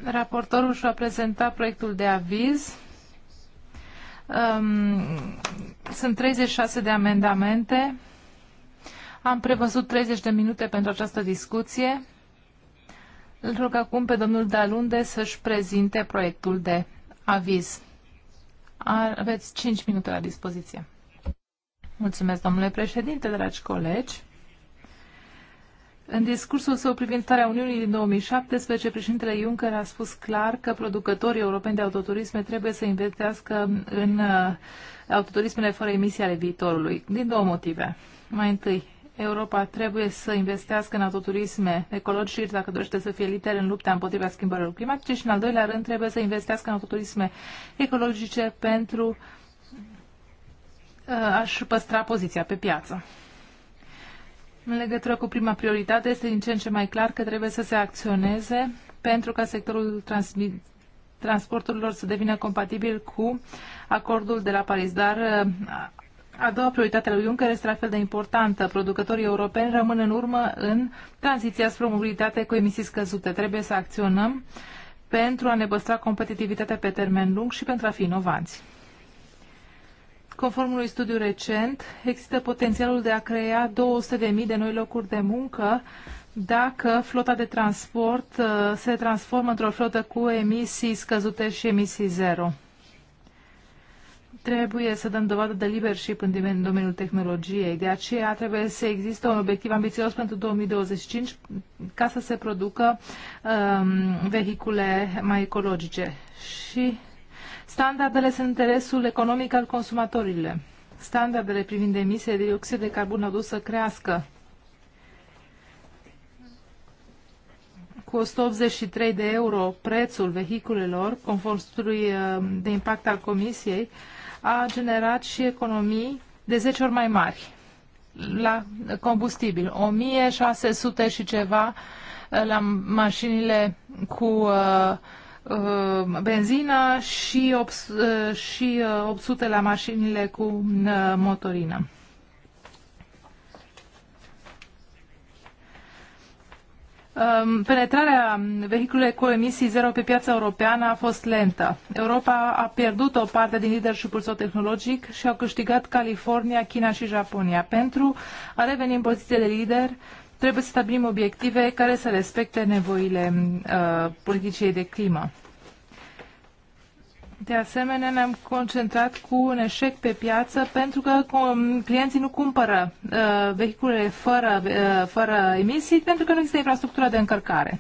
Raportorul și-a prezentat proiectul de aviz Um, sunt 36 de amendamente am prevăzut 30 de minute pentru această discuție. Îl rog acum pe domnul Dalunde să-și prezinte proiectul de aviz. Aveți 5 minute la dispoziție. Mulțumesc, domnule președinte, dragi colegi. În discursul său privind starea Uniunii din 2017, președintele Juncker a spus clar că producătorii europeni de autoturisme trebuie să investească în uh, autoturismele fără emisii ale viitorului, din două motive. Mai întâi, Europa trebuie să investească în autoturisme ecologice dacă dorește să fie lider în lupta împotriva schimbărilor climatice și, în al doilea rând, trebuie să investească în autoturisme ecologice pentru uh, a-și păstra poziția pe piață. În legătură cu prima prioritate, este din ce în ce mai clar că trebuie să se acționeze pentru ca sectorul transporturilor să devină compatibil cu acordul de la Paris, dar uh, a doua prioritate a lui Juncker este la fel de importantă. Producătorii europeni rămân în urmă în tranziția spre mobilitate cu emisii scăzute. Trebuie să acționăm pentru a ne păstra competitivitatea pe termen lung și pentru a fi inovanți. Conform unui studiu recent, există potențialul de a crea 200.000 de noi locuri de muncă dacă flota de transport uh, se transformă într-o flotă cu emisii scăzute și emisii zero. Trebuie să dăm dovadă de leadership în domeniul tehnologiei. De aceea trebuie să existe un obiectiv ambițios pentru 2025 ca să se producă um, vehicule mai ecologice. Și standardele sunt interesul economic al consumatorilor. Standardele privind emisiile de dioxid de carbon au dus să crească cu 183 de euro prețul vehiculelor, conform studiului uh, de impact al Comisiei, a generat și economii de 10 ori mai mari la combustibil, 1600 și ceva uh, la mașinile cu uh, uh, benzina și, 8, uh, și 800 uh, la mașinile cu uh, motorină. Um, penetrarea vehiculelor cu emisii zero pe piața europeană a fost lentă. Europa a pierdut o parte din leadership-ul său tehnologic și au câștigat California, China și Japonia. Pentru a reveni în poziție de lider, trebuie să stabilim obiective care să respecte nevoile uh, politicii de climă. De asemenea, ne-am concentrat cu un eșec pe piață pentru că um, clienții nu cumpără uh, vehicule fără, uh, fără emisii pentru că nu există infrastructura de încărcare.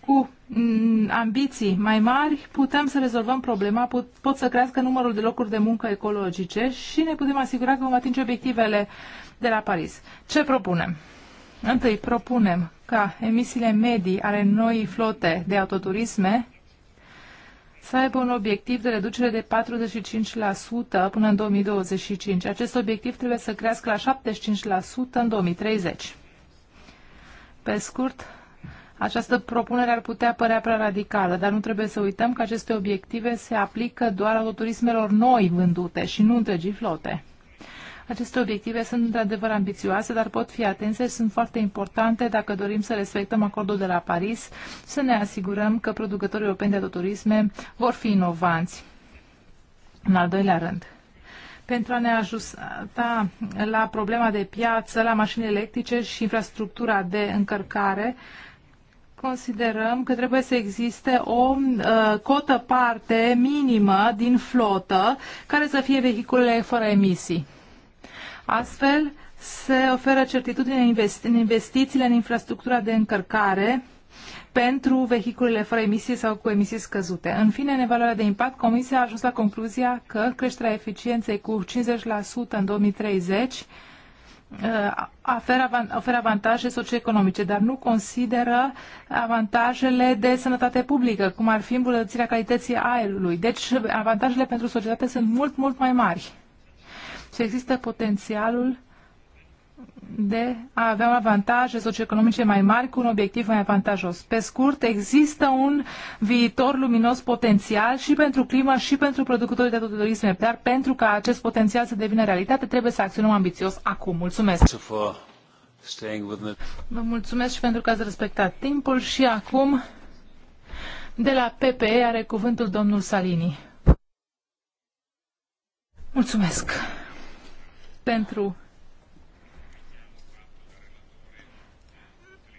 Cu mm, ambiții mai mari, putem să rezolvăm problema, pot, pot să crească numărul de locuri de muncă ecologice și ne putem asigura că vom atinge obiectivele de la Paris. Ce propunem? Întâi, propunem ca emisiile medii ale noii flote de autoturisme să aibă un obiectiv de reducere de 45% până în 2025. Acest obiectiv trebuie să crească la 75% în 2030. Pe scurt, această propunere ar putea părea prea radicală, dar nu trebuie să uităm că aceste obiective se aplică doar autoturismelor noi vândute și nu întregii flote. Aceste obiective sunt într-adevăr ambițioase, dar pot fi atinse și sunt foarte importante dacă dorim să respectăm acordul de la Paris, să ne asigurăm că producătorii europeni de autoturisme vor fi inovanți. În al doilea rând, pentru a ne ajusta la problema de piață, la mașini electrice și infrastructura de încărcare, considerăm că trebuie să existe o uh, cotă parte minimă din flotă care să fie vehiculele fără emisii. Astfel, se oferă certitudine în, investițiile în infrastructura de încărcare pentru vehiculele fără emisie sau cu emisii scăzute. În fine, în evaluarea de impact, Comisia a ajuns la concluzia că creșterea eficienței cu 50% în 2030 uh, oferă avantaje socioeconomice, dar nu consideră avantajele de sănătate publică, cum ar fi îmbunătățirea calității aerului. Deci avantajele pentru societate sunt mult, mult mai mari și există potențialul de a avea avantaje socioeconomice mai mari cu un obiectiv mai avantajos. Pe scurt, există un viitor luminos potențial și pentru climă și pentru producătorii de turisme, dar pentru ca acest potențial să devină realitate, trebuie să acționăm ambițios acum. Mulțumesc! Vă mulțumesc și pentru că ați respectat timpul și acum de la PPE are cuvântul domnul Salini. Mulțumesc! pentru.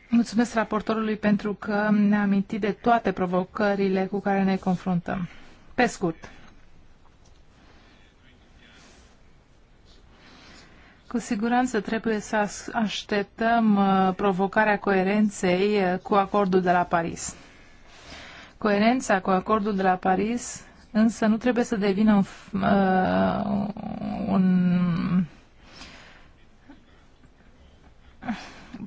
Mulțumesc raportorului pentru că ne-a amintit de toate provocările cu care ne confruntăm. Pe scurt. Cu siguranță trebuie să așteptăm uh, provocarea coerenței uh, cu acordul de la Paris. Coerența cu acordul de la Paris însă nu trebuie să devină un, uh, un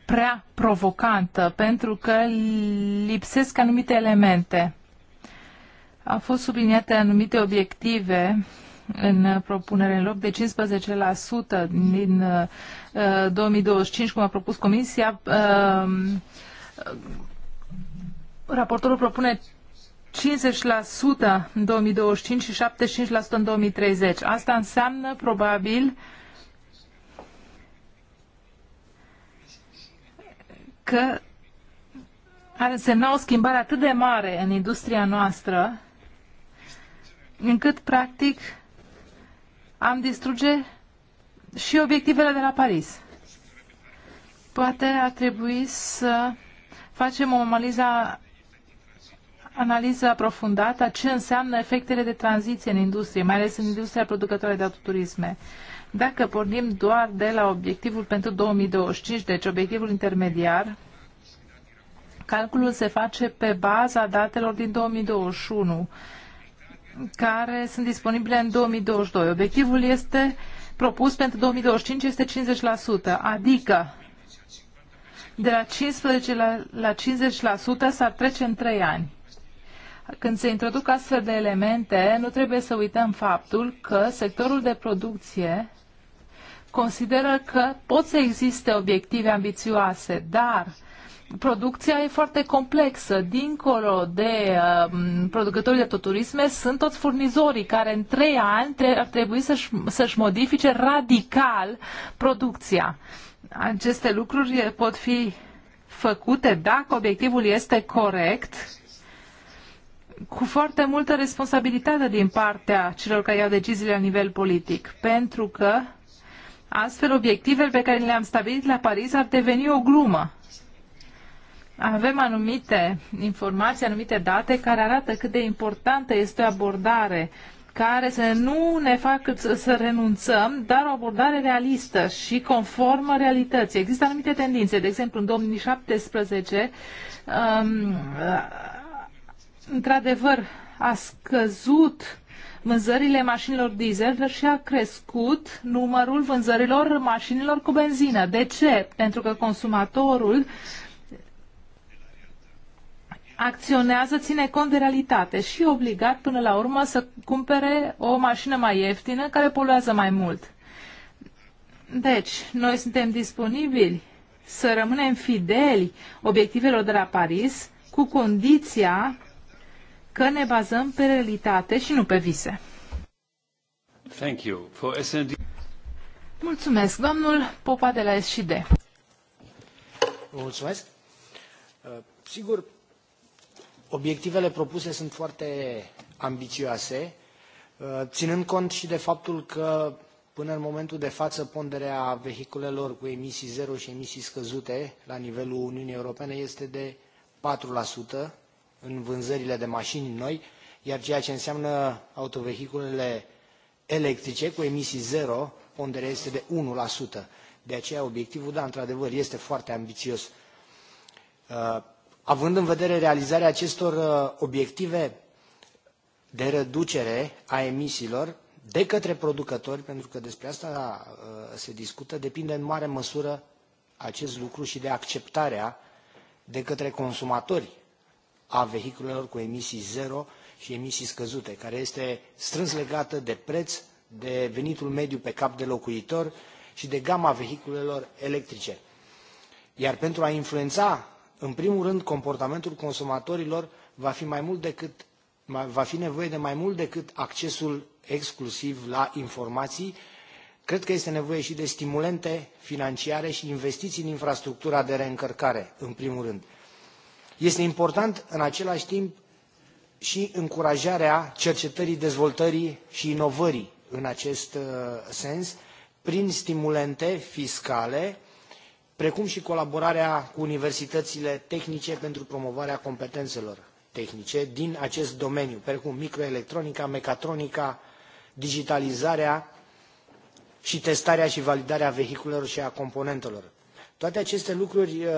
prea provocantă, pentru că lipsesc anumite elemente. Au fost subliniate anumite obiective în propunere, în loc de 15% din uh, 2025, uh, cum a propus Comisia, uh, raportorul propune 50% în 2025 și 75% în 2030. Asta înseamnă probabil că ar însemna o schimbare atât de mare în industria noastră, încât, practic, am distruge și obiectivele de la Paris. Poate ar trebui să facem o analiză, analiză aprofundată a ce înseamnă efectele de tranziție în industrie, mai ales în industria producătoare de autoturisme. Dacă pornim doar de la obiectivul pentru 2025, deci obiectivul intermediar, calculul se face pe baza datelor din 2021 care sunt disponibile în 2022. Obiectivul este propus pentru 2025 este 50%, adică de la 15 la, la 50% s-ar trece în 3 ani. Când se introduc astfel de elemente, nu trebuie să uităm faptul că sectorul de producție consideră că pot să existe obiective ambițioase, dar producția e foarte complexă. Dincolo de uh, producătorii de turisme, sunt toți furnizorii care în trei ani tre- ar trebui să-și, să-și modifice radical producția. Aceste lucruri pot fi făcute dacă obiectivul este corect cu foarte multă responsabilitate din partea celor care iau deciziile la nivel politic, pentru că astfel obiectivele pe care le-am stabilit la Paris ar deveni o glumă. Avem anumite informații, anumite date care arată cât de importantă este o abordare care să nu ne facă să renunțăm, dar o abordare realistă și conformă realității. Există anumite tendințe, de exemplu, în 2017 um, într-adevăr, a scăzut vânzările mașinilor diesel, dar și a crescut numărul vânzărilor mașinilor cu benzină. De ce? Pentru că consumatorul acționează, ține cont de realitate și e obligat până la urmă să cumpere o mașină mai ieftină care poluează mai mult. Deci, noi suntem disponibili să rămânem fideli obiectivelor de la Paris cu condiția că ne bazăm pe realitate și nu pe vise. Thank you. For SND... Mulțumesc, domnul Popa de la SCD. Mulțumesc. Uh, sigur, obiectivele propuse sunt foarte ambițioase, uh, ținând cont și de faptul că până în momentul de față ponderea vehiculelor cu emisii zero și emisii scăzute la nivelul Uniunii Europene este de 4%, în vânzările de mașini noi, iar ceea ce înseamnă autovehiculele electrice cu emisii zero, ponderea este de 1%. De aceea obiectivul, da, într-adevăr, este foarte ambițios. Uh, având în vedere realizarea acestor uh, obiective de reducere a emisiilor de către producători, pentru că despre asta uh, se discută, depinde în mare măsură acest lucru și de acceptarea de către consumatori a vehiculelor cu emisii zero și emisii scăzute, care este strâns legată de preț, de venitul mediu pe cap de locuitor și de gama vehiculelor electrice. Iar pentru a influența, în primul rând, comportamentul consumatorilor, va fi, mai mult decât, va fi nevoie de mai mult decât accesul exclusiv la informații. Cred că este nevoie și de stimulente financiare și investiții în infrastructura de reîncărcare, în primul rând este important în același timp și încurajarea cercetării, dezvoltării și inovării în acest uh, sens prin stimulente fiscale, precum și colaborarea cu universitățile tehnice pentru promovarea competențelor tehnice din acest domeniu, precum microelectronica, mecatronica, digitalizarea și testarea și validarea vehiculelor și a componentelor. Toate aceste lucruri uh,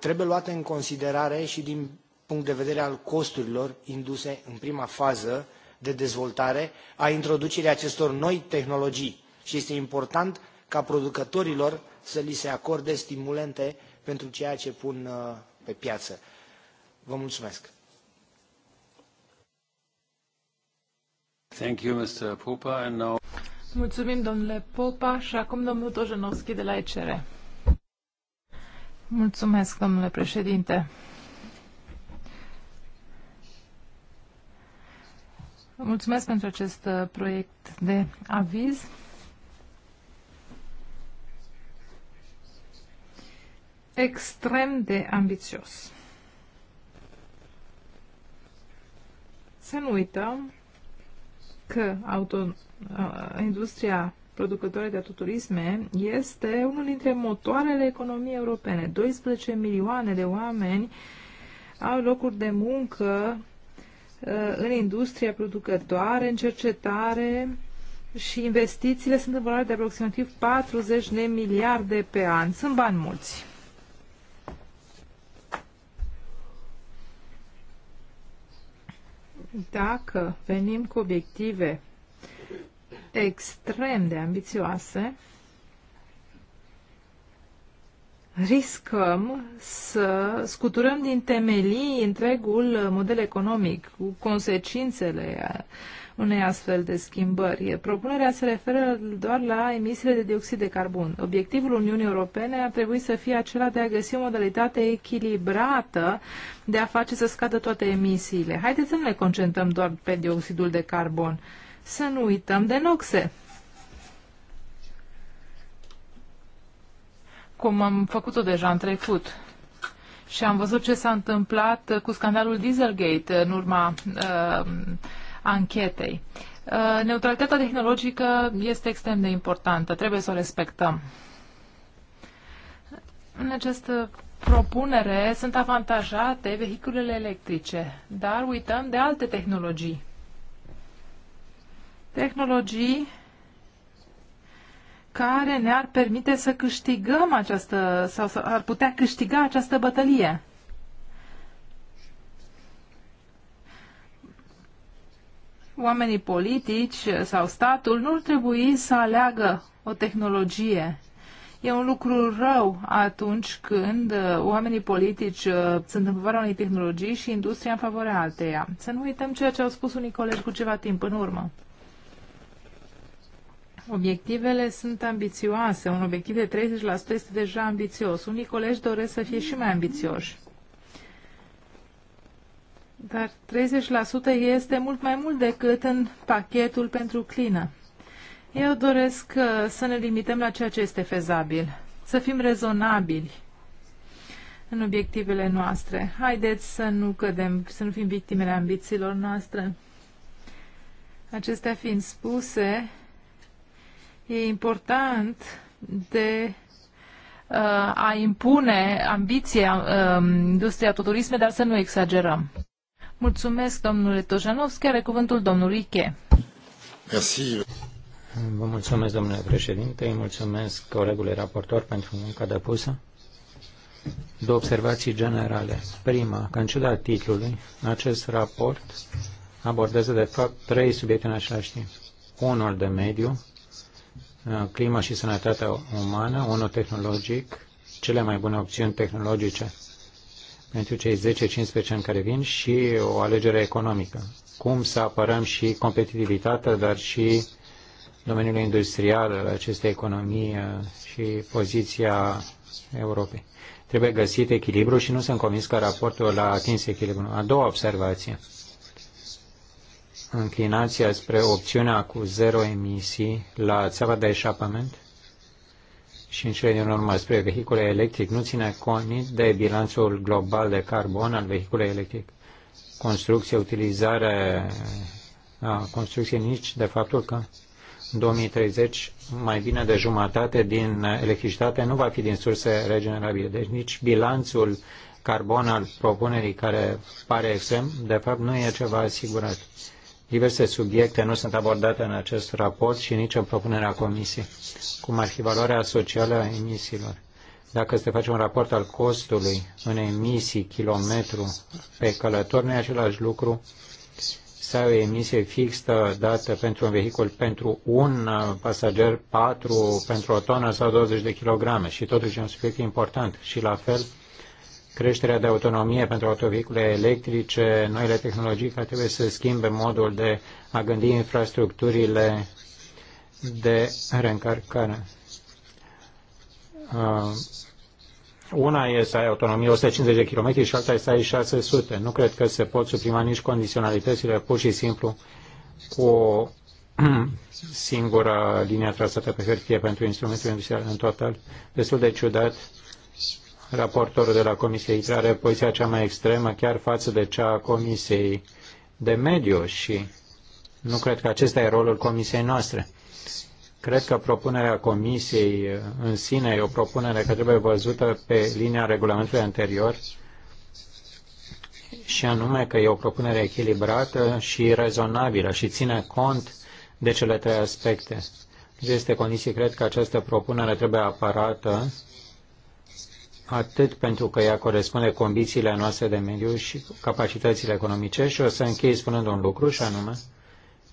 trebuie luate în considerare și din punct de vedere al costurilor induse în prima fază de dezvoltare a introducerii acestor noi tehnologii și este important ca producătorilor să li se acorde stimulente pentru ceea ce pun uh, pe piață. Vă mulțumesc! Thank you, Mr. And now... Mulțumim, domnule Popa, și acum domnul Tojenovski de la ECR. Mulțumesc, domnule președinte. Mulțumesc pentru acest uh, proiect de aviz. Extrem de ambițios. Să nu uităm că auto, uh, industria producătoare de aturisme, este unul dintre motoarele economiei europene. 12 milioane de oameni au locuri de muncă uh, în industria producătoare, în cercetare și investițiile sunt în valoare de aproximativ 40 de miliarde pe an. Sunt bani mulți. Dacă venim cu obiective extrem de ambițioase, riscăm să scuturăm din temelii întregul model economic cu consecințele unei astfel de schimbări. Propunerea se referă doar la emisiile de dioxid de carbon. Obiectivul Uniunii Europene ar trebui să fie acela de a găsi o modalitate echilibrată de a face să scadă toate emisiile. Haideți să nu ne concentrăm doar pe dioxidul de carbon. Uh, să nu uităm de noxe. Cum am făcut-o deja în trecut. Și am văzut ce s-a întâmplat cu scandalul Dieselgate în urma uh, anchetei. Uh, neutralitatea tehnologică este extrem de importantă, trebuie să o respectăm. În această propunere sunt avantajate vehiculele electrice, dar uităm de alte tehnologii tehnologii care ne-ar permite să câștigăm această, sau să ar putea câștiga această bătălie. Oamenii politici sau statul nu ar trebui să aleagă o tehnologie. E un lucru rău atunci când uh, oamenii politici uh, sunt în favoarea unei tehnologii și industria în favoarea alteia. Să nu uităm ceea ce au spus unii colegi cu ceva timp în urmă. Obiectivele sunt ambițioase. Un obiectiv de 30% este deja ambițios. Unii colegi doresc să fie și mai ambițioși. Dar 30% este mult mai mult decât în pachetul pentru clină. Eu doresc uh, să ne limităm la ceea ce este fezabil, să fim rezonabili în obiectivele noastre. Haideți să nu cădem, să nu fim victimele ambițiilor noastre. Acestea fiind spuse, E important de uh, a impune ambiția um, industria autoturisme, dar să nu exagerăm. Mulțumesc, domnule Tojanovski, Are cuvântul domnul Che. Merci. Vă mulțumesc, domnule președinte. Îi mulțumesc colegului raportor pentru munca depusă. Două observații generale. Prima, că în ciuda titlului, acest raport abordează de fapt trei subiecte în același timp. Unul de mediu, clima și sănătatea umană, unul tehnologic, cele mai bune opțiuni tehnologice pentru cei 10-15 ani care vin și o alegere economică. Cum să apărăm și competitivitatea, dar și domeniul industrial al acestei economii și poziția Europei. Trebuie găsit echilibru și nu sunt convins că raportul a atins echilibru. A doua observație înclinația spre opțiunea cu zero emisii la țeava de eșapament și în cele din urmă spre vehicule electric nu ține cont nici de bilanțul global de carbon al vehiculei electric, construcție, utilizare a construcției, nici de faptul că în 2030 mai bine de jumătate din electricitate nu va fi din surse regenerabile. Deci nici bilanțul carbon al propunerii care pare extrem, de fapt nu e ceva asigurat. Diverse subiecte nu sunt abordate în acest raport și nici în propunerea comisiei, cum ar fi valoarea socială a emisiilor. Dacă se face un raport al costului în emisii kilometru pe călător, nu e același lucru sau o emisie fixă dată pentru un vehicul pentru un uh, pasager, 4 pentru o tonă sau 20 de kilograme. Și totuși e un subiect important. Și la fel, creșterea de autonomie pentru autovehicule electrice, noile tehnologii care trebuie să schimbe modul de a gândi infrastructurile de reîncărcare. Uh, una e să ai autonomie 150 de km și alta e să ai 600. Nu cred că se pot suprima nici condiționalitățile, pur și simplu cu o (clears throat) singură linie trasată pe hârtie pentru instrumentul industrial în total. Destul de ciudat raportorul de la Comisia ITRE are poziția cea mai extremă chiar față de cea a Comisiei de Mediu și nu cred că acesta e rolul Comisiei noastre. Cred că propunerea Comisiei uh, în sine e o propunere care trebuie văzută pe linia regulamentului anterior și anume că e o propunere echilibrată și rezonabilă și ține cont de cele trei aspecte. Deci, este condiții, cred că această propunere trebuie aparată atât pentru că ea corespunde condițiile noastre de mediu și capacitățile economice și o să închei spunând un lucru și anume,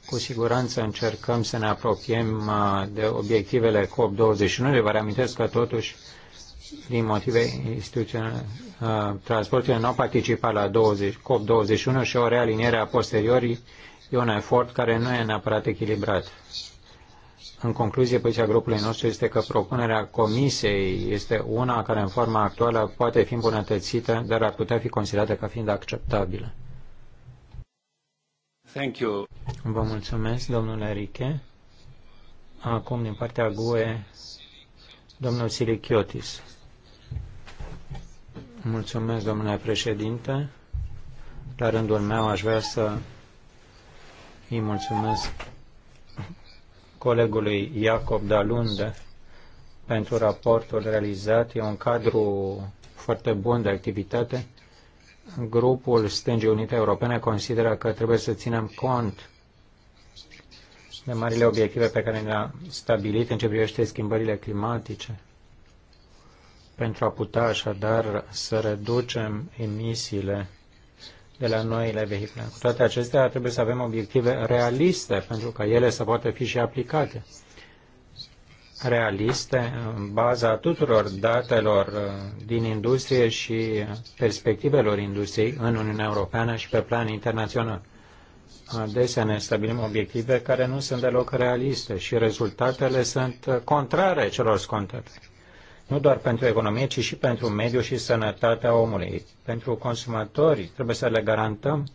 cu siguranță încercăm să ne apropiem uh, de obiectivele COP21. Vă reamintesc că totuși, din motive instituționale, uh, transporturile nu au participat la 20, COP21 și o realiniere a posteriorii e un efort care nu e neapărat echilibrat. În concluzie, poziția grupului nostru este că propunerea Comisiei este una care în forma actuală poate fi îmbunătățită, dar ar putea fi considerată ca fiind acceptabilă. Thank you. Vă mulțumesc, domnule Riche. Acum, din partea GUE, domnul Silichiotis. Mulțumesc, domnule președinte. La rândul meu aș vrea să îi mulțumesc colegului Iacob Dalunde pentru raportul realizat. E un cadru foarte bun de activitate. Grupul Stângii Unite Europene consideră că trebuie să ținem cont de marile obiective pe care le-a stabilit în ce privește schimbările climatice pentru a putea așadar să reducem emisiile de la noile vehicule. Cu toate acestea, trebuie să avem obiective realiste pentru ca ele să poată fi și aplicate. Realiste în baza tuturor datelor uh, din industrie și perspectivelor industriei în Uniunea Europeană și pe plan internațional. Adesea ne stabilim obiective care nu sunt deloc realiste și rezultatele sunt uh, contrare celor scontate nu doar pentru economie, ci și pentru mediu și sănătatea omului. Pentru consumatori trebuie să le garantăm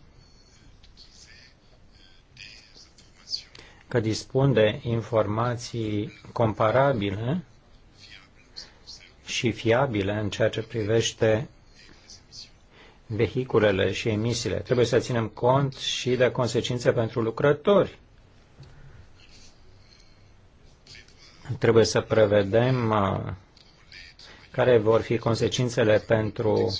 că dispun de informații comparabile și fiabile în ceea ce privește vehiculele și emisiile. Trebuie să ținem cont și de consecințe pentru lucrători. Trebuie să prevedem uh, care vor fi consecințele pentru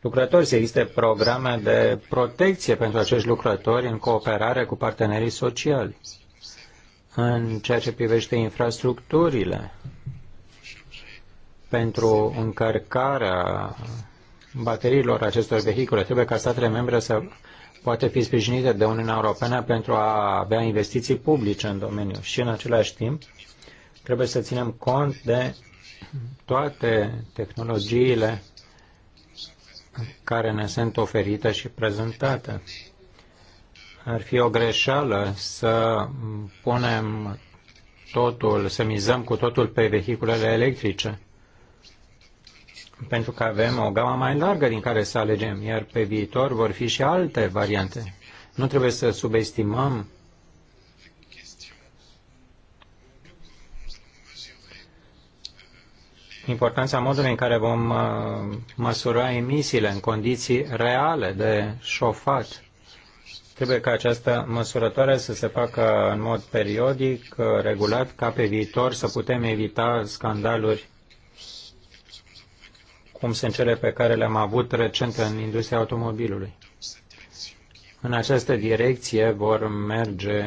lucrători, să existe programe de protecție pentru acești lucrători în cooperare cu partenerii sociali. În ceea ce privește infrastructurile pentru încărcarea bateriilor acestor vehicule, trebuie ca statele membre să poate fi sprijinite de Uniunea Europeană pentru a avea investiții publice în domeniu și în același timp trebuie să ținem cont de toate tehnologiile care ne sunt oferite și prezentate. Ar fi o greșeală să punem totul, să mizăm cu totul pe vehiculele electrice, pentru că avem o gamă mai largă din care să alegem, iar pe viitor vor fi și alte variante. Nu trebuie să subestimăm importanța modului în care vom uh, măsura emisiile în condiții reale de șofat. Trebuie ca această măsurătoare să se facă în mod periodic, uh, regulat, ca pe viitor să putem evita scandaluri cum sunt cele pe care le-am avut recent în industria automobilului. În această direcție vor merge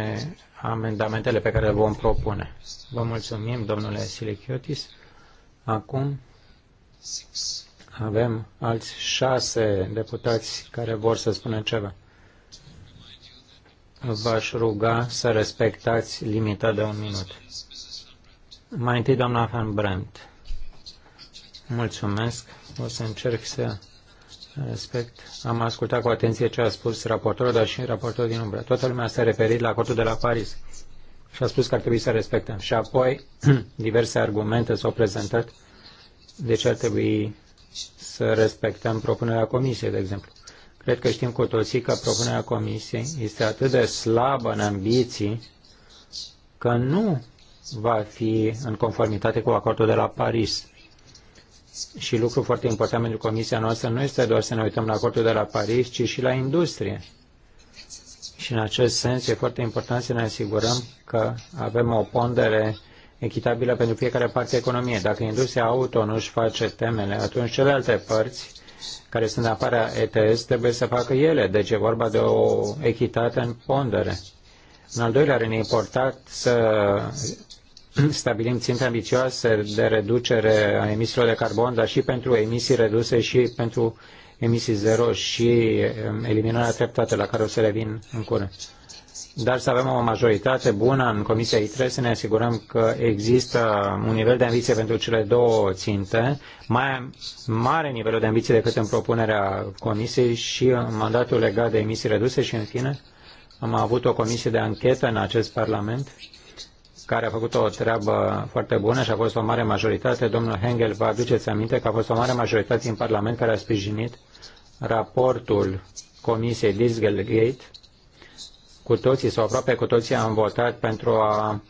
amendamentele pe care le vom propune. Vă mulțumim, domnule Silichiotis. Acum avem alți șase deputați care vor să spună ceva. V-aș ruga să respectați limita de un minut. Mai întâi, doamna Van Brandt. Mulțumesc. O să încerc să respect. Am ascultat cu atenție ce a spus raportorul, dar și raportorul din umbră. Toată lumea s-a referit la cortul de la Paris și a spus că ar trebui să respectăm. Și apoi (clears throat) diverse argumente s-au prezentat de ce ar trebui să respectăm propunerea comisiei, de exemplu. Cred că știm cu toții că propunerea comisiei este atât de slabă în ambiții că nu va fi în conformitate cu acordul de la Paris. Și lucru foarte important pentru comisia noastră nu este doar să ne uităm la acordul de la Paris, ci și la industrie. Și în acest sens e foarte important să ne asigurăm că avem o pondere echitabilă pentru fiecare parte a economiei. Dacă industria auto nu își face temele, atunci celelalte părți care sunt în afara ETS trebuie să facă ele. Deci e vorba de o echitate în pondere. În al doilea rând, e important să stabilim ținte ambițioase de reducere a emisiilor de carbon, dar și pentru emisii reduse și pentru emisii zero și um, eliminarea treptată la care o să revin în curând. Dar să avem o majoritate bună în Comisia ITRE să ne asigurăm că există un nivel de ambiție pentru cele două ținte, mai mare nivelul de ambiție decât în propunerea Comisiei și în mandatul legat de emisii reduse și, în fine, am avut o comisie de anchetă în acest Parlament care a făcut o treabă foarte bună și a fost o mare majoritate. Domnul Hengel, vă aduceți aminte că a fost o mare majoritate în Parlament care a sprijinit raportul Comisiei Dieselgate. Cu toții sau aproape cu toții am votat pentru a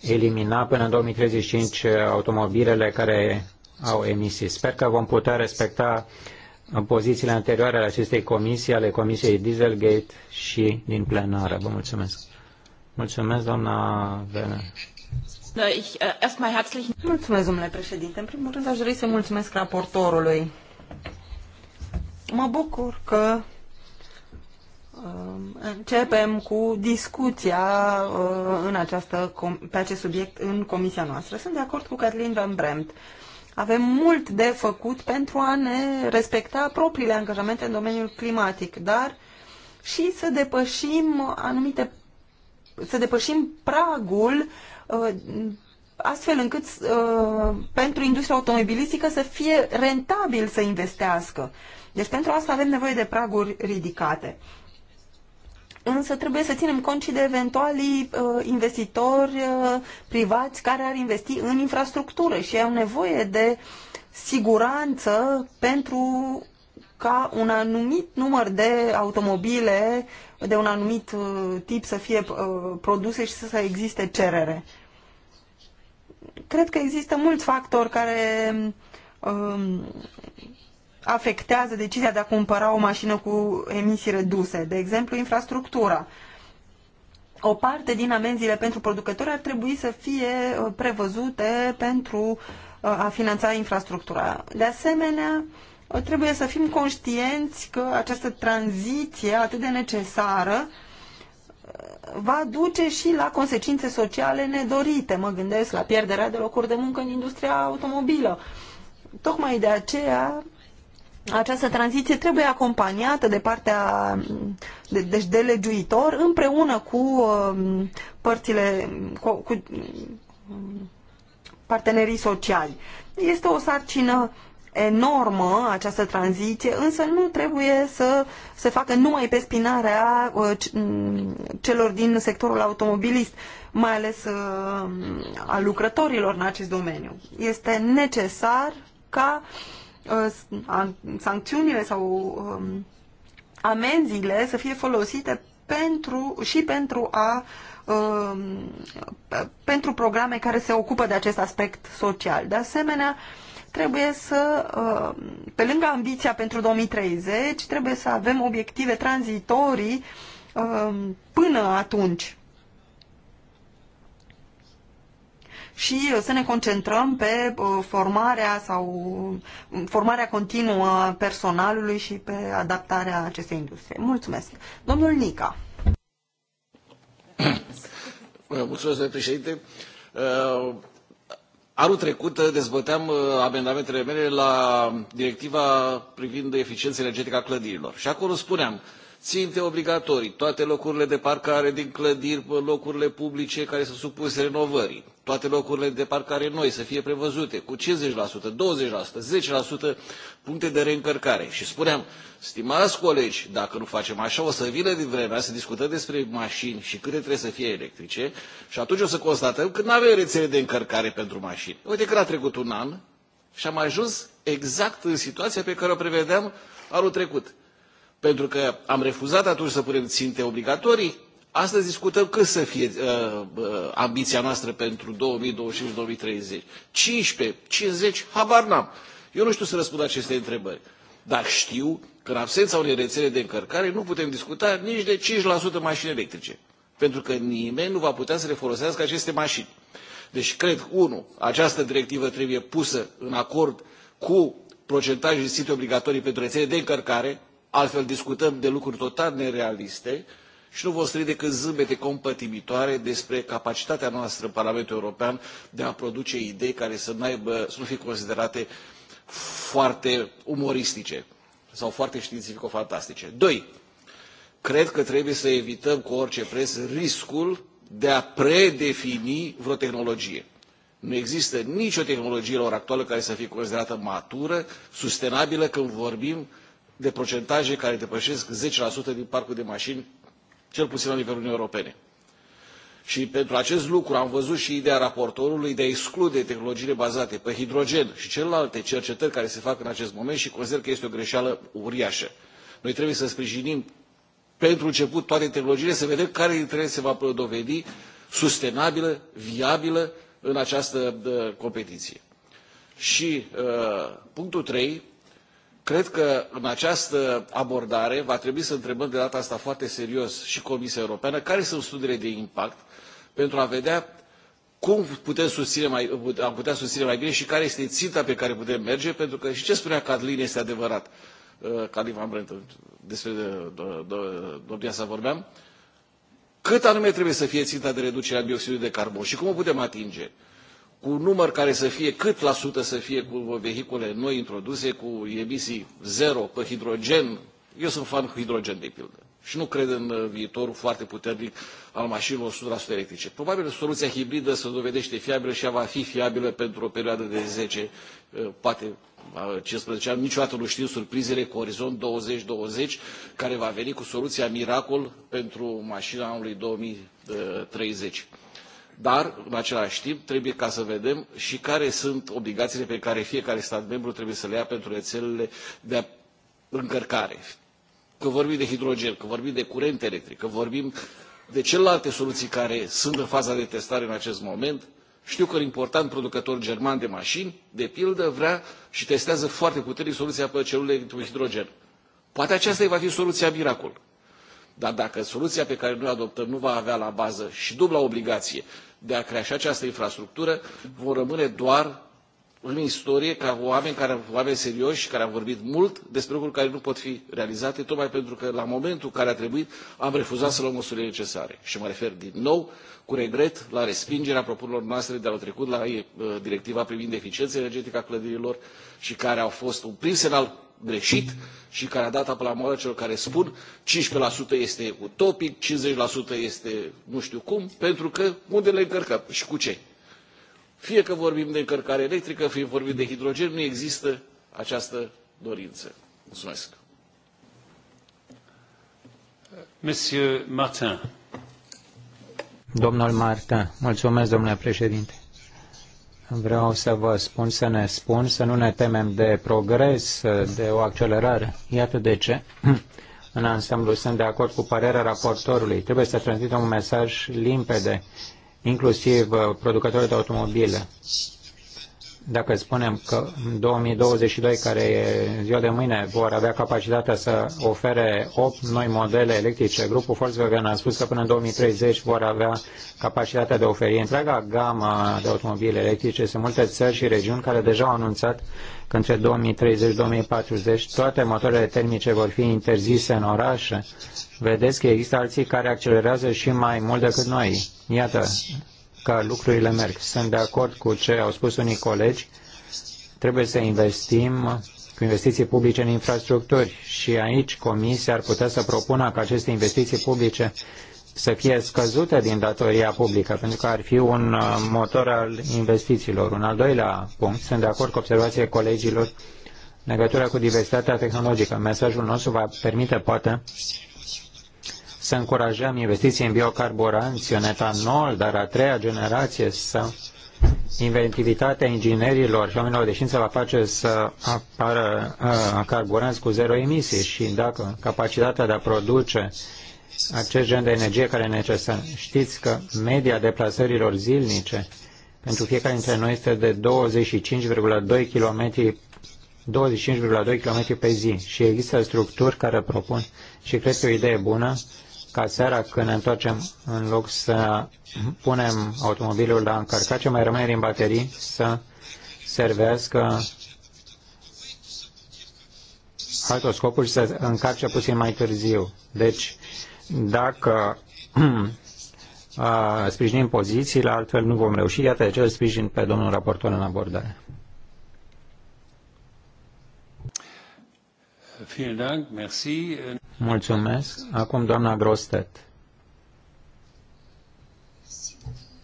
elimina până în 2035 automobilele care au emisii. Sper că vom putea respecta pozițiile anterioare ale acestei comisii, ale Comisiei Dieselgate și din plenară. Vă mulțumesc. Mulțumesc, doamna Vene. Da, uh, mulțumesc, domnule președinte. În primul rând, aș dori să mulțumesc raportorului. Mă bucur că um, începem cu discuția uh, în această, pe acest subiect în comisia noastră. Sunt de acord cu Kathleen Van Bremt. Avem mult de făcut pentru a ne respecta propriile angajamente în domeniul climatic, dar și să depășim anumite să depășim pragul uh, astfel încât uh, pentru industria automobilistică să fie rentabil să investească. Deci pentru asta avem nevoie de praguri ridicate. Însă trebuie să ținem cont și de eventualii uh, investitori uh, privați care ar investi în infrastructură și au nevoie de siguranță pentru ca un anumit număr de automobile de un anumit uh, tip să fie uh, produse și să, să existe cerere. Cred că există mulți factori care uh, afectează decizia de a cumpăra o mașină cu emisii reduse, de exemplu infrastructura. O parte din amenziile pentru producători ar trebui să fie uh, prevăzute pentru uh, a finanța infrastructura. De asemenea, uh, trebuie să fim conștienți că această tranziție atât de necesară va duce și la consecințe sociale nedorite. Mă gândesc la pierderea de locuri de muncă în industria automobilă. Tocmai de aceea această tranziție trebuie acompaniată de partea, de, deci de legiuitor, împreună cu uh, părțile, cu, cu partenerii sociali. Este o sarcină enormă această tranziție, însă nu trebuie să se facă numai pe spinarea uh, celor din sectorul automobilist, mai ales uh, a lucrătorilor în acest domeniu. Este necesar ca uh, Uh, sancțiunile sau um, amenziile să fie folosite pentru, și pentru a um, pentru programe care se ocupă de acest aspect social. De asemenea, trebuie să, uh, pe lângă ambiția pentru 2030, trebuie să avem obiective tranzitorii um, până atunci. și uh, să ne concentrăm pe uh, formarea sau um, formarea continuă a personalului și pe adaptarea acestei industrie. Mulțumesc. Domnul Nica. (coughs) Mulțumesc, domnule președinte. Uh, anul trecut dezbăteam amendamentele mele la directiva privind eficiența energetică a clădirilor și acolo spuneam ținte obligatorii toate locurile de parcare din clădiri, locurile publice care sunt supuse renovării, toate locurile de parcare noi să fie prevăzute cu cincizeci 20%, 10% puncte de reîncărcare. Și spuneam, stimați colegi, dacă nu facem așa, o să vină din vremea să discutăm despre mașini și câte trebuie să fie electrice și atunci o să constatăm că nu avem rețele de încărcare pentru mașini. Uite că a trecut un an și am ajuns exact în situația pe care o prevedeam anul trecut. Pentru că am refuzat atunci să punem ținte obligatorii, Astăzi discutăm cât să fie uh, uh ambiția noastră pentru 2025-2030. 15, 50, habar n-am. Eu nu știu să răspund aceste întrebări. Dar știu că în absența unei rețele de încărcare nu putem discuta nici de 5% mașini electrice. Pentru că nimeni nu va putea să le folosească aceste mașini. Deci cred, unu, această directivă trebuie pusă în acord cu procentajele de site obligatorii pentru rețele de încărcare, altfel discutăm de lucruri total nerealiste, și nu vor străi decât zâmbete compătimitoare despre capacitatea noastră în Parlamentul European de a produce idei care să, aibă, să nu fie considerate foarte umoristice sau foarte științifico-fantastice. Doi, cred că trebuie să evităm cu orice preț riscul de a predefini vreo tehnologie. Nu există nicio tehnologie la ora actuală care să fie considerată matură, sustenabilă, când vorbim de procentaje care depășesc 10% din parcul de mașini cel puțin la nivelul Uniunii Europene. Și pentru acest lucru am văzut și ideea raportorului de a exclude tehnologiile bazate pe hidrogen și celelalte cercetări care se fac în acest moment și consider că este o greșeală uriașă. Noi trebuie să sprijinim pentru început toate tehnologiile, să vedem care dintre ele se va dovedi sustenabilă, viabilă în această uh, competiție. Și uh, punctul 3, Cred că în această abordare va trebui să întrebăm de data asta foarte serios și Comisia Europeană care sunt studiile de impact pentru a vedea cum putem susține mai, am putea susține mai bine și care este ținta pe care putem merge, pentru că și ce spunea Cadlin este adevărat. Uh, Cadlin Van Brent, uh, despre uh, domnia sa vorbeam. Cât anume trebuie să fie ținta de reducere a dioxidului de carbon și cum o putem atinge? cu un număr care să fie cât la sută să fie cu vehicule noi introduse, cu emisii zero pe hidrogen. Eu sunt fan cu hidrogen, de pildă. Și nu cred în uh, viitorul foarte puternic al mașinilor 100% electrice. Probabil soluția hibridă se dovedește fiabilă și ea va fi fiabilă pentru o perioadă de 10, uh, poate 15 uh, ani. Niciodată nu știm surprizele cu Orizont 2020, care va veni cu soluția miracol pentru mașina anului 2030 dar în același timp trebuie ca să vedem și care sunt obligațiile pe care fiecare stat membru trebuie să le ia pentru rețelele de încărcare. Că vorbim de hidrogen, că vorbim de curent electric, că vorbim de celelalte soluții care sunt în faza de testare în acest moment, știu că un important producător german de mașini, de pildă, vrea și testează foarte puternic soluția pe celule cu hidrogen. Poate aceasta va fi soluția miracol dar dacă soluția pe care noi o adoptăm nu va avea la bază și dubla obligație de a crea și această infrastructură, vom rămâne doar în istorie ca oameni, care, oameni serioși care au vorbit mult despre lucruri care nu pot fi realizate, tocmai pentru că la momentul care a trebuit am refuzat să luăm măsurile necesare. Și mă refer din nou cu regret la respingerea propunerilor noastre de anul trecut la uh, directiva privind eficiența energetică a clădirilor și care au fost un prim semnal greșit și care a dat apă la moară celor care spun 15% este utopic, 50% este nu știu cum, pentru că unde le încărcăm și cu ce? Fie că vorbim de încărcare electrică, fie vorbim de hidrogen, nu există această dorință. Mulțumesc. Monsieur Martin. Domnul Martin, mulțumesc, domnule președinte. Vreau să vă spun, să ne spun, să nu ne temem de progres, de o accelerare. Iată de ce. (clears throat) În ansamblu sunt de acord cu părerea raportorului. Trebuie să transmită un mesaj limpede, inclusiv producătorii de automobile dacă spunem că 2022, care e ziua de mâine, vor avea capacitatea să ofere 8 noi modele electrice, grupul Volkswagen a spus că până în 2030 vor avea capacitatea de a oferi întreaga gamă de automobile electrice. Sunt multe țări și regiuni care deja au anunțat că între 2030-2040 toate motoarele termice vor fi interzise în orașe. Vedeți că există alții care accelerează și mai mult decât noi. Iată, că lucrurile merg. Sunt de acord cu ce au spus unii colegi. Trebuie să investim cu investiții publice în infrastructuri și aici Comisia ar putea să propună ca aceste investiții publice să fie scăzute din datoria publică, pentru că ar fi un uh, motor al investițiilor. Un al doilea punct, sunt de acord cu observația colegilor legătura cu diversitatea tehnologică. Mesajul nostru va permite, poate, să încurajăm investiții în biocarburanți, în etanol, dar a treia generație sau inventivitatea inginerilor și oamenilor de știință va face să apară uh, carburanți cu zero emisii și dacă capacitatea de a produce acest gen de energie care e necesar. Știți că media deplasărilor zilnice pentru fiecare dintre noi este de 25,2 km 25,2 km pe zi și există structuri care propun și cred că e o idee bună ca seara când ne întoarcem, în loc să punem automobilul la încărcat, ce mai rămâne din baterii să servească altor scopuri și să încarce puțin mai târziu. Deci, dacă (clears throat) sprijinim pozițiile, altfel nu vom reuși. Iată de ce îl sprijin pe domnul raportor în abordare. Mulțumesc. Acum doamna Grostet.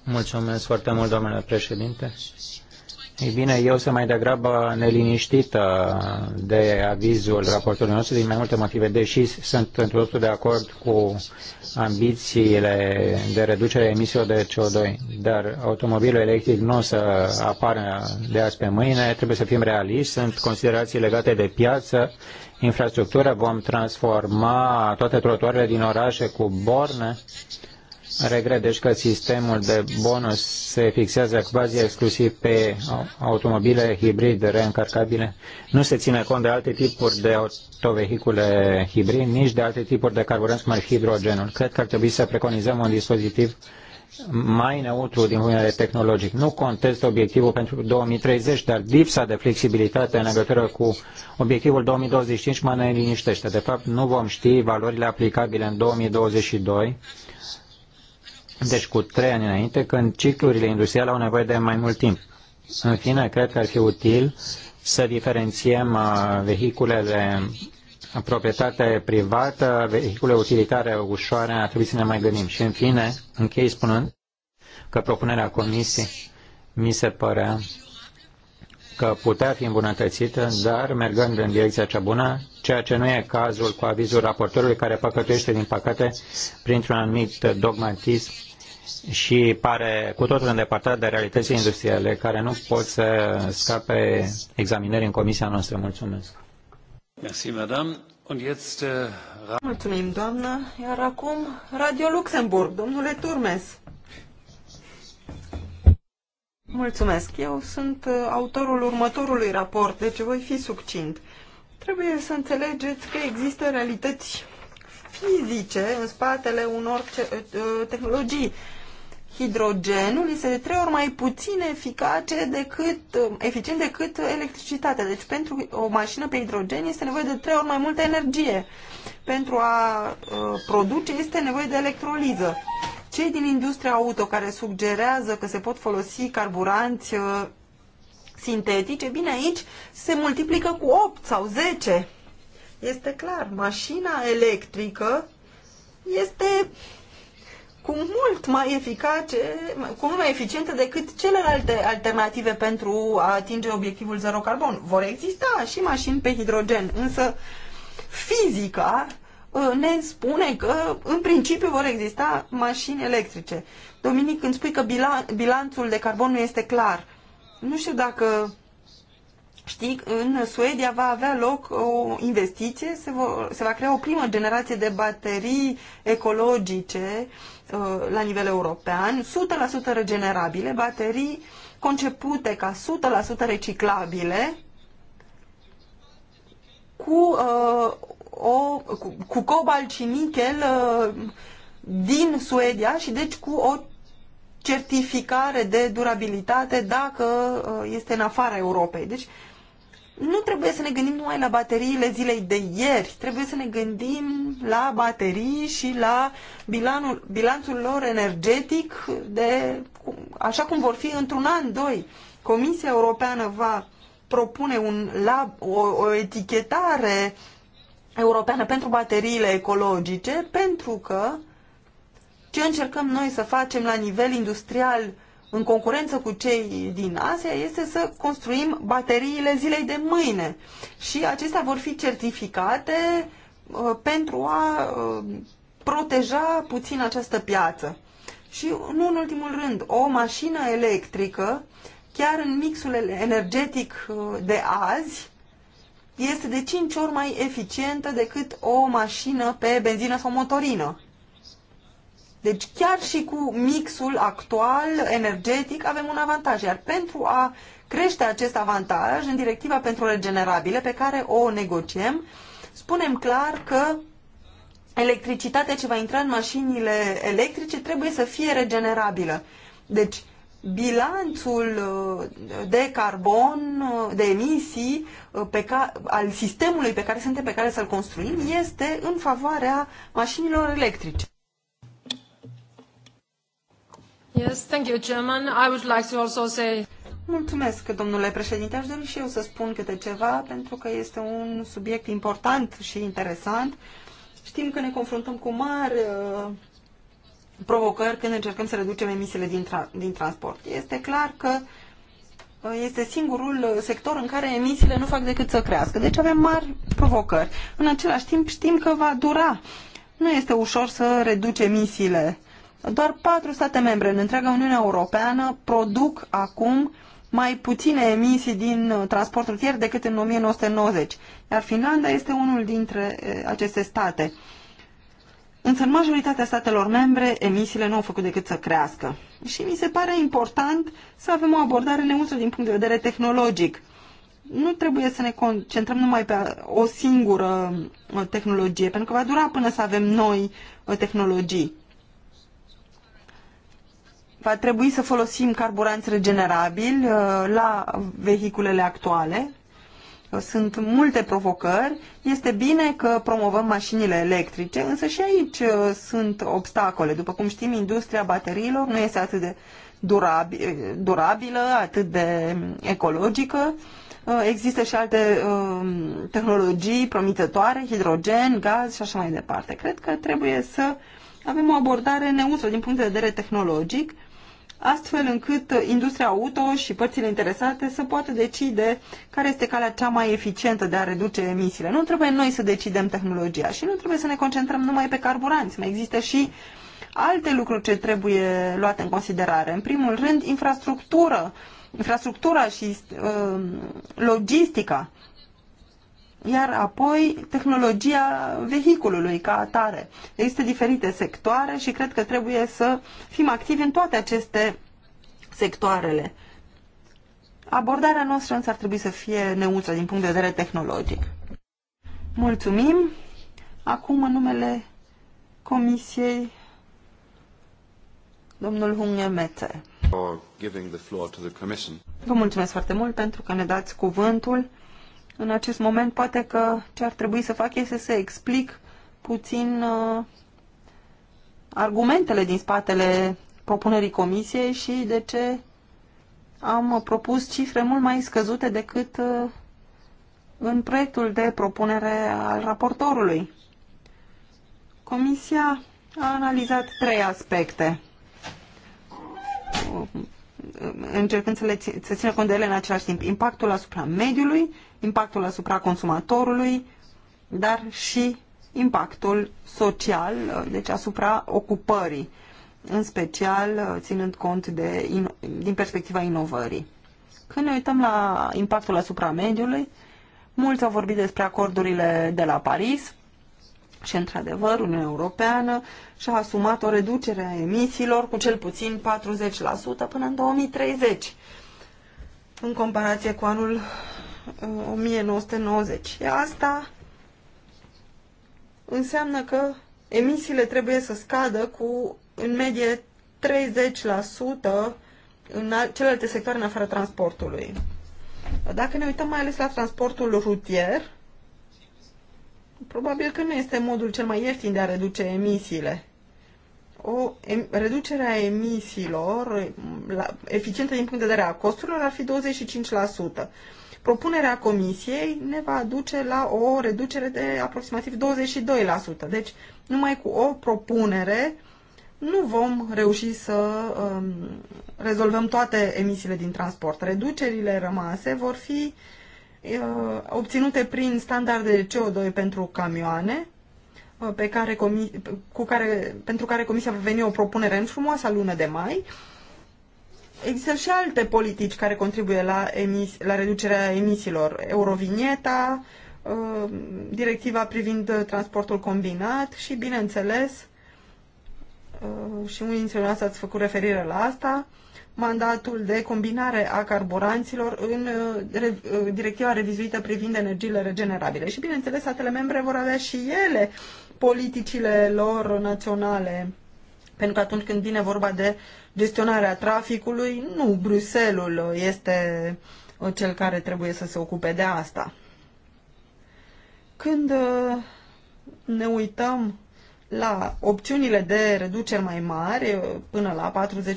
Mulțumesc foarte mult, domnule președinte. Ei bine, eu sunt mai degrabă neliniștită de avizul raportului nostru din mai multe motive, deși sunt într totul de acord cu ambițiile de reducere a emisiilor de CO2, dar automobilul electric nu o să apară de azi pe mâine, trebuie să fim realiști, sunt considerații legate de piață, infrastructură, vom transforma toate trotuarele din orașe cu borne, Regret deci că sistemul de bonus se fixează quasi exclusiv pe automobile hibride reîncarcabile. Nu se ține cont de alte tipuri de autovehicule hibrid, nici de alte tipuri de carburanți cum ar fi hidrogenul. Cred că ar trebui să preconizăm un dispozitiv mai neutru din punct de vedere tehnologic. Nu contest obiectivul pentru 2030, dar lipsa de flexibilitate în legătură cu obiectivul 2025 mă liniștește. De fapt, nu vom ști valorile aplicabile în 2022 deci cu trei ani înainte, când ciclurile industriale au nevoie de mai mult timp. În fine, cred că ar fi util să diferențiem uh, vehiculele proprietate privată, vehicule utilitare ușoare, ar trebui să ne mai gândim. Și în fine, închei spunând că propunerea comisiei mi se părea că putea fi îmbunătățită, dar mergând în direcția cea bună, ceea ce nu e cazul cu avizul raportorului care păcătuiește, din păcate, printr-un anumit dogmatism și pare cu totul îndepărtat de realității industriale, care nu pot să scape examinării în comisia noastră. Mulțumesc. Merci, madame. Und jetzt, uh, Mulțumim, doamnă. Iar acum, Radio Luxemburg, domnule Turmes. Mulțumesc. Eu sunt uh, autorul următorului raport, deci voi fi succint. Trebuie să înțelegeți că există realități fizice în spatele unor uh, tehnologii. Hidrogenul este de trei ori mai puțin eficace decât, uh, eficient decât electricitatea. Deci pentru o mașină pe hidrogen este nevoie de trei ori mai multă energie. Pentru a uh, produce este nevoie de electroliză cei din industria auto care sugerează că se pot folosi carburanți uh, sintetici, sintetice, bine aici se multiplică cu 8 sau 10. Este clar, mașina electrică este cu mult mai eficace, cu mult mai eficientă decât celelalte alternative pentru a atinge obiectivul zero carbon. Vor exista și mașini pe hidrogen, însă fizica Uh, ne spune că în principiu vor exista mașini electrice. Dominic, când spui că bilanțul de carbon nu este clar, nu știu dacă știi, în Suedia va avea loc o investiție, se, vor, se va crea o primă generație de baterii ecologice uh, la nivel european, 100% regenerabile, baterii concepute ca 100% reciclabile, cu uh, o, cu, cu cobalt și nichel uh, din Suedia și deci cu o certificare de durabilitate dacă uh, este în afara Europei. Deci nu trebuie să ne gândim numai la bateriile zilei de ieri, trebuie să ne gândim la baterii și la bilanul, bilanțul lor energetic de, așa cum vor fi într-un an, doi. Comisia Europeană va propune un lab, o, o etichetare europeană pentru bateriile ecologice, pentru că ce încercăm noi să facem la nivel industrial în concurență cu cei din Asia este să construim bateriile zilei de mâine și acestea vor fi certificate uh, pentru a uh, proteja puțin această piață. Și, nu în ultimul rând, o mașină electrică, chiar în mixul energetic uh, de azi, este de 5 ori mai eficientă decât o mașină pe benzină sau motorină. Deci chiar și cu mixul actual energetic avem un avantaj, iar pentru a crește acest avantaj în directiva pentru regenerabile pe care o negociem, spunem clar că electricitatea ce va intra în mașinile electrice trebuie să fie regenerabilă. Deci bilanțul uh, de carbon, uh, de emisii uh, pe ca, al sistemului pe care suntem pe care să-l construim este în favoarea mașinilor electrice. Yes, thank you, Chairman. I would like to also say... Mulțumesc, domnule președinte. Aș dori și eu să spun câte ceva, pentru că este un subiect important și interesant. Știm că ne confruntăm cu mari uh, provocări când încercăm să reducem emisiile din, tra din transport. Este clar că uh, este singurul uh, sector în care emisiile nu fac decât să crească. Deci avem mari provocări. În același timp știm că va dura. Nu este ușor să reduce emisiile. Doar patru state membre în întreaga Uniune Europeană produc acum mai puține emisii din uh, transportul rutier decât în 1990, iar Finlanda este unul dintre aceste state. Însă în majoritatea statelor membre emisiile nu au făcut decât să crească. Și mi se pare important să avem o abordare neutră din punct de vedere tehnologic. Nu trebuie să ne concentrăm numai pe o singură uh, tehnologie, pentru că va dura până să avem noi uh, tehnologii. Va trebui să folosim carburanți regenerabili uh, la vehiculele actuale, sunt multe provocări. Este bine că promovăm mașinile electrice, însă și aici uh, sunt obstacole. După cum știm, industria bateriilor nu este atât de durabilă, atât de um, ecologică. Uh, există și alte um, tehnologii promițătoare, hidrogen, gaz și așa mai departe. Cred că trebuie să avem o abordare neutră din punct de vedere tehnologic astfel încât industria auto și părțile interesate să poată decide care este calea cea mai eficientă de a reduce emisiile. Nu trebuie noi să decidem tehnologia și nu trebuie să ne concentrăm numai pe carburanți. Mai există și alte lucruri ce trebuie luate în considerare. În primul rând, infrastructură, infrastructura și uh, logistica iar apoi tehnologia vehiculului ca atare. Există diferite sectoare și cred că trebuie să fim activi în toate aceste sectoarele. Abordarea noastră însă ar trebui să fie neutră din punct de vedere tehnologic. Mulțumim! Acum, în numele Comisiei, domnul Mete. Vă mulțumesc foarte mult pentru că ne dați cuvântul. În acest moment, poate că ce ar trebui să fac este să explic puțin uh, argumentele din spatele propunerii comisiei și de ce am propus cifre mult mai scăzute decât uh, în proiectul de propunere al raportorului. Comisia a analizat trei aspecte, uh, încercând să, le, să țină cont de ele în același timp. Impactul asupra mediului, impactul asupra consumatorului, dar și impactul social, uh, deci asupra ocupării, în special uh, ținând cont de, din perspectiva inovării. Când ne uităm la impactul asupra mediului, mulți au vorbit despre acordurile de la Paris și, într-adevăr, Uniunea Europeană și-a asumat o reducere a emisiilor cu cel puțin 40% până în 2030, în comparație cu anul 1990. Asta înseamnă că emisiile trebuie să scadă cu în medie 30% în celelalte sectoare în afară transportului. Dacă ne uităm mai ales la transportul rutier, probabil că nu este modul cel mai ieftin de a reduce emisiile. O em, reducere a emisiilor la, eficientă din punct de vedere a costurilor ar fi 25% propunerea comisiei ne va aduce la o reducere de aproximativ 22%. Deci, numai cu o propunere nu vom reuși să um, rezolvăm toate emisiile din transport. Reducerile rămase vor fi uh, obținute prin standarde de CO2 pentru camioane, uh, pe care comi- cu care, pentru care Comisia va veni o propunere în frumoasa lună de mai, uh, Există și alte politici care contribuie la, emis- la reducerea emisiilor. Eurovinieta, uh, directiva privind transportul combinat și, bineînțeles, uh, și unii dintre noastre ați făcut referire la asta, mandatul de combinare a carburanților în uh, directiva revizuită privind energiile regenerabile. Și, bineînțeles, statele membre vor avea și ele politicile lor naționale pentru că atunci când vine vorba de gestionarea traficului, nu Bruselul este uh, cel care trebuie să se ocupe de asta. Când uh, ne uităm la opțiunile de reduceri mai mari, uh, până la 40%,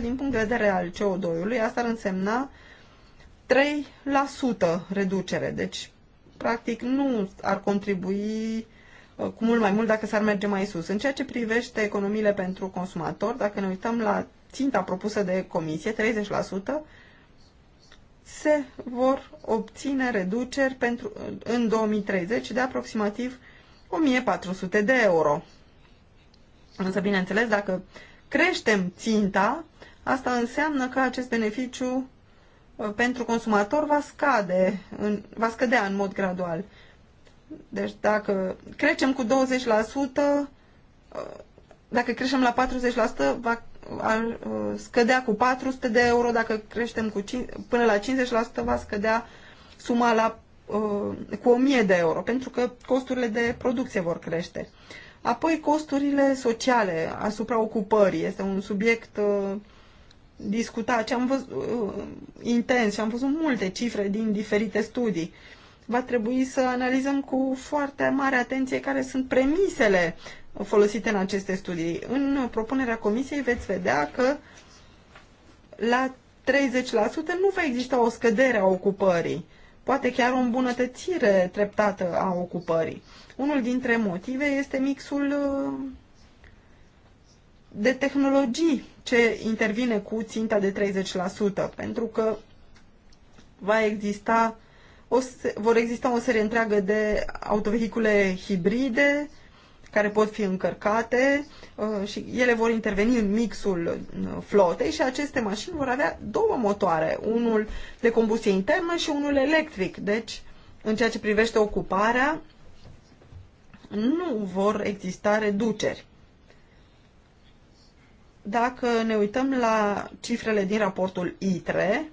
din punct de vedere al CO2-ului, asta ar însemna 3% reducere. Deci, practic, nu ar contribui Uh, cu mult mai mult dacă s-ar merge mai sus. În ceea ce privește economiile pentru consumator, dacă ne uităm la ținta propusă de comisie, 30%, se vor obține reduceri pentru, uh, în 2030 de aproximativ 1400 de euro. Însă, bineînțeles, dacă creștem ținta, asta înseamnă că acest beneficiu uh, pentru consumator va, scade, în, va scădea în mod gradual. Deci dacă creștem cu 20%, uh, dacă creștem la 40%, va ar uh, scădea cu 400 de euro, dacă creștem cu 5, până la 50%, va scădea suma la, uh, cu 1000 de euro, pentru că costurile de producție vor crește. Apoi costurile sociale asupra ocupării este un subiect discutat și am văzut intens și am văzut multe cifre din diferite studii va trebui să analizăm cu foarte mare atenție care sunt premisele folosite în aceste studii. În propunerea comisiei veți vedea că la 30% nu va exista o scădere a ocupării, poate chiar o îmbunătățire treptată a ocupării. Unul dintre motive este mixul uh, de tehnologii ce intervine cu ținta de 30%, pentru că va exista o, vor exista o serie întreagă de autovehicule hibride care pot fi încărcate uh, și ele vor interveni în mixul uh, flotei și aceste mașini vor avea două motoare, unul de combustie internă și unul electric. Deci, în ceea ce privește ocuparea, nu vor exista reduceri. Dacă ne uităm la cifrele din raportul ITRE,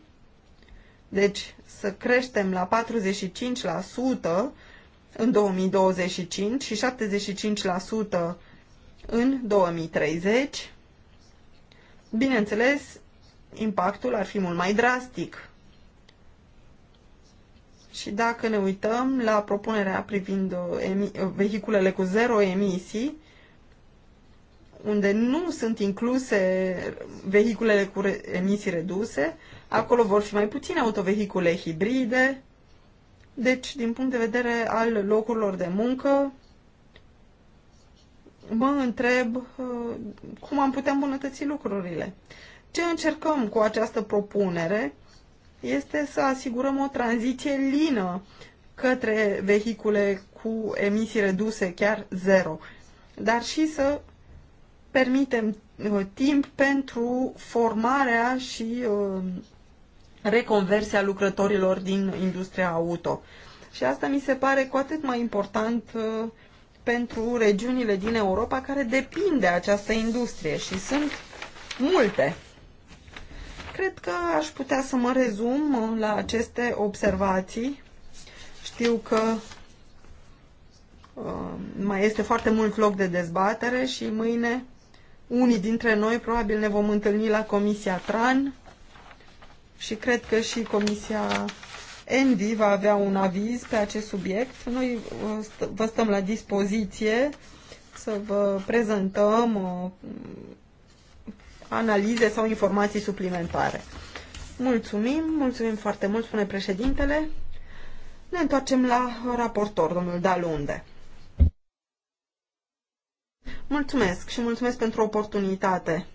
deci să creștem la 45% în 2025 și 75% în 2030, bineînțeles, impactul ar fi mult mai drastic. Și dacă ne uităm la propunerea privind uh, uh, vehiculele cu zero emisii, unde nu sunt incluse vehiculele cu emisii reduse, Acolo vor fi mai puține autovehicule hibride. Deci, din punct de vedere al locurilor de muncă, mă întreb uh, cum am putea îmbunătăți lucrurile. Ce încercăm cu această propunere este să asigurăm o tranziție lină către vehicule cu emisii reduse, chiar zero, dar și să permitem uh, timp pentru formarea și uh, reconversia lucrătorilor din industria auto. Și asta mi se pare cu atât mai important uh, pentru regiunile din Europa care depind de această industrie și sunt multe. Cred că aș putea să mă rezum uh, la aceste observații. Știu că uh, mai este foarte mult loc de dezbatere și mâine unii dintre noi probabil ne vom întâlni la Comisia TRAN și cred că și Comisia Envi va avea un aviz pe acest subiect. Noi uh, vă stăm la dispoziție să vă prezentăm uh, analize sau informații suplimentare. Mulțumim, mulțumim foarte mult, spune președintele. Ne întoarcem la raportor, domnul Dalunde. Mulțumesc și mulțumesc pentru oportunitate.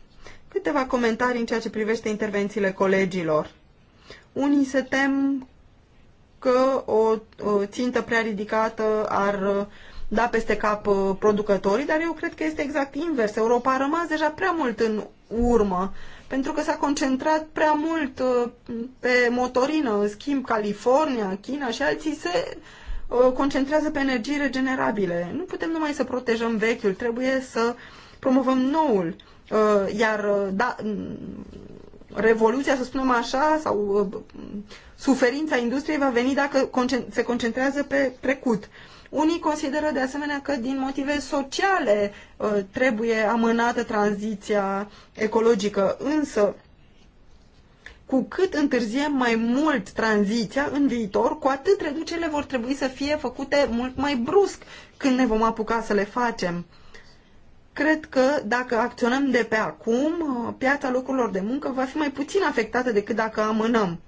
Câteva comentarii în ceea ce privește intervențiile colegilor. Unii se tem că o țintă prea ridicată ar uh, da peste cap uh, producătorii, dar eu cred că este exact invers. Europa a rămas deja prea mult în urmă, pentru că s-a concentrat prea mult uh, pe motorină. În schimb, California, China și alții se concentrează pe energii regenerabile. Nu putem numai să protejăm vechiul, trebuie să promovăm noul. Uh, iar uh, da, mm, revoluția, să spunem așa, sau uh, suferința industriei va veni dacă se concentrează pe trecut. Unii consideră de asemenea că din motive sociale trebuie amânată tranziția ecologică, însă cu cât întârziem mai mult tranziția în viitor, cu atât reducerile vor trebui să fie făcute mult mai brusc când ne vom apuca să le facem. Cred că dacă acționăm de pe acum, uh, piața locurilor de muncă va fi mai puțin afectată decât dacă amânăm.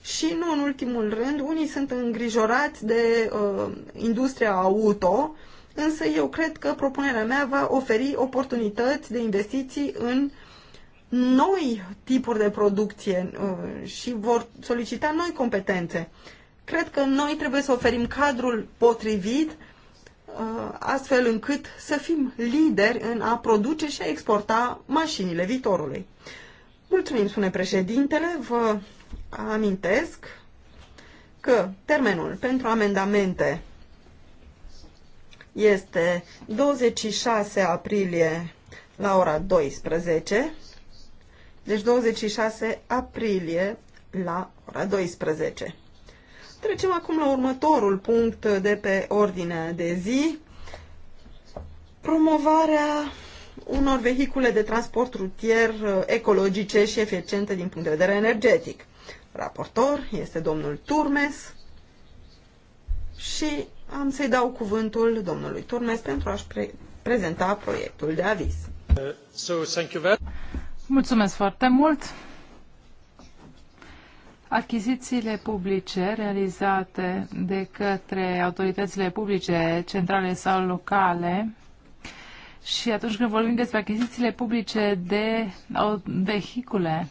Și nu în ultimul rând, unii sunt îngrijorați de uh, industria auto, însă eu cred că propunerea mea va oferi oportunități de investiții în noi tipuri de producție uh, și vor solicita noi competențe. Cred că noi trebuie să oferim cadrul potrivit Uh, astfel încât să fim lideri în a produce și a exporta mașinile viitorului. Mulțumim, spune președintele, vă amintesc că termenul pentru amendamente este 26 aprilie la ora 12, deci 26 aprilie la ora 12. Trecem acum la următorul punct de pe ordinea de zi. Promovarea unor vehicule de transport rutier uh, ecologice și eficiente din punct de vedere energetic. Raportor este domnul Turmes și am să-i dau cuvântul domnului Turmes pentru a-și pre prezenta proiectul de aviz. Uh, Mulțumesc foarte mult! Achizițiile publice realizate de către autoritățile publice, centrale sau locale, și atunci când vorbim despre achizițiile publice de vehicule,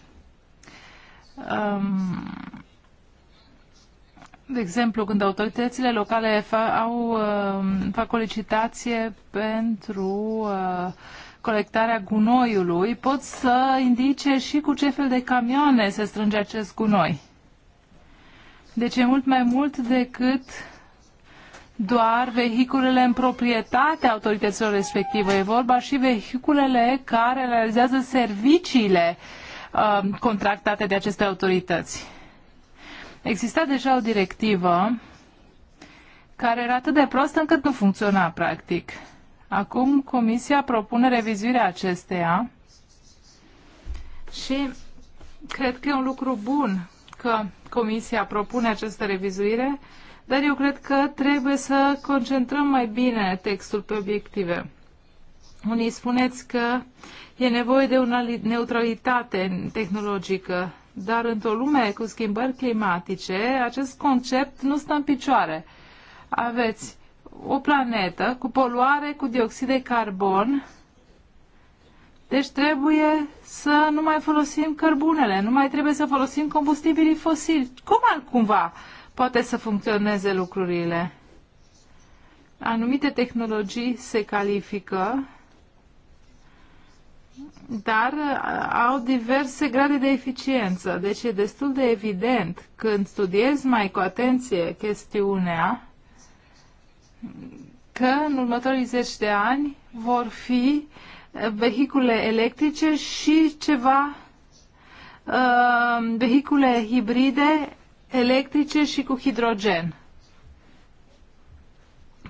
um, de exemplu, când autoritățile locale fa au, um, fac o licitație pentru uh, colectarea gunoiului, pot să indice și cu ce fel de camioane se strânge acest gunoi. Deci e mult mai mult decât doar vehiculele în proprietate, autorităților respective. E vorba și vehiculele care realizează serviciile uh, contractate de aceste autorități. Exista deja o directivă care era atât de proastă încât nu funcționa practic. Acum Comisia propune revizuirea acesteia și cred că e un lucru bun că Comisia propune această revizuire, dar eu cred că trebuie să concentrăm mai bine textul pe obiective. Unii spuneți că e nevoie de o neutralitate tehnologică, dar într-o lume cu schimbări climatice, acest concept nu stă în picioare. Aveți o planetă cu poluare, cu dioxid de carbon, deci trebuie să nu mai folosim cărbunele, nu mai trebuie să folosim combustibilii fosili. Cum cumva poate să funcționeze lucrurile? Anumite tehnologii se califică, dar uh, au diverse grade de eficiență. Deci e destul de evident când studiezi mai cu atenție chestiunea că în următorii zeci de ani vor fi uh, vehicule electrice și ceva uh, vehicule hibride electrice și cu hidrogen.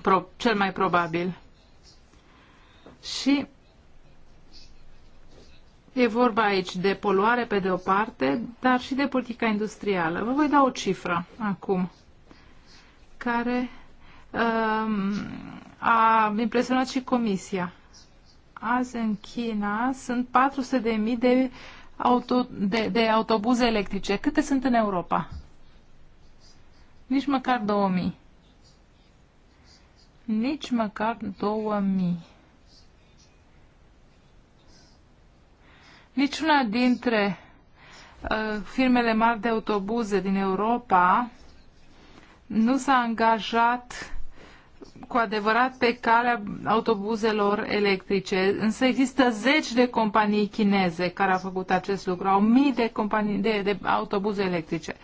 Pro, cel mai probabil. Și e vorba aici de poluare pe de o parte, dar și de politica industrială. Vă voi da o cifră acum care um, a impresionat și Comisia azi în China sunt 400.000 de, auto, de, de autobuze electrice. Câte sunt în Europa? Nici măcar 2000. Nici măcar 2000. Niciuna dintre uh, firmele mari de autobuze din Europa nu s-a angajat cu adevărat pe calea autobuzelor electrice, însă există zeci de companii chineze care au făcut acest lucru, au mii de, companii, de, de autobuze electrice.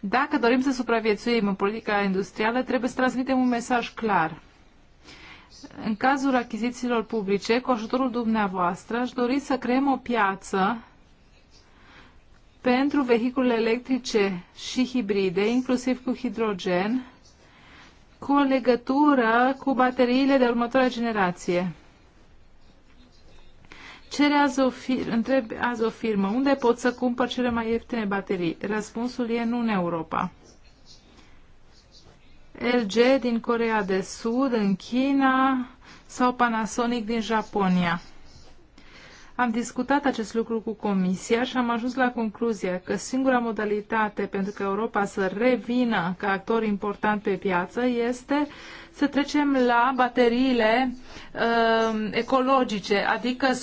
Dacă dorim să supraviețuim în politica industrială, trebuie să transmitem un mesaj clar. În cazul achizițiilor publice, cu ajutorul dumneavoastră, aș dori să creăm o piață pentru vehiculele electrice și hibride, inclusiv cu hidrogen, cu legătură cu bateriile de următoarea generație. Cere Azofir, întreb Azofirmă, unde pot să cumpăr cele mai ieftine baterii? Răspunsul e nu în Europa. LG din Corea de Sud, în China sau Panasonic din Japonia. Am discutat acest lucru cu Comisia și am ajuns la concluzia că singura modalitate pentru că Europa să revină ca actor important pe piață este să trecem la bateriile uh, ecologice, adică 100%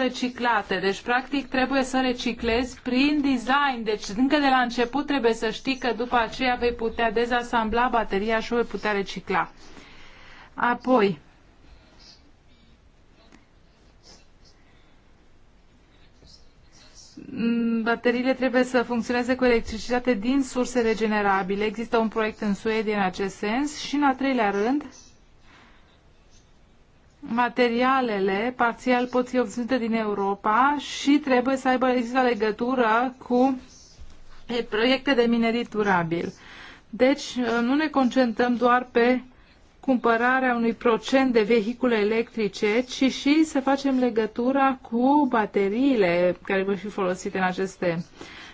reciclate. Deci, practic, trebuie să reciclezi prin design. Deci, încă de la început trebuie să știi că după aceea vei putea dezasambla bateria și o vei putea recicla. Apoi, Mm, bateriile trebuie să funcționeze cu electricitate din surse regenerabile. Există un proiect în Suedia în acest sens și, în al treilea rând, materialele parțial pot fi obținute din Europa și trebuie să aibă există legătură cu proiecte de minerit durabil. Deci uh, nu ne concentrăm doar pe cumpărarea unui procent de vehicule electrice, ci și să facem legătura cu bateriile care vor fi folosite în aceste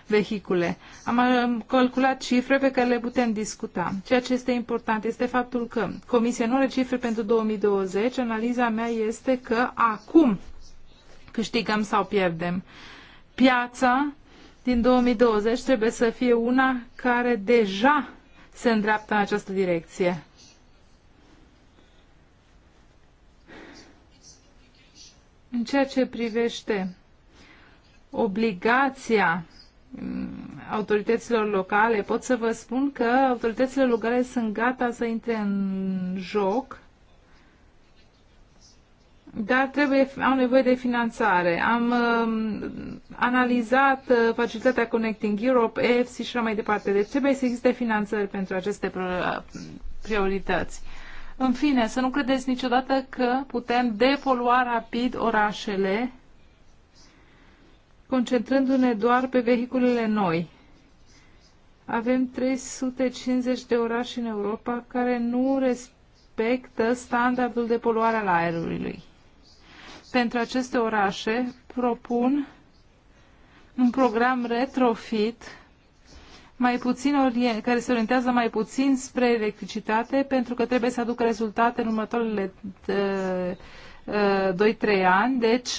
vehicule. Am calculat cifre pe care le putem discuta. Ceea ce este important este faptul că Comisia nu are cifre pentru 2020. Analiza mea este că acum câștigăm sau pierdem. Piața din 2020 trebuie să fie una care deja se îndreaptă în această direcție. În ceea ce privește obligația mm, autorităților locale, pot să vă spun că autoritățile locale sunt gata să intre în joc, dar trebuie, au nevoie de finanțare. Am um, analizat uh, facilitatea Connecting Europe, EFSI și așa mai departe. Deci trebuie să existe finanțări pentru aceste uh, priorități. În fine, să nu credeți niciodată că putem depolua rapid orașele concentrându-ne doar pe vehiculele noi. Avem 350 de orașe în Europa care nu respectă standardul de poluare al aerului. Pentru aceste orașe propun un program retrofit mai puțin care se orientează mai puțin spre electricitate pentru că trebuie să aducă rezultate în următoarele 2-3 uh, uh, ani, deci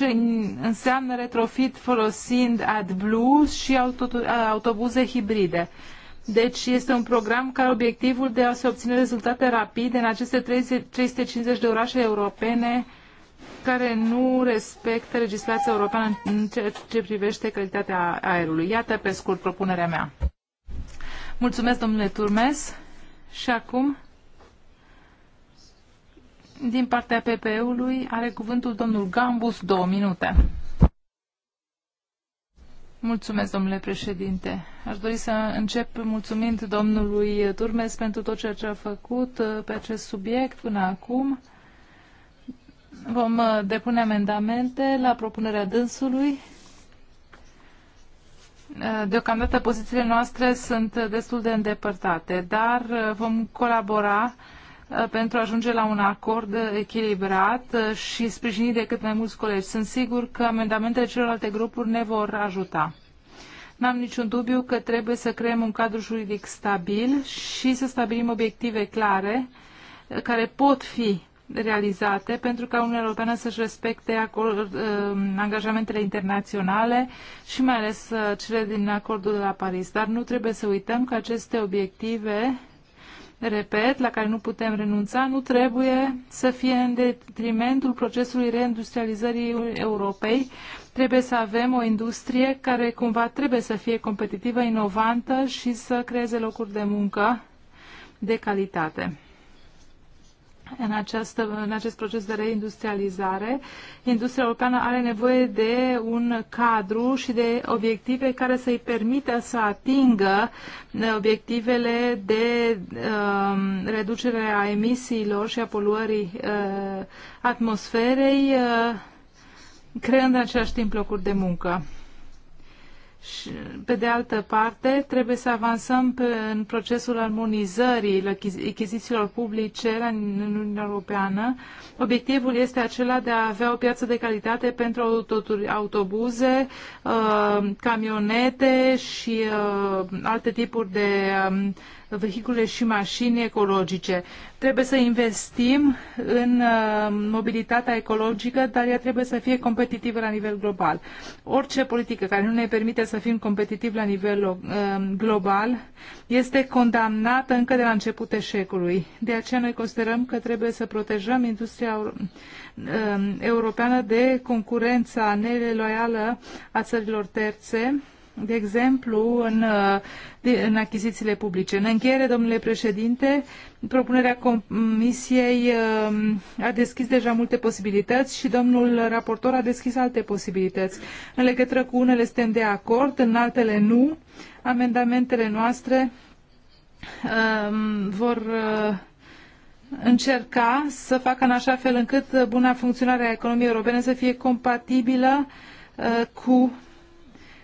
înseamnă retrofit folosind AdBlue și uh, autobuze hibride. Deci este un program care obiectivul de a se obține rezultate rapide în aceste 350 de orașe europene care nu respectă legislația europeană în ceea ce privește calitatea aerului. Iată pe scurt propunerea mea. Mulțumesc, domnule Turmes. Și acum, din partea PPE-ului, are cuvântul domnul Gambus, două minute. Mulțumesc, domnule președinte. Aș dori să încep mulțumind domnului Turmes pentru tot ceea ce a făcut uh, pe acest subiect până acum. Vom uh, depune amendamente la propunerea dânsului Deocamdată pozițiile noastre sunt destul de îndepărtate, dar uh, vom colabora uh, pentru a ajunge la un acord echilibrat uh, și sprijinit de cât mai mulți colegi. Sunt sigur că amendamentele celorlalte grupuri ne vor ajuta. N-am niciun dubiu că trebuie să creăm un cadru juridic stabil și să stabilim obiective clare care pot fi realizate pentru ca Uniunea Europeană să-și respecte acord, um, angajamentele internaționale și mai ales uh, cele din acordul de la Paris. Dar nu trebuie să uităm că aceste obiective repet, la care nu putem renunța, nu trebuie să fie în detrimentul procesului reindustrializării Europei. Trebuie să avem o industrie care cumva trebuie să fie competitivă, inovantă și să creeze locuri de muncă de calitate în, această, în acest proces de reindustrializare. Industria europeană are nevoie de un cadru și de obiective care să-i permită să atingă uh, obiectivele de uh, reducere a emisiilor și a poluării uh, atmosferei, uh, creând în același timp locuri de muncă. Și, pe de altă parte, trebuie să avansăm pe, în procesul armonizării achizițiilor publice la Uniunea Europeană. Obiectivul este acela de a avea o piață de calitate pentru autobuze, uh, camionete și uh, alte tipuri de um, vehicule și mașini ecologice. Trebuie să investim în uh, mobilitatea ecologică, dar ea trebuie să fie competitivă la nivel global. Orice politică care nu ne permite să fim competitivi la nivel uh, global este condamnată încă de la început eșecului. De aceea noi considerăm că trebuie să protejăm industria uh, europeană de concurența neloială a țărilor terțe de exemplu, în, în achizițiile publice. În încheiere, domnule președinte, propunerea Comisiei um, a deschis deja multe posibilități și domnul raportor a deschis alte posibilități. În legătură cu unele suntem de acord, în altele nu. Amendamentele noastre um, vor uh, încerca să facă în așa fel încât buna funcționare a economiei europene să fie compatibilă uh, cu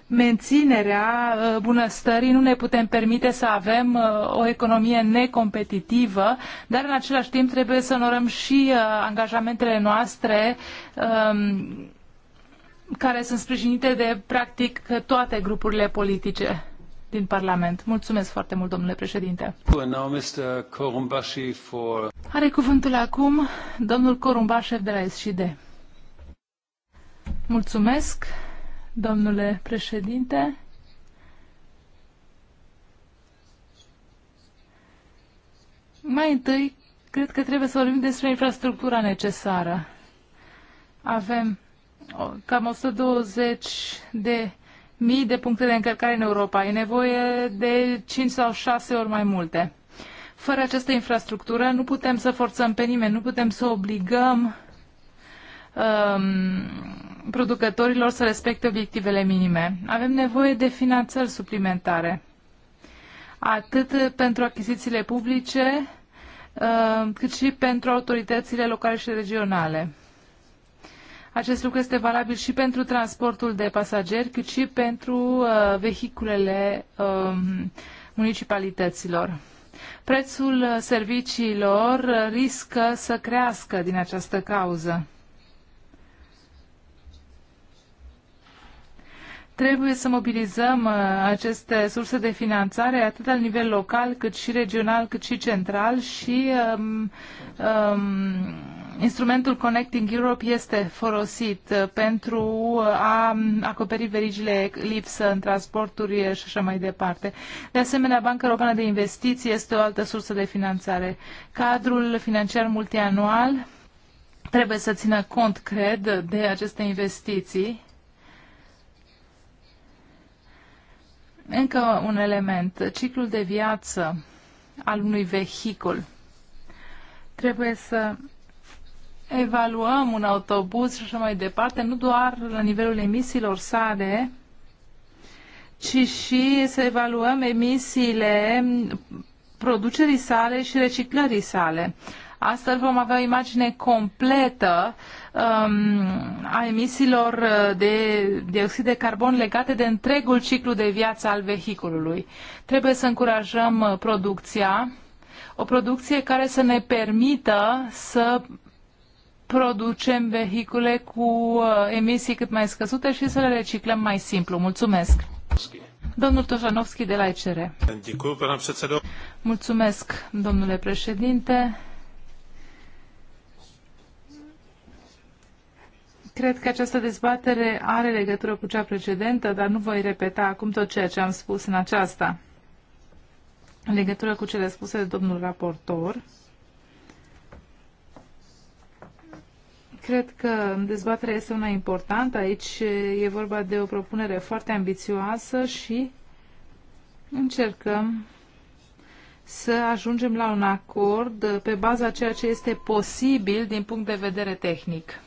menținerea uh, bunăstării. Nu ne putem permite să avem uh, o economie necompetitivă, dar în același timp trebuie să onorăm și uh, angajamentele noastre um, care sunt sprijinite de practic toate grupurile politice din Parlament. Mulțumesc foarte mult, domnule președinte. Are cuvântul acum domnul Corumbașev de la SCD. Mulțumesc domnule președinte. Mai întâi, cred că trebuie să vorbim despre infrastructura necesară. Avem cam 120 de mii de puncte de încărcare în Europa. E nevoie de 5 sau 6 ori mai multe. Fără această infrastructură nu putem să forțăm pe nimeni, nu putem să obligăm uh, Um, producătorilor să respecte obiectivele minime. Avem nevoie de finanțări suplimentare, atât pentru achizițiile publice, uh, cât și pentru autoritățile locale și regionale. Acest lucru este valabil și pentru transportul de pasageri, cât și pentru uh, vehiculele um, municipalităților. Prețul uh, serviciilor riscă să crească din această cauză. Trebuie să mobilizăm uh, aceste surse de finanțare atât la nivel local, cât și regional, cât și central și um, um, instrumentul Connecting Europe este folosit uh, pentru uh, a acoperi verigile lipsă în transporturi și așa mai departe. De asemenea, Banca Europeană de Investiții este o altă sursă de finanțare. Cadrul financiar multianual trebuie să țină cont, cred, de aceste investiții Încă un element, ciclul de viață al unui vehicul. Trebuie să evaluăm un autobuz și așa mai departe, nu doar la nivelul emisiilor sale, ci și să evaluăm emisiile producerii sale și reciclării sale. Astfel vom avea o imagine completă Um, a emisiilor uh, de dioxid de carbon legate de întregul ciclu de viață al vehiculului. Trebuie să încurajăm uh, producția, o producție care să ne permită să producem vehicule cu uh, emisii cât mai scăzute și să le reciclăm mai simplu. Mulțumesc! Domnul Tojanovski de la ECR. Mulțumesc, domnule președinte. Cred că această dezbatere are legătură cu cea precedentă, dar nu voi repeta acum tot ceea ce am spus în aceasta. În legătură cu cele spuse de domnul raportor, cred că dezbaterea este una importantă. Aici e vorba de o propunere foarte ambițioasă și încercăm să ajungem la un acord pe baza ceea ce este posibil din punct de vedere tehnic.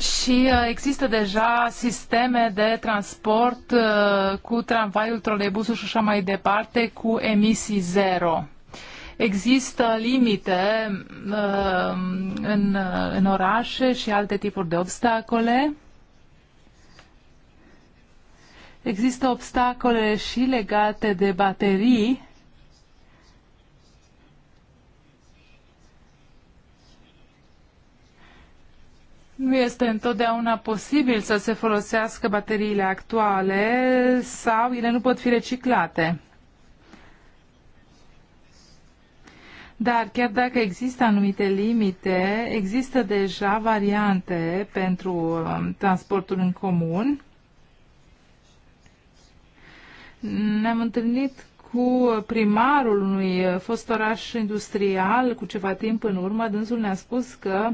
Și uh, există deja sisteme de transport uh, cu tramvaiul, troleibusul și așa mai departe, cu emisii zero. Există limite uh, în, în orașe și alte tipuri de obstacole. Există obstacole și legate de baterii Nu este întotdeauna posibil să se folosească bateriile actuale sau ele nu pot fi reciclate. Dar chiar dacă există anumite limite, există deja variante pentru um, transportul în comun. Ne-am întâlnit cu primarul unui uh, fost oraș industrial cu ceva timp în urmă. Dânsul ne-a spus că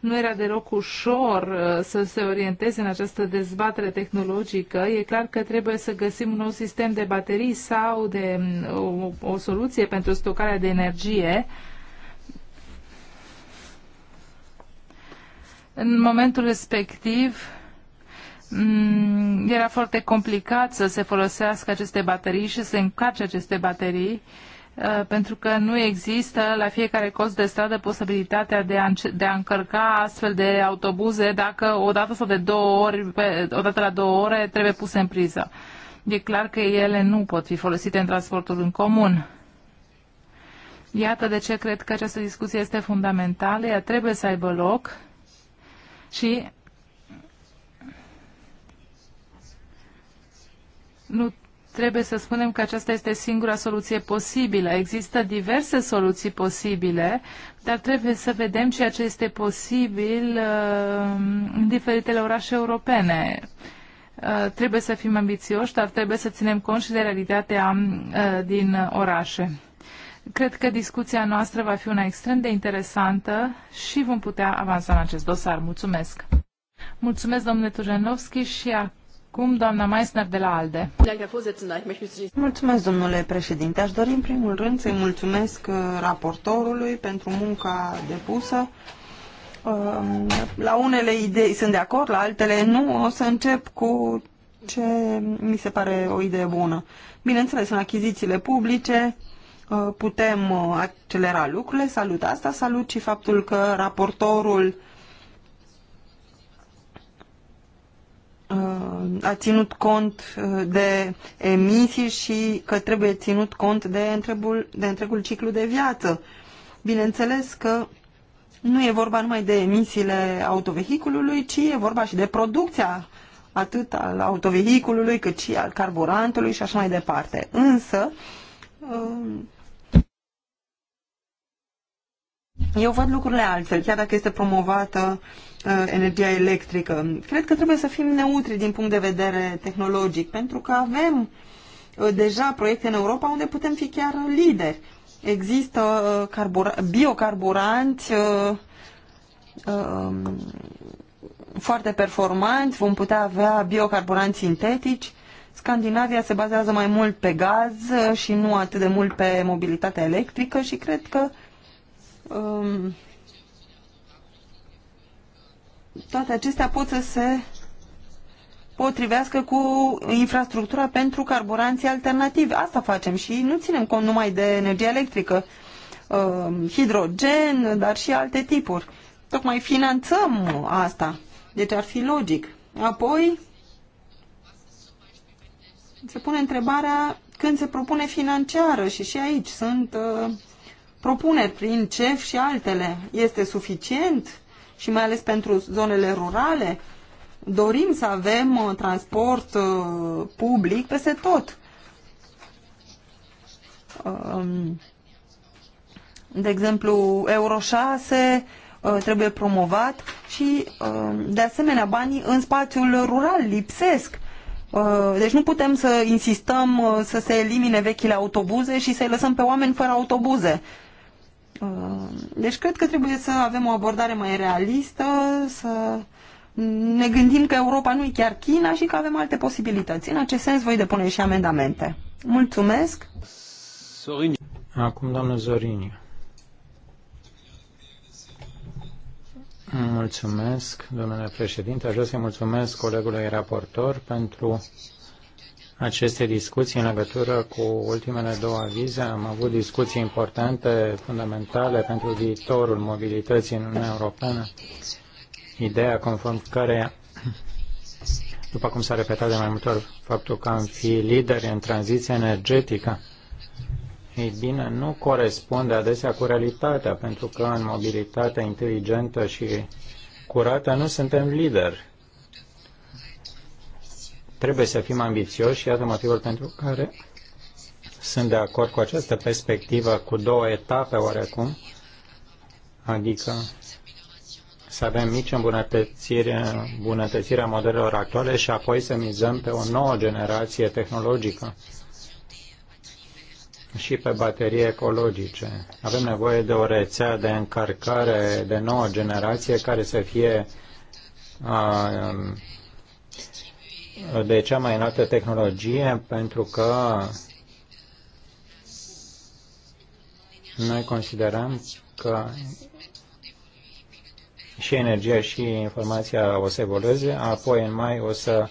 nu era deloc ușor uh, să se orienteze în această dezbatere tehnologică. E clar că trebuie să găsim un nou sistem de baterii sau de um, o, o soluție pentru stocarea de energie. În momentul respectiv, mm, era foarte complicat să se folosească aceste baterii și să încarce aceste baterii Uh, pentru că nu există la fiecare cost de stradă posibilitatea de a, de a încărca astfel de autobuze dacă o dată sau de două ori, o dată la două ore trebuie puse în priză. E clar că ele nu pot fi folosite în transportul în comun. Iată de ce cred că această discuție este fundamentală, ea trebuie să aibă loc și nu trebuie să spunem că aceasta este singura soluție posibilă. Există diverse soluții posibile, dar trebuie să vedem ceea ce este posibil uh, în diferitele orașe europene. Uh, trebuie să fim ambițioși, dar trebuie să ținem cont și de realitatea uh, din orașe. Cred că discuția noastră va fi una extrem de interesantă și vom putea avansa în acest dosar. Mulțumesc! Mulțumesc, domnule Tujanovski, și acum Acum doamna Meissner de la ALDE. Mulțumesc, domnule președinte. Aș dori în primul rând să-i mulțumesc uh, raportorului pentru munca depusă. Uh, la unele idei sunt de acord, la altele nu. O să încep cu ce mi se pare o idee bună. Bineînțeles, în achizițiile publice uh, putem accelera lucrurile, salut asta, salut și faptul că raportorul Uh, a ținut cont uh, de emisii și că trebuie ținut cont de întregul, de întregul ciclu de viață. Bineînțeles că nu e vorba numai de emisiile autovehiculului, ci e vorba și de producția atât al autovehiculului cât și al carburantului și așa mai departe. Însă, uh, Eu văd lucrurile altfel, chiar dacă este promovată uh, energia electrică. Cred că trebuie să fim neutri din punct de vedere tehnologic, pentru că avem uh, deja proiecte în Europa unde putem fi chiar lideri. Există uh, biocarburanți uh, uh, foarte performanți, vom putea avea biocarburanți sintetici. Scandinavia se bazează mai mult pe gaz uh, și nu atât de mult pe mobilitatea electrică și cred că um, toate acestea pot să se potrivească cu infrastructura pentru carburanții alternativi. Asta facem și nu ținem cont numai de energie electrică, uh, hidrogen, dar și alte tipuri. Tocmai finanțăm asta. Deci ar fi logic. Apoi se pune întrebarea când se propune financiară și și aici sunt uh, propuneri prin CEF și altele. Este suficient și mai ales pentru zonele rurale? Dorim să avem uh, transport uh, public peste tot. Um, de exemplu, Euro 6 uh, trebuie promovat și, um, de asemenea, banii în spațiul rural lipsesc. Deci nu putem să insistăm să se elimine vechile autobuze și să-i lăsăm pe oameni fără autobuze. Uh, deci cred că trebuie să avem o abordare mai realistă, să ne gândim că Europa nu e chiar China și că avem alte posibilități. În acest sens voi depune și amendamente. Mulțumesc! Sorin. Acum, doamnă Zorini. Mulțumesc, domnule președinte. Aș vrea să-i mulțumesc colegului raportor pentru aceste discuții în legătură cu ultimele două avize. Am avut discuții importante, fundamentale pentru viitorul mobilității în Uniunea Europeană. Ideea conform care, după cum s-a repetat de mai multe ori, faptul că am fi lideri în tranziția energetică, ei bine, nu corespunde adesea cu realitatea, pentru că în mobilitatea inteligentă și curată nu suntem lideri Trebuie să fim ambițioși, iată motivul pentru care sunt de acord cu această perspectivă cu două etape oarecum, adică să avem mici îmbunătățiri, îmbunătățirea modelelor actuale și apoi să mizăm pe o nouă generație tehnologică și pe baterii ecologice. Avem nevoie de o rețea de încărcare de nouă generație care să fie de cea mai înaltă tehnologie pentru că noi considerăm că și energia și informația o să evolueze, apoi în mai o să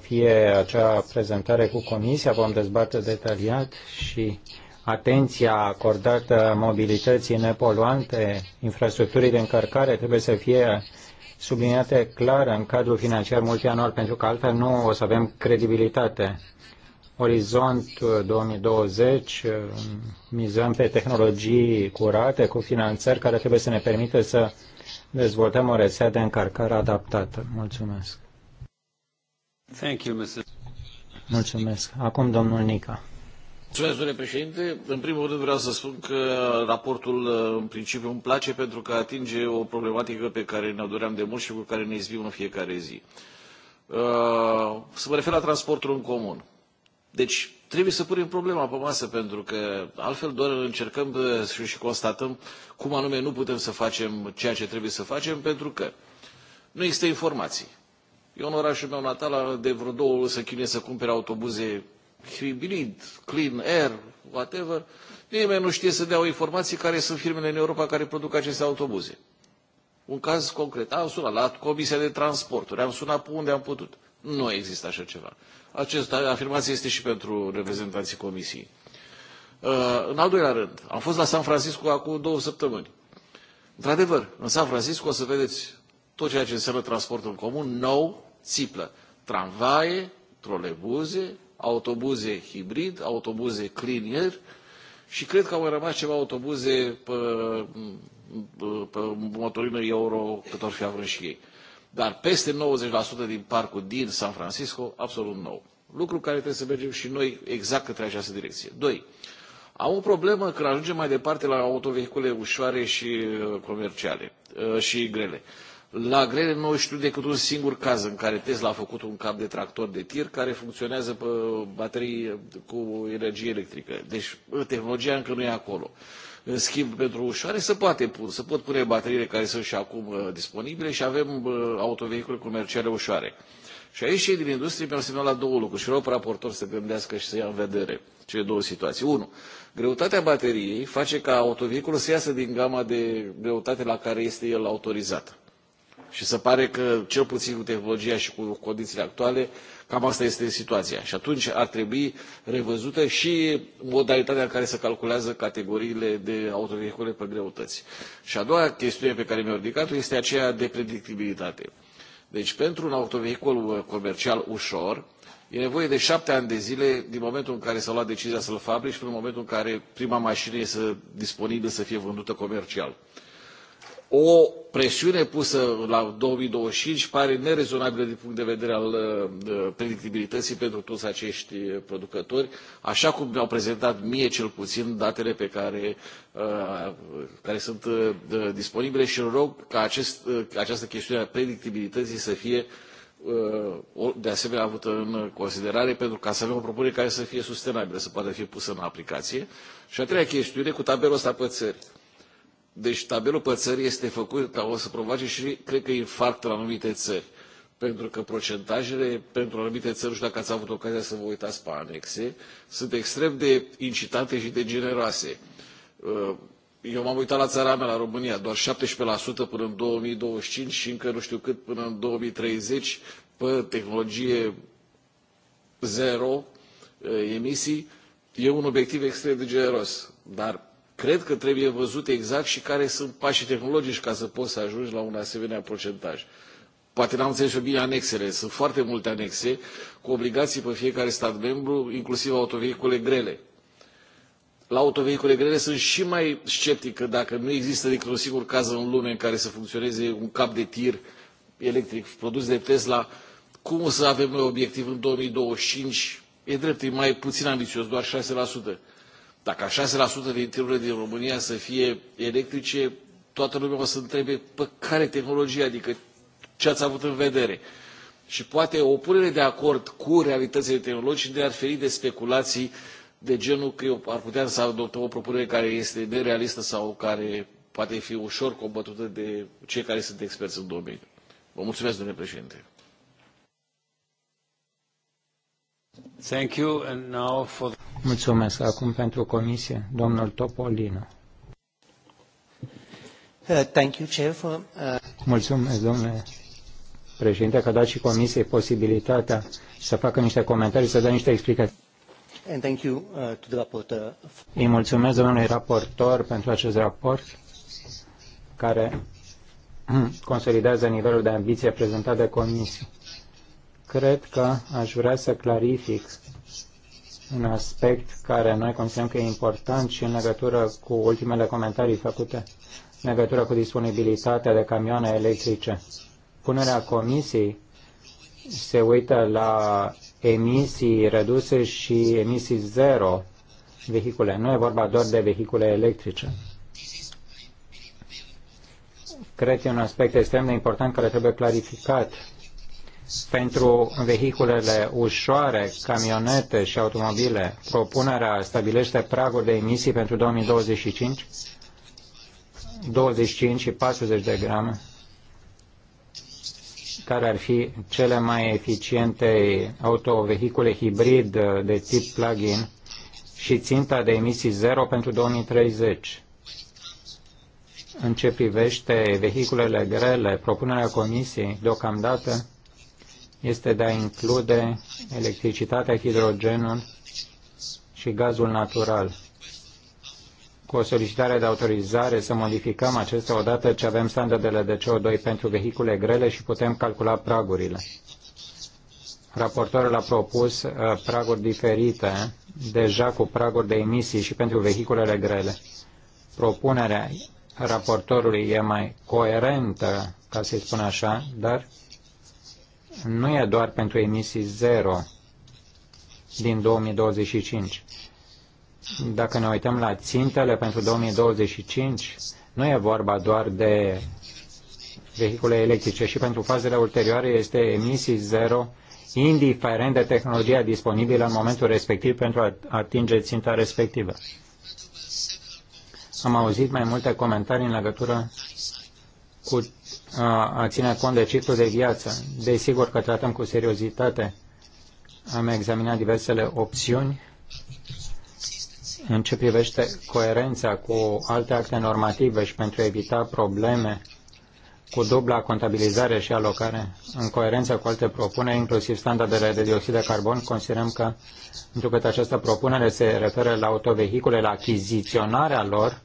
fie acea prezentare cu comisia, vom dezbate detaliat și atenția acordată mobilității nepoluante, infrastructurii de încărcare trebuie să fie subliniate clar în cadrul financiar multianual, pentru că altfel nu o să avem credibilitate. Orizont 2020 uh, uh, mizăm pe tehnologii curate cu finanțări care trebuie să ne permită să dezvoltăm o rețea de încărcare adaptată. Mulțumesc. Thank you, Mulțumesc. Acum domnul Nica. Mulțumesc, domnule președinte. În primul rând vreau să spun că raportul în principiu îmi place pentru că atinge o problematică pe care ne-o doream de mult și cu care ne izbim în fiecare zi. Uh, să mă refer la transportul în comun. Deci trebuie să punem problema pe masă pentru că altfel doar încercăm și constatăm cum anume nu putem să facem ceea ce trebuie să facem pentru că nu există informații. Eu în orașul meu natal de vreo două luni să chinuie să cumpere autobuze hibrid, clean air, whatever, nimeni nu știe să dea o informație care sunt firmele în Europa care produc aceste autobuze. Un caz concret. Am sunat la Comisia de Transporturi, am sunat pe unde am putut. Nu există așa ceva. Această afirmație este și pentru reprezentanții Comisiei. Uh, în al doilea rând, am fost la San Francisco acum două săptămâni. Într-adevăr, în San Francisco o să vedeți tot ceea ce înseamnă transportul în comun, nou, țiplă. Tramvaie, trolebuze, autobuze hibrid, autobuze clean air și cred că au mai rămas ceva autobuze pe, pe motorină euro cât ori fi avut și ei. Dar peste 90% din parcul din San Francisco, absolut nou. Lucru care trebuie să mergem și noi exact către această direcție. Doi, am o problemă când ajungem mai departe la autovehicule ușoare și uh, comerciale uh, și grele. La grele nu știu decât un singur caz în care Tesla a făcut un cap de tractor de tir care funcționează pe baterii cu energie electrică. Deci tehnologia încă nu e acolo. În schimb, pentru ușoare se poate pun, se pot pune bateriile care sunt și acum uh, disponibile și avem uh, autovehicule comerciale ușoare. Și aici cei din industrie mi-au semnalat două lucruri și vreau pe raportor să gândească și să ia în vedere cele două situații. Unu, greutatea bateriei face ca autovehiculul să iasă din gama de greutate la care este el autorizat și se pare că, cel puțin cu tehnologia și cu condițiile actuale, cam asta este situația. Și atunci ar trebui revăzută și modalitatea în care se calculează categoriile de autovehicule pe greutăți. Și a doua chestiune pe care mi-a ridicat-o este aceea de predictibilitate. Deci pentru un autovehicul uh, comercial ușor, E nevoie de șapte ani de zile din momentul în care s-a luat decizia să-l fabrici până în momentul în care prima mașină este disponibilă să fie vândută comercial o presiune pusă la 2025 pare nerezonabilă din punct de vedere al uh, uh, predictibilității pentru toți acești producători, așa cum mi-au prezentat mie cel puțin datele pe care, uh, care sunt disponibile și rog ca acest, această chestiune a predictibilității să fie de asemenea avută în considerare pentru ca să avem o propunere care să fie sustenabilă, să poată fi pusă în aplicație. Și a treia chestiune, cu tabelul ăsta pe țări deci tabelul pățării este făcut ca o să provoace și, cred că, infarct la anumite țări. Pentru că procentajele pentru anumite țări, nu știu dacă ați avut ocazia să vă uitați pe anexe, sunt extrem de incitante și de generoase. Uh, eu m-am uitat la țara mea, la România, doar 17% până în 2025 și încă nu știu cât până în 2030 pe tehnologie zero uh, emisii. E un obiectiv extrem de generos, dar cred că trebuie văzut exact și care sunt pașii tehnologici ca să poți să ajungi la un asemenea procentaj. Poate n-am înțeles eu bine anexele. Sunt foarte multe anexe cu obligații pe fiecare stat membru, inclusiv autovehicule grele. La autovehicule grele sunt și mai sceptic că dacă nu există decât un singur caz în lume în care să funcționeze un cap de tir electric produs de Tesla, cum o să avem noi obiectiv în 2025? E drept, e mai puțin ambițios, doar 6% dacă 6% din tirurile din România să fie electrice, toată lumea o să întrebe pe care tehnologie, adică ce ați avut în vedere. Și poate o punere de acord cu realitățile tehnologice de ar feri de speculații de genul că eu ar putea să adoptăm o propunere care este nerealistă sau care poate fi ușor combătută de cei care sunt experți în domeniu. Vă mulțumesc, domnule președinte. Mulțumesc. Acum pentru comisie, domnul Topolino. Uh, uh, mulțumesc, domnule președinte, că a dat și comisiei posibilitatea să facă niște comentarii, să dea niște explicații. And thank you, uh, to the rapporteur. Îi mulțumesc domnului raportor pentru acest raport care (clears throat) consolidează nivelul de ambiție prezentat de comisie. Cred că aș vrea să clarific un aspect care noi considerăm că e important și în legătură cu ultimele comentarii făcute în legătură cu disponibilitatea de camioane electrice. Punerea comisiei se uită la emisii reduse și emisii zero vehicule. Nu e vorba doar de vehicule electrice. Cred că e un aspect extrem de important care trebuie clarificat pentru vehiculele ușoare, camionete și automobile. Propunerea stabilește praguri de emisii pentru 2025, 25 și 40 de grame, care ar fi cele mai eficiente autovehicule hibrid de tip plug-in și ținta de emisii zero pentru 2030. În ce privește vehiculele grele, propunerea Comisiei deocamdată este de a include electricitatea, hidrogenul și gazul natural. Cu o solicitare de autorizare să modificăm acestea odată ce avem standardele de CO2 pentru vehicule grele și putem calcula pragurile. Raportorul a propus uh, praguri diferite, deja cu praguri de emisii și pentru vehiculele grele. Propunerea raportorului e mai coerentă, ca să-i spun așa, dar nu e doar pentru emisii zero din 2025. Dacă ne uităm la țintele pentru 2025, nu e vorba doar de vehicule electrice și pentru fazele ulterioare este emisii zero, indiferent de tehnologia disponibilă în momentul respectiv pentru a atinge ținta respectivă. Am auzit mai multe comentarii în legătură cu a, a ține cont de ciclul de viață. Desigur că tratăm cu seriozitate. Am examinat diversele opțiuni în ce privește coerența cu alte acte normative și pentru a evita probleme cu dubla contabilizare și alocare în coerență cu alte propuneri, inclusiv standardele de dioxid de carbon, considerăm că, pentru că această propunere se referă la autovehicule, la achiziționarea lor,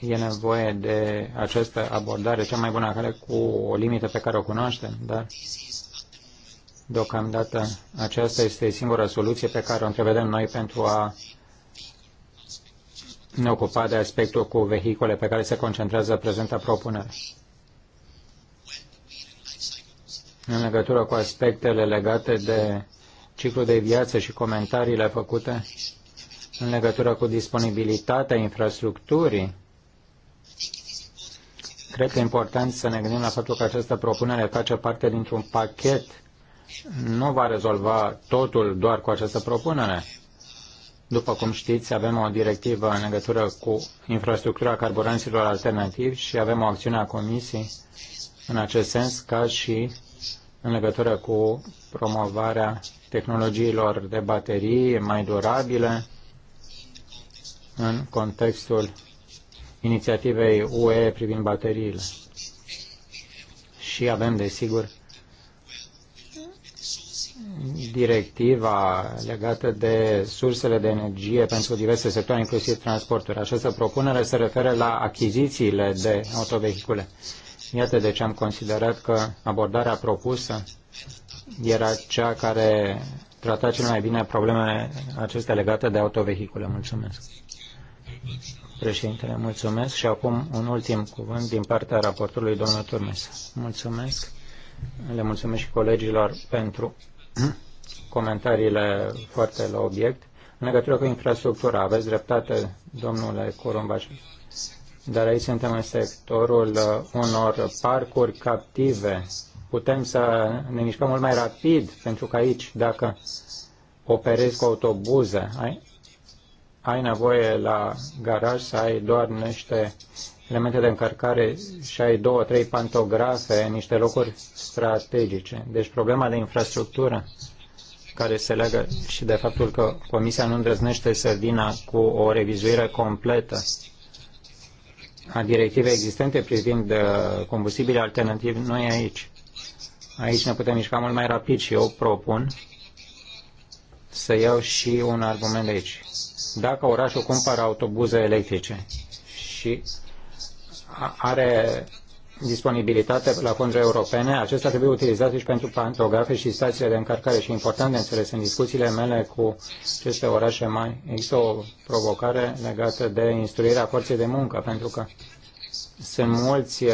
e nevoie de această abordare cea mai bună care cu o limită pe care o cunoaștem, dar deocamdată aceasta este singura soluție pe care o întrevedem noi pentru a ne ocupa de aspectul cu vehicule pe care se concentrează prezenta propunere. În legătură cu aspectele legate de ciclul de viață și comentariile făcute în legătură cu disponibilitatea infrastructurii Cred că e important să ne gândim la faptul că această propunere face parte dintr-un pachet. Nu va rezolva totul doar cu această propunere. După cum știți, avem o directivă în legătură cu infrastructura carburanților alternativi și avem o acțiune a Comisiei în acest sens, ca și în legătură cu promovarea tehnologiilor de baterii mai durabile în contextul inițiativei UE privind bateriile. Și avem, desigur, directiva legată de sursele de energie pentru diverse sectoare, inclusiv transporturi. Această propunere se referă la achizițiile de autovehicule. Iată de ce am considerat că abordarea propusă era cea care trata cel mai bine problemele acestea legate de autovehicule. Mulțumesc! Președintele, mulțumesc și acum un ultim cuvânt din partea raportului domnului Turmes. Mulțumesc. Le mulțumesc și colegilor pentru (clears throat) comentariile foarte la obiect. În legătură cu infrastructura, aveți dreptate, domnule Corumbaș, dar aici suntem în sectorul uh, unor parcuri captive. Putem să ne mișcăm mult mai rapid, pentru că aici, dacă operezi cu autobuze, ai, ai nevoie la garaj să ai doar niște elemente de încărcare și ai două, trei pantografe niște locuri strategice. Deci problema de infrastructură care se leagă și de faptul că Comisia nu îndrăznește să vină cu o revizuire completă a directivei existente privind uh, combustibile alternativi nu e aici. Aici ne putem mișca mult mai rapid și eu propun să iau și un argument de aici dacă orașul cumpără autobuze electrice și are disponibilitate la fonduri europene, acesta trebuie utilizat și pentru pantografe și stațiile de încărcare și important de înțeles în discuțiile mele cu aceste orașe mai există o provocare legată de instruirea forței de muncă, pentru că sunt mulți uh,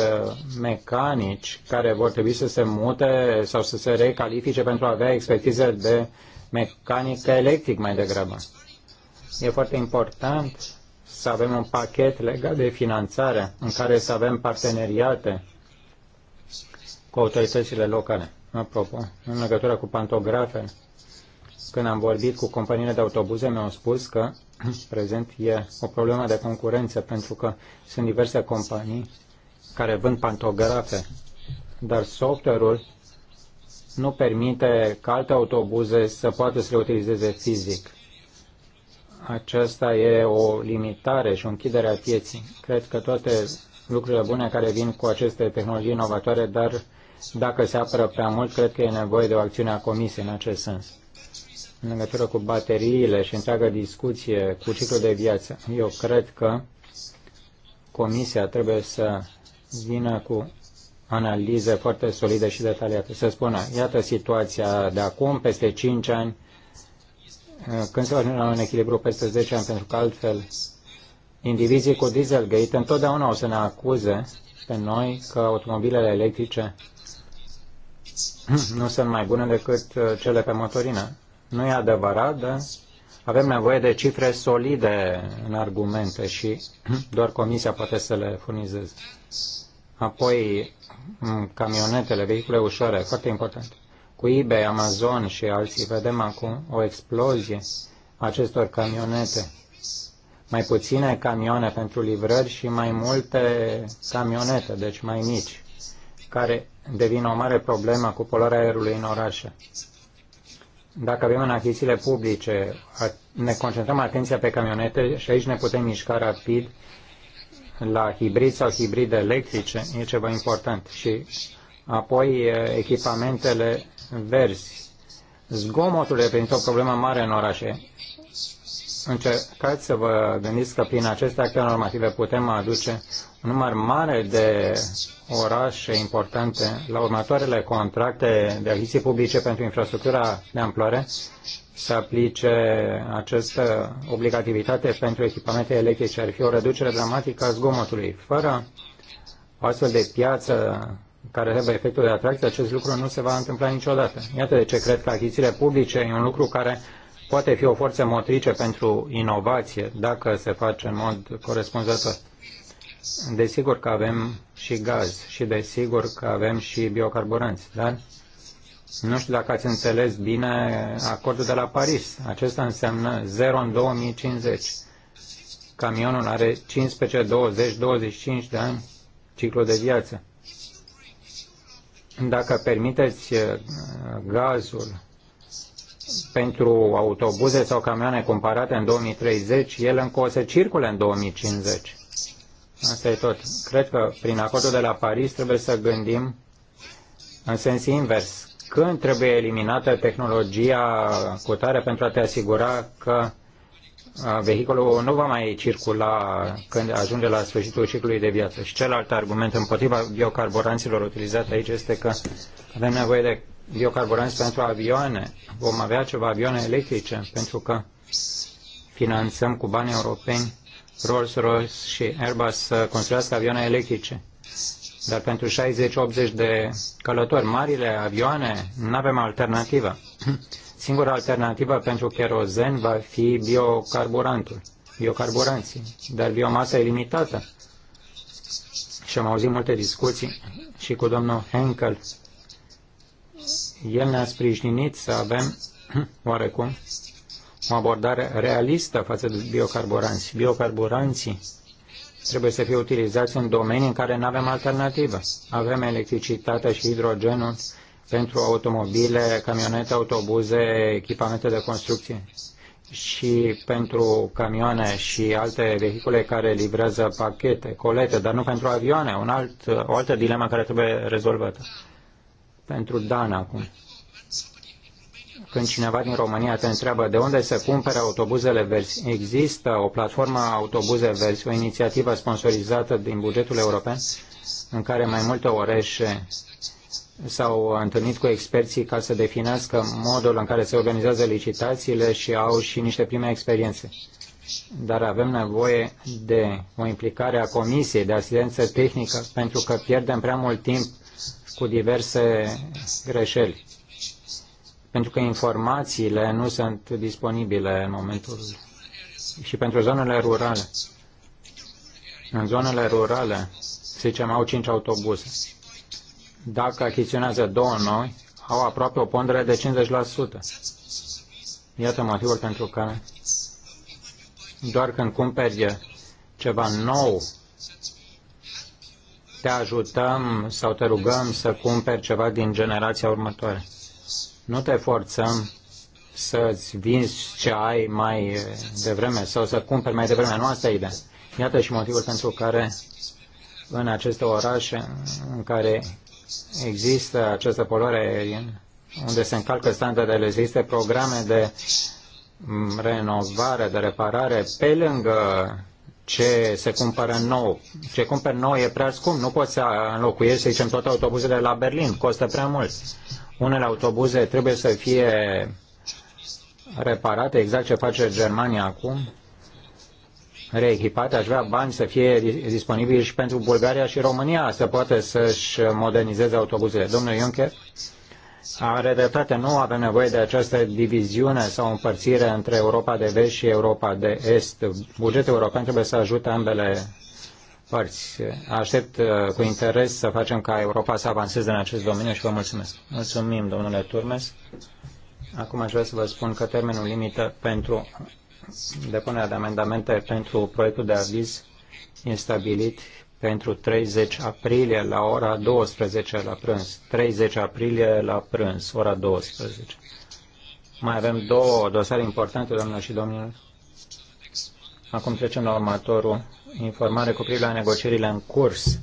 mecanici care vor trebui să se mute sau să se recalifice pentru a avea expertiză de mecanică electric mai degrabă. E foarte important să avem un pachet legat de finanțare în care să avem parteneriate cu autoritățile locale. Apropo, în legătură cu pantografe, când am vorbit cu companiile de autobuze, mi-au spus că (clears throat) prezent e o problemă de concurență pentru că sunt diverse companii care vând pantografe, dar software-ul nu permite ca alte autobuze să poată să le utilizeze fizic aceasta e o limitare și o închidere a pieții. Cred că toate lucrurile bune care vin cu aceste tehnologii inovatoare, dar dacă se apără prea mult, cred că e nevoie de o acțiune a Comisiei în acest sens. În legătură cu bateriile și întreaga discuție cu ciclul de viață, eu cred că Comisia trebuie să vină cu analize foarte solide și detaliate. Să spună, iată situația de acum, peste 5 ani, Uh, când se ajunge la un echilibru peste 10 ani, pentru că altfel indivizii cu Dieselgate întotdeauna o să ne acuze pe noi că automobilele electrice (clears throat) nu sunt mai bune decât uh, cele pe motorină. Nu e adevărat, dar avem nevoie de cifre solide în argumente și (clears throat) doar comisia poate să le furnizeze. Apoi, camionetele, vehicule ușoare, foarte important. Cu eBay, Amazon și alții vedem acum o explozie acestor camionete. Mai puține camioane pentru livrări și mai multe camionete, deci mai mici, care devin o mare problemă cu poluarea aerului în orașe. Dacă avem în achizițiile publice, ne concentrăm atenția pe camionete și aici ne putem mișca rapid la hibrid sau hibride electrice, e ceva important. Și apoi echipamentele verzi. Zgomotul reprezintă o problemă mare în orașe. Încercați să vă gândiți că prin aceste acte normative putem aduce un număr mare de orașe importante la următoarele contracte de achiziții publice pentru infrastructura de amploare să aplice această obligativitate pentru echipamente electrice. Ar fi o reducere dramatică a zgomotului. Fără o astfel de piață care aibă efectul de atracție, acest lucru nu se va întâmpla niciodată. Iată de ce cred că achizițiile publice e un lucru care poate fi o forță motrice pentru inovație, dacă se face în mod corespunzător. Desigur că avem și gaz și desigur că avem și biocarburanți, dar nu știu dacă ați înțeles bine acordul de la Paris. Acesta înseamnă 0 în 2050. Camionul are 15, 20, 25 de ani ciclu de viață. Dacă permiteți uh, gazul pentru autobuze sau camioane cumpărate în 2030, el încă o să circule în 2050. Asta e tot. Cred că prin acordul de la Paris trebuie să gândim în sens invers. Când trebuie eliminată tehnologia cu tare pentru a te asigura că vehiculul nu va mai circula când ajunge la sfârșitul ciclului de viață. Și celălalt argument împotriva biocarburanților utilizați aici este că avem nevoie de biocarburanți pentru avioane. Vom avea ceva avioane electrice pentru că finanțăm cu bani europeni Rolls-Royce și Airbus să construiască avioane electrice. Dar pentru 60-80 de călători, marile avioane, nu avem alternativă. (clears throat) Singura alternativă pentru cherozen va fi biocarburantul, biocarburanții, dar biomasa e limitată. Și am auzit multe discuții și cu domnul Henkel. El ne-a sprijinit să avem, (clears throat) oarecum, o abordare realistă față de biocarburanți. Biocarburanții trebuie să fie utilizați în domenii în care nu avem alternativă. Avem electricitatea și hidrogenul pentru automobile, camionete, autobuze, echipamente de construcție și pentru camioane și alte vehicule care livrează pachete, colete, dar nu pentru avioane, un alt, o altă dilemă care trebuie rezolvată. Pentru Dan acum. Când cineva din România te întreabă de unde se cumpere autobuzele verzi, există o platformă autobuze verzi, o inițiativă sponsorizată din bugetul european, în care mai multe orașe s-au întâlnit cu experții ca să definească modul în care se organizează licitațiile și au și niște prime experiențe. Dar avem nevoie de o implicare a Comisiei de asistență tehnică pentru că pierdem prea mult timp cu diverse greșeli. Pentru că informațiile nu sunt disponibile în momentul și pentru zonele rurale. În zonele rurale, să zicem, au cinci autobuze dacă achiziționează două noi, au aproape o pondere de 50%. Iată motivul pentru care doar când cumperi ceva nou, te ajutăm sau te rugăm să cumperi ceva din generația următoare. Nu te forțăm să-ți vinzi ce ai mai devreme sau să cumperi mai devreme. Nu asta e ideea. Iată și motivul pentru care în aceste orașe în care există această poluare aeriană, unde se încalcă standardele, există programe de renovare, de reparare, pe lângă ce se cumpără nou. Ce cumperi nou e prea scump, nu poți să înlocuiești, să zicem, toate autobuzele la Berlin, costă prea mult. Unele autobuze trebuie să fie reparate, exact ce face Germania acum, reechipate, aș vrea bani să fie disponibili și pentru Bulgaria și România să poată să-și modernizeze autobuzele. Domnul Juncker are dreptate, nu avem nevoie de această diviziune sau împărțire între Europa de vest și Europa de est. Bugetul european trebuie să ajute ambele părți. Aștept uh, cu interes să facem ca Europa să avanseze în acest domeniu și vă mulțumesc. Mulțumim, domnule Turmes. Acum aș vrea să vă spun că termenul limită pentru Depunerea de amendamente pentru proiectul de aviz instabilit pentru 30 aprilie la ora 12 la prânz. 30 aprilie la prânz, ora 12. Mai avem două dosare importante, doamnelor și domnilor. Acum trecem la următorul. Informare cu privire la negocierile în curs.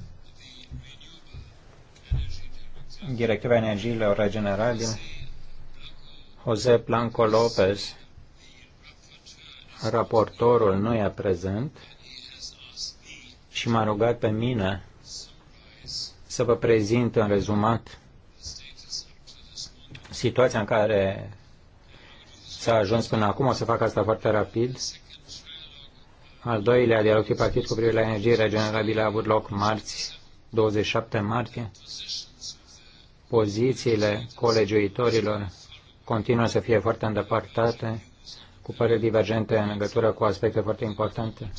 Directiva Energiilor Regenerabile. José Blanco López raportorul nu e prezent și m-a rugat pe mine să vă prezint în rezumat situația în care s-a ajuns până acum. O să fac asta foarte rapid. Al doilea dialog tripartit cu privire la energie regenerabilă a avut loc marți, 27 martie. Pozițiile colegiuitorilor continuă să fie foarte îndepărtate cu păreri divergente în legătură cu aspecte foarte importante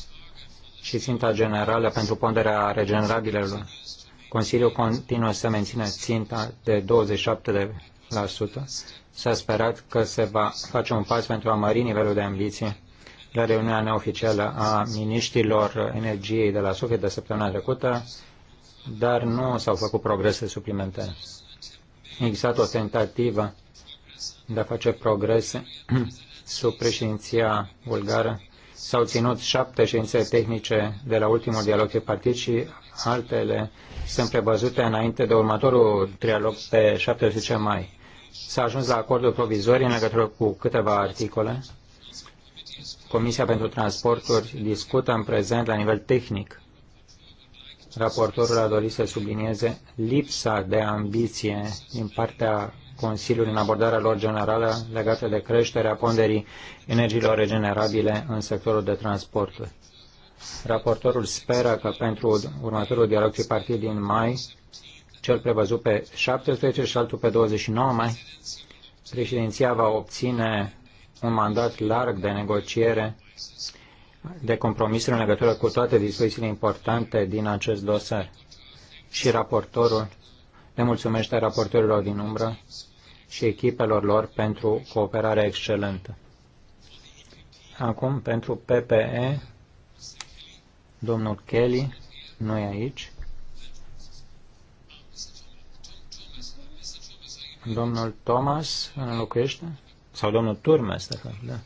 și ținta generală pentru ponderea regenerabilelor. Consiliul continuă să mențină ținta de 27%. S-a sperat că se va face un pas pentru a mări nivelul de ambiție la reuniunea neoficială a miniștrilor energiei de la Sofia de săptămâna trecută, dar nu s-au făcut progrese suplimentare. Există o tentativă de a face progrese sub președinția bulgară s-au ținut șapte ședințe tehnice de la ultimul dialog partid și altele sunt prevăzute înainte de următorul trialog pe 17 mai. S-a ajuns la acordul provizorii în legătură cu câteva articole. Comisia pentru Transporturi discută în prezent la nivel tehnic. Raportorul a dorit să sublinieze lipsa de ambiție din partea Consiliul în abordarea lor generală legată de creșterea ponderii energiilor regenerabile în sectorul de transport. Raportorul speră că pentru următorul dialog tripartit din mai, cel prevăzut pe 17 și altul pe 29 mai, președinția va obține un mandat larg de negociere de compromis în legătură cu toate dispozițiile importante din acest dosar. Și raportorul le mulțumește raportorilor din umbră și echipelor lor pentru cooperarea excelentă. Acum, pentru PPE, domnul Kelly nu e aici. Domnul Thomas înlocuiește? Sau domnul Turmes, de fapt, da.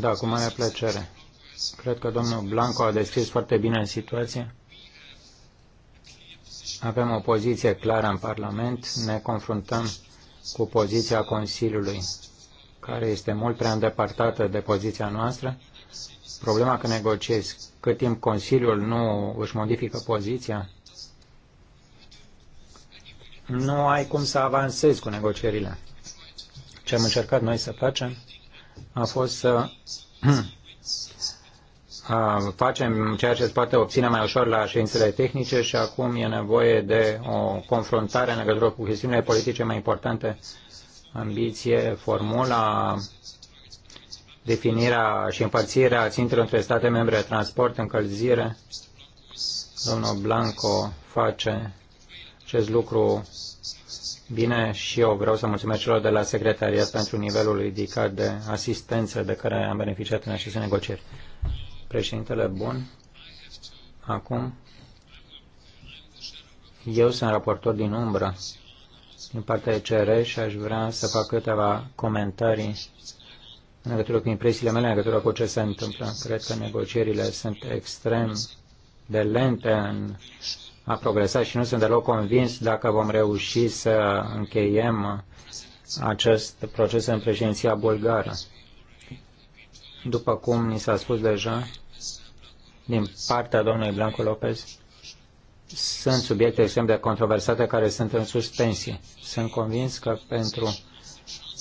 Da, cu mare plăcere. Cred că domnul Blanco a descris foarte bine situația avem o poziție clară în Parlament, ne confruntăm cu poziția Consiliului, care este mult prea îndepărtată de poziția noastră. Problema că negociezi, cât timp Consiliul nu își modifică poziția, nu ai cum să avansezi cu negocierile. Ce am încercat noi să facem a fost să (clears throat) facem ceea ce se poate obține mai ușor la ședințele tehnice și acum e nevoie de o confruntare în legătură cu chestiunile politice mai importante, ambiție, formula, definirea și împărțirea țintelor între state membre, transport, încălzire. Domnul Blanco face acest lucru bine și eu vreau să mulțumesc celor de la secretariat pentru nivelul ridicat de asistență de care am beneficiat în aceste negocieri. Președintele Bun, acum eu sunt raportor din umbră din partea ECR și aș vrea să fac câteva comentarii în legătură cu impresiile mele, în legătură cu ce se întâmplă. Cred că negocierile sunt extrem de lente în a progresa și nu sunt deloc convins dacă vom reuși să încheiem acest proces în președinția bulgară. După cum ni s-a spus deja, din partea domnului Blanco Lopez, sunt subiecte extrem de controversate care sunt în suspensie. Sunt convins că pentru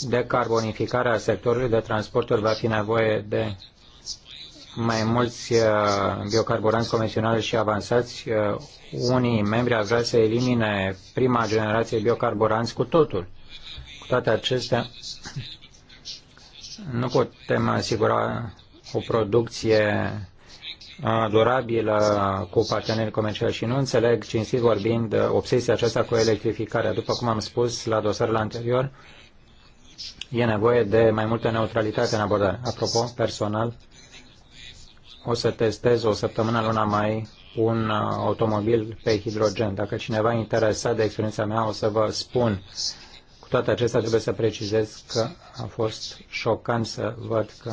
decarbonificarea sectorului de transporturi va fi nevoie de mai mulți uh, biocarburanți convenționali și avansați. Uh, unii membri ar vrea să elimine prima generație biocarburanți cu totul. Cu toate acestea, nu putem asigura o producție durabilă cu parteneri comerciali și nu înțeleg, cinstit vorbind, obsesia aceasta cu electrificarea. După cum am spus la dosarul anterior, e nevoie de mai multă neutralitate în abordare. Apropo, personal, o să testez o săptămână luna mai un uh, automobil pe hidrogen. Dacă cineva e interesat de experiența mea, o să vă spun cu toate acestea trebuie să precizez că a fost șocant să văd că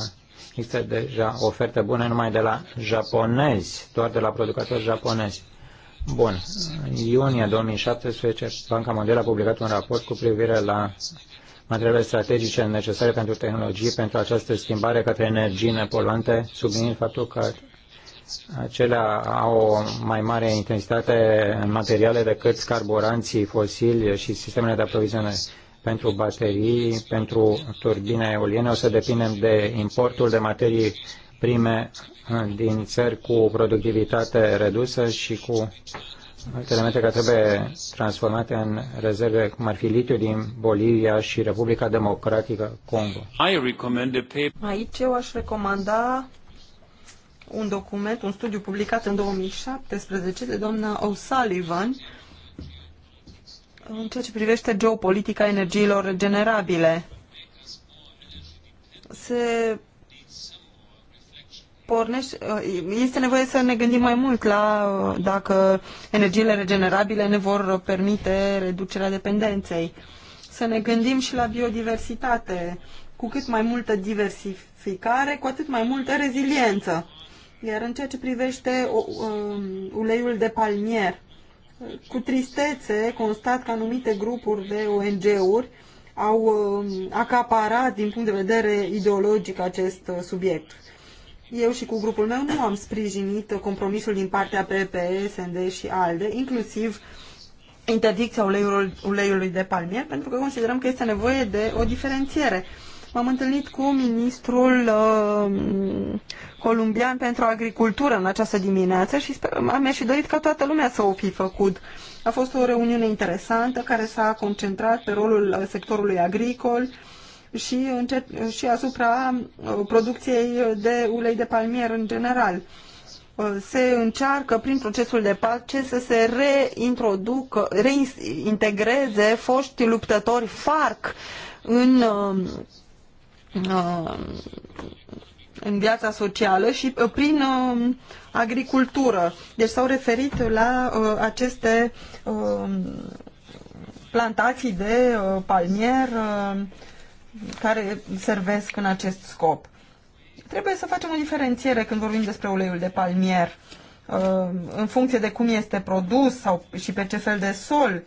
există deja oferte bune numai de la japonezi, doar de la producători japonezi. Bun. În iunie 2017, Banca Mondială a publicat un raport cu privire la materiale strategice necesare pentru tehnologii, pentru această schimbare către energii nepoluante, subliniind faptul că acelea au o mai mare intensitate în materiale decât carburanții fosili și sistemele de aprovizionare pentru baterii, pentru turbine eoliene. O să depindem de importul de materii prime uh, din țări cu productivitate redusă și cu alte elemente care trebuie transformate în rezerve, cum ar fi litiu din Bolivia și Republica Democratică Congo. Aici eu aș recomanda un document, un studiu publicat în 2017 de doamna O'Sullivan în ceea ce privește geopolitica energiilor regenerabile. Se pornește, uh, este nevoie să ne gândim mai mult la uh, dacă energiile regenerabile ne vor permite reducerea dependenței. Să ne gândim și la biodiversitate. Cu cât mai multă diversificare, cu atât mai multă reziliență. Iar în ceea ce privește um, uleiul de palmier, cu tristețe constat că anumite grupuri de ONG-uri au um, acaparat din punct de vedere ideologic acest uh, subiect. Eu și cu grupul meu nu am sprijinit compromisul din partea PPE, SND și ALDE, inclusiv interdicția uleiului, uleiului de palmier, pentru că considerăm că este nevoie de o diferențiere. M-am întâlnit cu ministrul uh, columbian pentru agricultură în această dimineață și mi-a și dorit ca toată lumea să o fi făcut. A fost o reuniune interesantă care s-a concentrat pe rolul uh, sectorului agricol și, încet, și asupra uh, producției de ulei de palmier în general uh, se încearcă prin procesul de pace să se reintroducă, reintegreze foști luptători FARC în Uh, în viața socială și uh, prin uh, agricultură. Deci s-au referit la aceste plantații de palmier care servesc în acest scop. Trebuie să facem o diferențiere când vorbim despre uleiul de palmier în funcție de cum este produs sau și pe ce fel de sol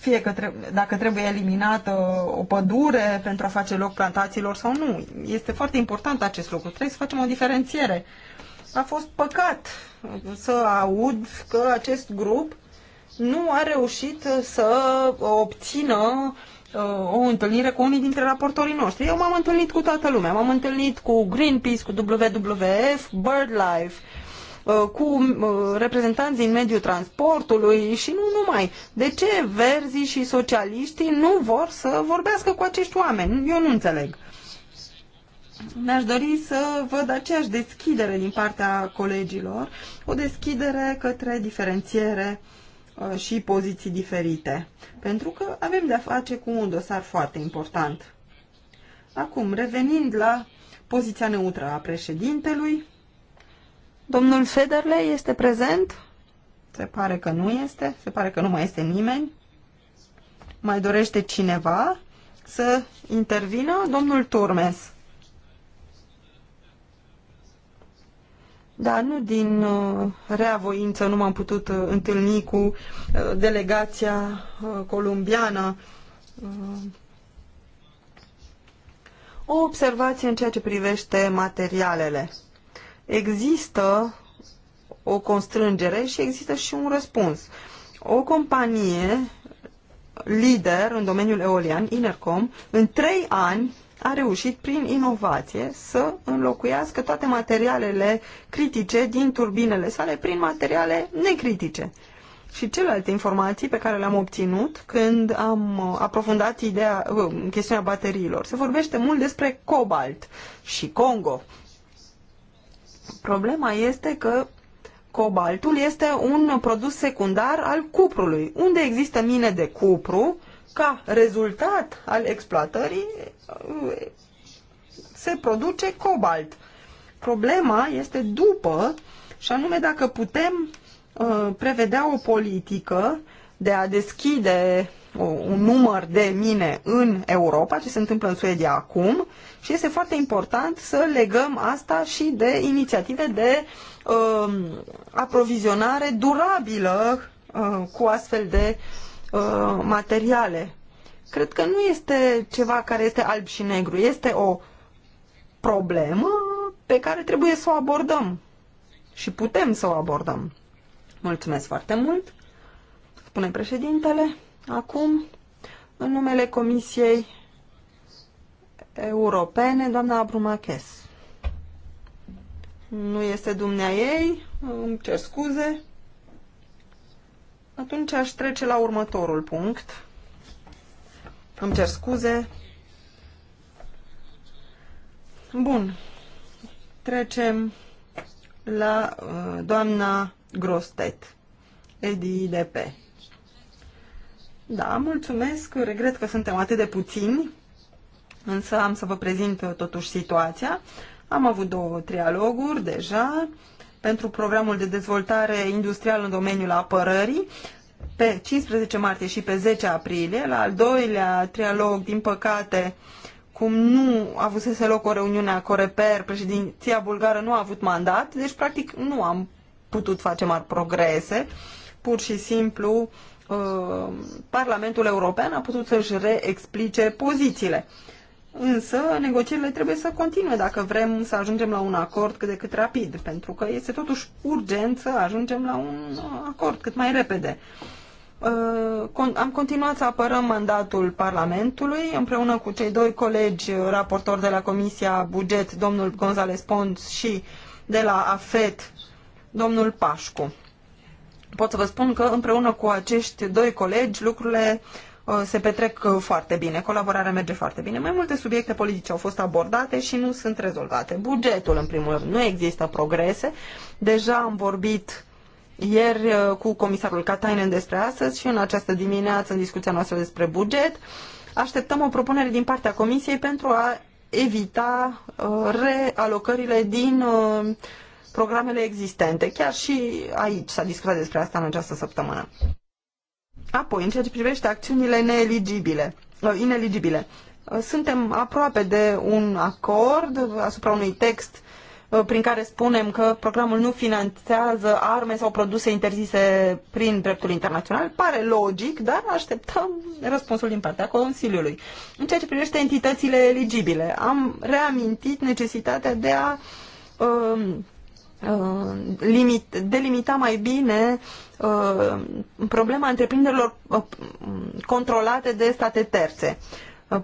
fie că trebuie, dacă trebuie eliminată o pădure pentru a face loc plantațiilor sau nu. Este foarte important acest lucru. Trebuie să facem o diferențiere. A fost păcat să aud că acest grup nu a reușit să obțină uh, o întâlnire cu unii dintre raportorii noștri. Eu m-am întâlnit cu toată lumea. M-am întâlnit cu Greenpeace, cu WWF, BirdLife, Uh, cu uh, reprezentanții în mediul transportului și nu numai. De ce verzii și socialiștii nu vor să vorbească cu acești oameni? Eu nu înțeleg. Mi-aș dori să văd aceeași deschidere din partea colegilor, o deschidere către diferențiere uh, și poziții diferite, pentru că avem de-a face cu un dosar foarte important. Acum, revenind la poziția neutră a președintelui, Domnul Federle este prezent? Se pare că nu este, se pare că nu mai este nimeni. Mai dorește cineva să intervină? Domnul Turmes. Da, nu din uh, reavoință nu m-am putut uh, întâlni cu uh, delegația uh, columbiană. Uh, o observație în ceea ce privește materialele există o constrângere și există și un răspuns. O companie lider în domeniul eolian, Inercom, în trei ani a reușit prin inovație să înlocuiască toate materialele critice din turbinele sale prin materiale necritice. Și celelalte informații pe care le-am obținut când am aprofundat ideea, uh, chestiunea bateriilor. Se vorbește mult despre cobalt și Congo Problema este că cobaltul este un produs secundar al cuprului. Unde există mine de cupru, ca rezultat al exploatării se produce cobalt. Problema este după, și anume dacă putem uh, prevedea o politică de a deschide o, uh, un număr de mine în Europa, ce se întâmplă în Suedia acum, și este foarte important să legăm asta și de inițiative de uh, aprovizionare durabilă uh, cu astfel de uh, materiale. Cred că nu este ceva care este alb și negru, este o problemă pe care trebuie să o abordăm și putem să o abordăm. Mulțumesc foarte mult, spune președintele. Acum, în numele Comisiei europene, doamna Abrumaches. Nu este dumnea ei, îmi cer scuze. Atunci aș trece la următorul punct. Îmi cer scuze. Bun. Trecem la uh, doamna Grostet, EDIDP. Da, mulțumesc. Regret că suntem atât de puțini însă am să vă prezint uh, totuși situația. Am avut două trialoguri deja pentru programul de dezvoltare industrială în domeniul apărării pe 15 martie și pe 10 aprilie. La al doilea trialog, din păcate, cum nu avusese loc o reuniune a Coreper, președinția bulgară nu a avut mandat, deci practic nu am putut face mari progrese. Pur și simplu, uh, Parlamentul European a putut să-și reexplice pozițiile. Însă, negocierile trebuie să continue dacă vrem să ajungem la un acord cât de cât rapid, pentru că este totuși urgent să ajungem la un acord cât mai repede. Uh, am continuat să apărăm mandatul Parlamentului împreună cu cei doi colegi raportori de la Comisia Buget, domnul González Pons și de la AFET, domnul Pașcu. Pot să vă spun că împreună cu acești doi colegi lucrurile uh, Uh, se petrec uh, foarte bine, colaborarea merge foarte bine. Mai multe subiecte politice au fost abordate și nu sunt rezolvate. Bugetul, în primul rând, nu există progrese. Deja am vorbit ieri uh, cu comisarul Katainen despre astăzi și în această dimineață în discuția noastră despre buget. Așteptăm o propunere din partea Comisiei pentru a evita realocările din programele existente. Chiar și aici s-a discutat despre asta în această săptămână. Apoi, în ceea ce privește acțiunile neeligibile, uh, ineligibile, uh, suntem aproape de un acord asupra unui text uh, prin care spunem că programul nu finanțează arme sau produse interzise prin dreptul internațional. Pare logic, dar așteptăm răspunsul din partea Consiliului. În ceea ce privește entitățile eligibile, am reamintit necesitatea de a Uh, limit, delimita mai bine uh, problema întreprinderilor uh, controlate de state terțe.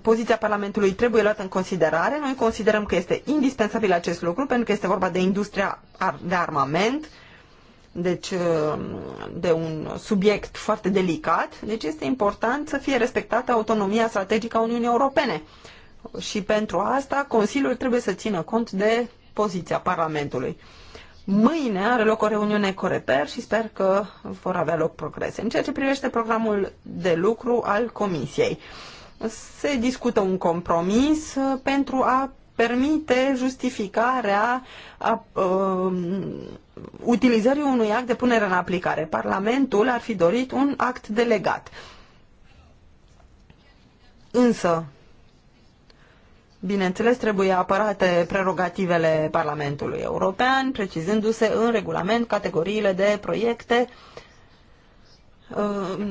Poziția Parlamentului trebuie luată în considerare. Noi considerăm că este indispensabil acest lucru pentru că este vorba de industria de armament, deci de un subiect foarte delicat. Deci este important să fie respectată autonomia strategică a Uniunii Europene. Și pentru asta Consiliul trebuie să țină cont de poziția Parlamentului. Mâine are loc o reuniune Coreper și sper că vor avea loc progrese. În ceea ce privește programul de lucru al Comisiei, se discută un compromis uh, pentru a permite justificarea a, a, um, uh, utilizării unui act de punere în aplicare. Parlamentul ar fi dorit un act delegat. Însă, Bineînțeles, trebuie apărate prerogativele Parlamentului European, precizându-se în regulament categoriile de proiecte uh,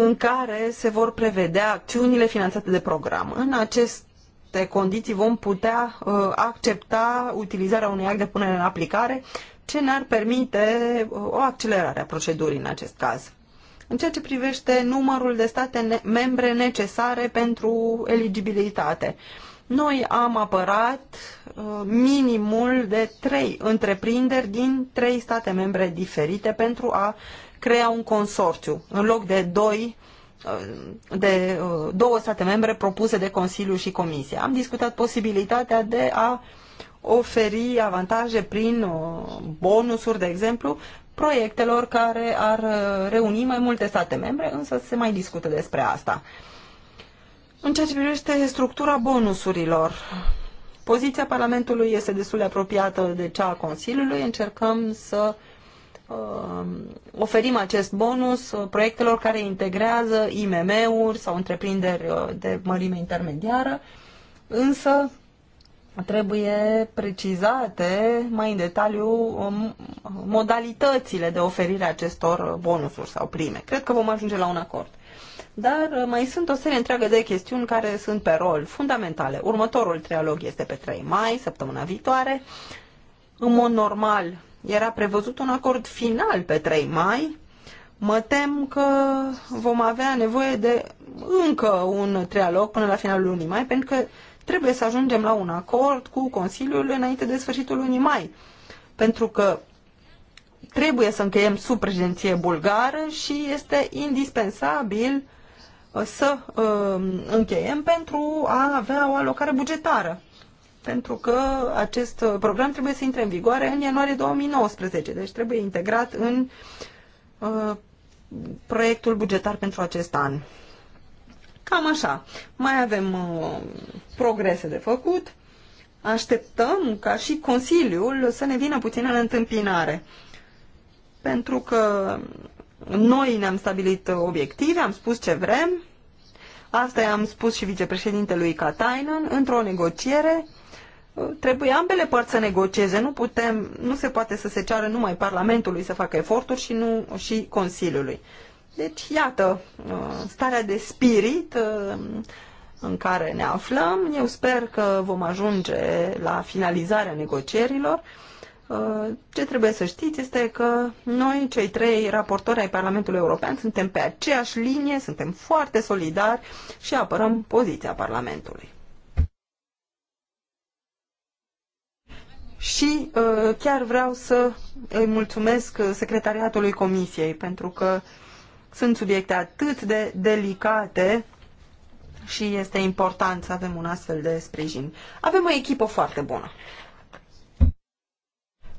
în care se vor prevedea acțiunile finanțate de program. În aceste condiții vom putea uh, accepta utilizarea unui act de punere în aplicare, ce ne-ar permite uh, o accelerare a procedurii în acest caz. În ceea ce privește numărul de state membre necesare pentru eligibilitate, noi am apărat uh, minimul de trei întreprinderi din trei state membre diferite pentru a crea un consorțiu, în loc de doi uh, de uh, două state membre propuse de Consiliu și Comisie. Am discutat posibilitatea de a oferi avantaje prin uh, bonusuri, de exemplu, proiectelor care ar uh, reuni mai multe state membre, însă se mai discută despre asta. În ceea ce privește structura bonusurilor, poziția Parlamentului este destul de apropiată de cea a Consiliului. Încercăm să uh, oferim acest bonus uh, proiectelor care integrează IMM-uri sau întreprinderi uh, de mărime intermediară, însă trebuie precizate mai în detaliu um, modalitățile de oferire a acestor bonusuri sau prime. Cred că vom ajunge la un acord. Dar uh, mai sunt o serie întreagă de chestiuni care sunt pe rol, fundamentale. Următorul trialog este pe 3 mai, săptămâna viitoare. În mod normal, era prevăzut un acord final pe 3 mai. Mă tem că vom avea nevoie de încă un trialog până la finalul lunii mai, pentru că trebuie să ajungem la un acord cu Consiliul înainte de sfârșitul lunii mai, pentru că trebuie să încheiem sub președinție bulgară și este indispensabil uh, să uh, încheiem pentru a avea o alocare bugetară pentru că acest uh, program trebuie să intre în vigoare în ianuarie 2019, deci trebuie integrat în uh, proiectul bugetar pentru acest an. Cam așa. Mai avem uh, progrese de făcut. Așteptăm ca și Consiliul să ne vină puțin în întâmpinare. Pentru că noi ne-am stabilit obiective, am spus ce vrem. Asta i-am spus și vicepreședintelui Katainen. Într-o negociere uh, trebuie ambele părți să negocieze. Nu, putem, nu se poate să se ceară numai Parlamentului să facă eforturi și, nu, și Consiliului. Deci, iată, uh, starea de spirit uh, în care ne aflăm. Eu sper că vom ajunge la finalizarea negocierilor. Uh, ce trebuie să știți este că noi, cei trei raportori ai Parlamentului European, suntem pe aceeași linie, suntem foarte solidari și apărăm poziția Parlamentului. Și chiar vreau să îi mulțumesc secretariatului Comisiei pentru că sunt subiecte atât de delicate și este important să avem un astfel de sprijin. Avem o echipă foarte bună.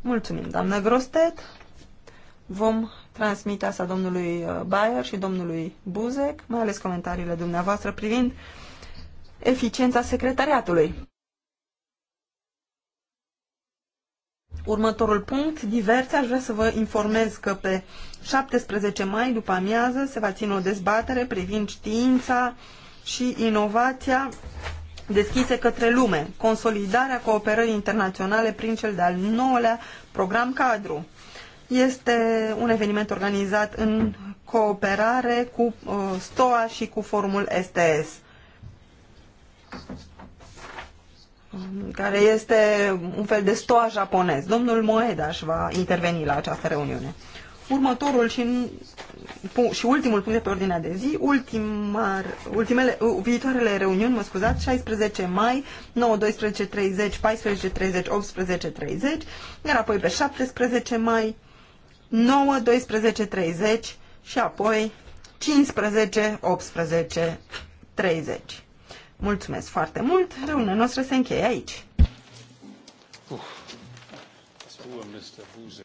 Mulțumim, doamnă Grostet. Vom transmite asta domnului uh, Bayer și domnului Buzek, mai ales comentariile dumneavoastră privind eficiența secretariatului. Următorul punct, diverse, aș vrea să vă informez că pe 17 mai, după amiază, se va ține o dezbatere privind știința și inovația deschise către lume, consolidarea cooperării internaționale prin cel de-al nouălea program cadru. Este un eveniment organizat în cooperare cu uh, STOA și cu formul STS, care este un fel de STOA japonez. Domnul Moeda își va interveni la această reuniune următorul și, și ultimul punct de pe ordinea de zi, ultimar, ultimele, viitoarele reuniuni, mă scuzați, 16 mai, 9, 12, 30, 14, 30, 18, 30, iar apoi pe 17 mai, 9, 12, 30 și apoi 15, 18, 30. Mulțumesc foarte mult, reuniunea noastră se încheie aici. Uf.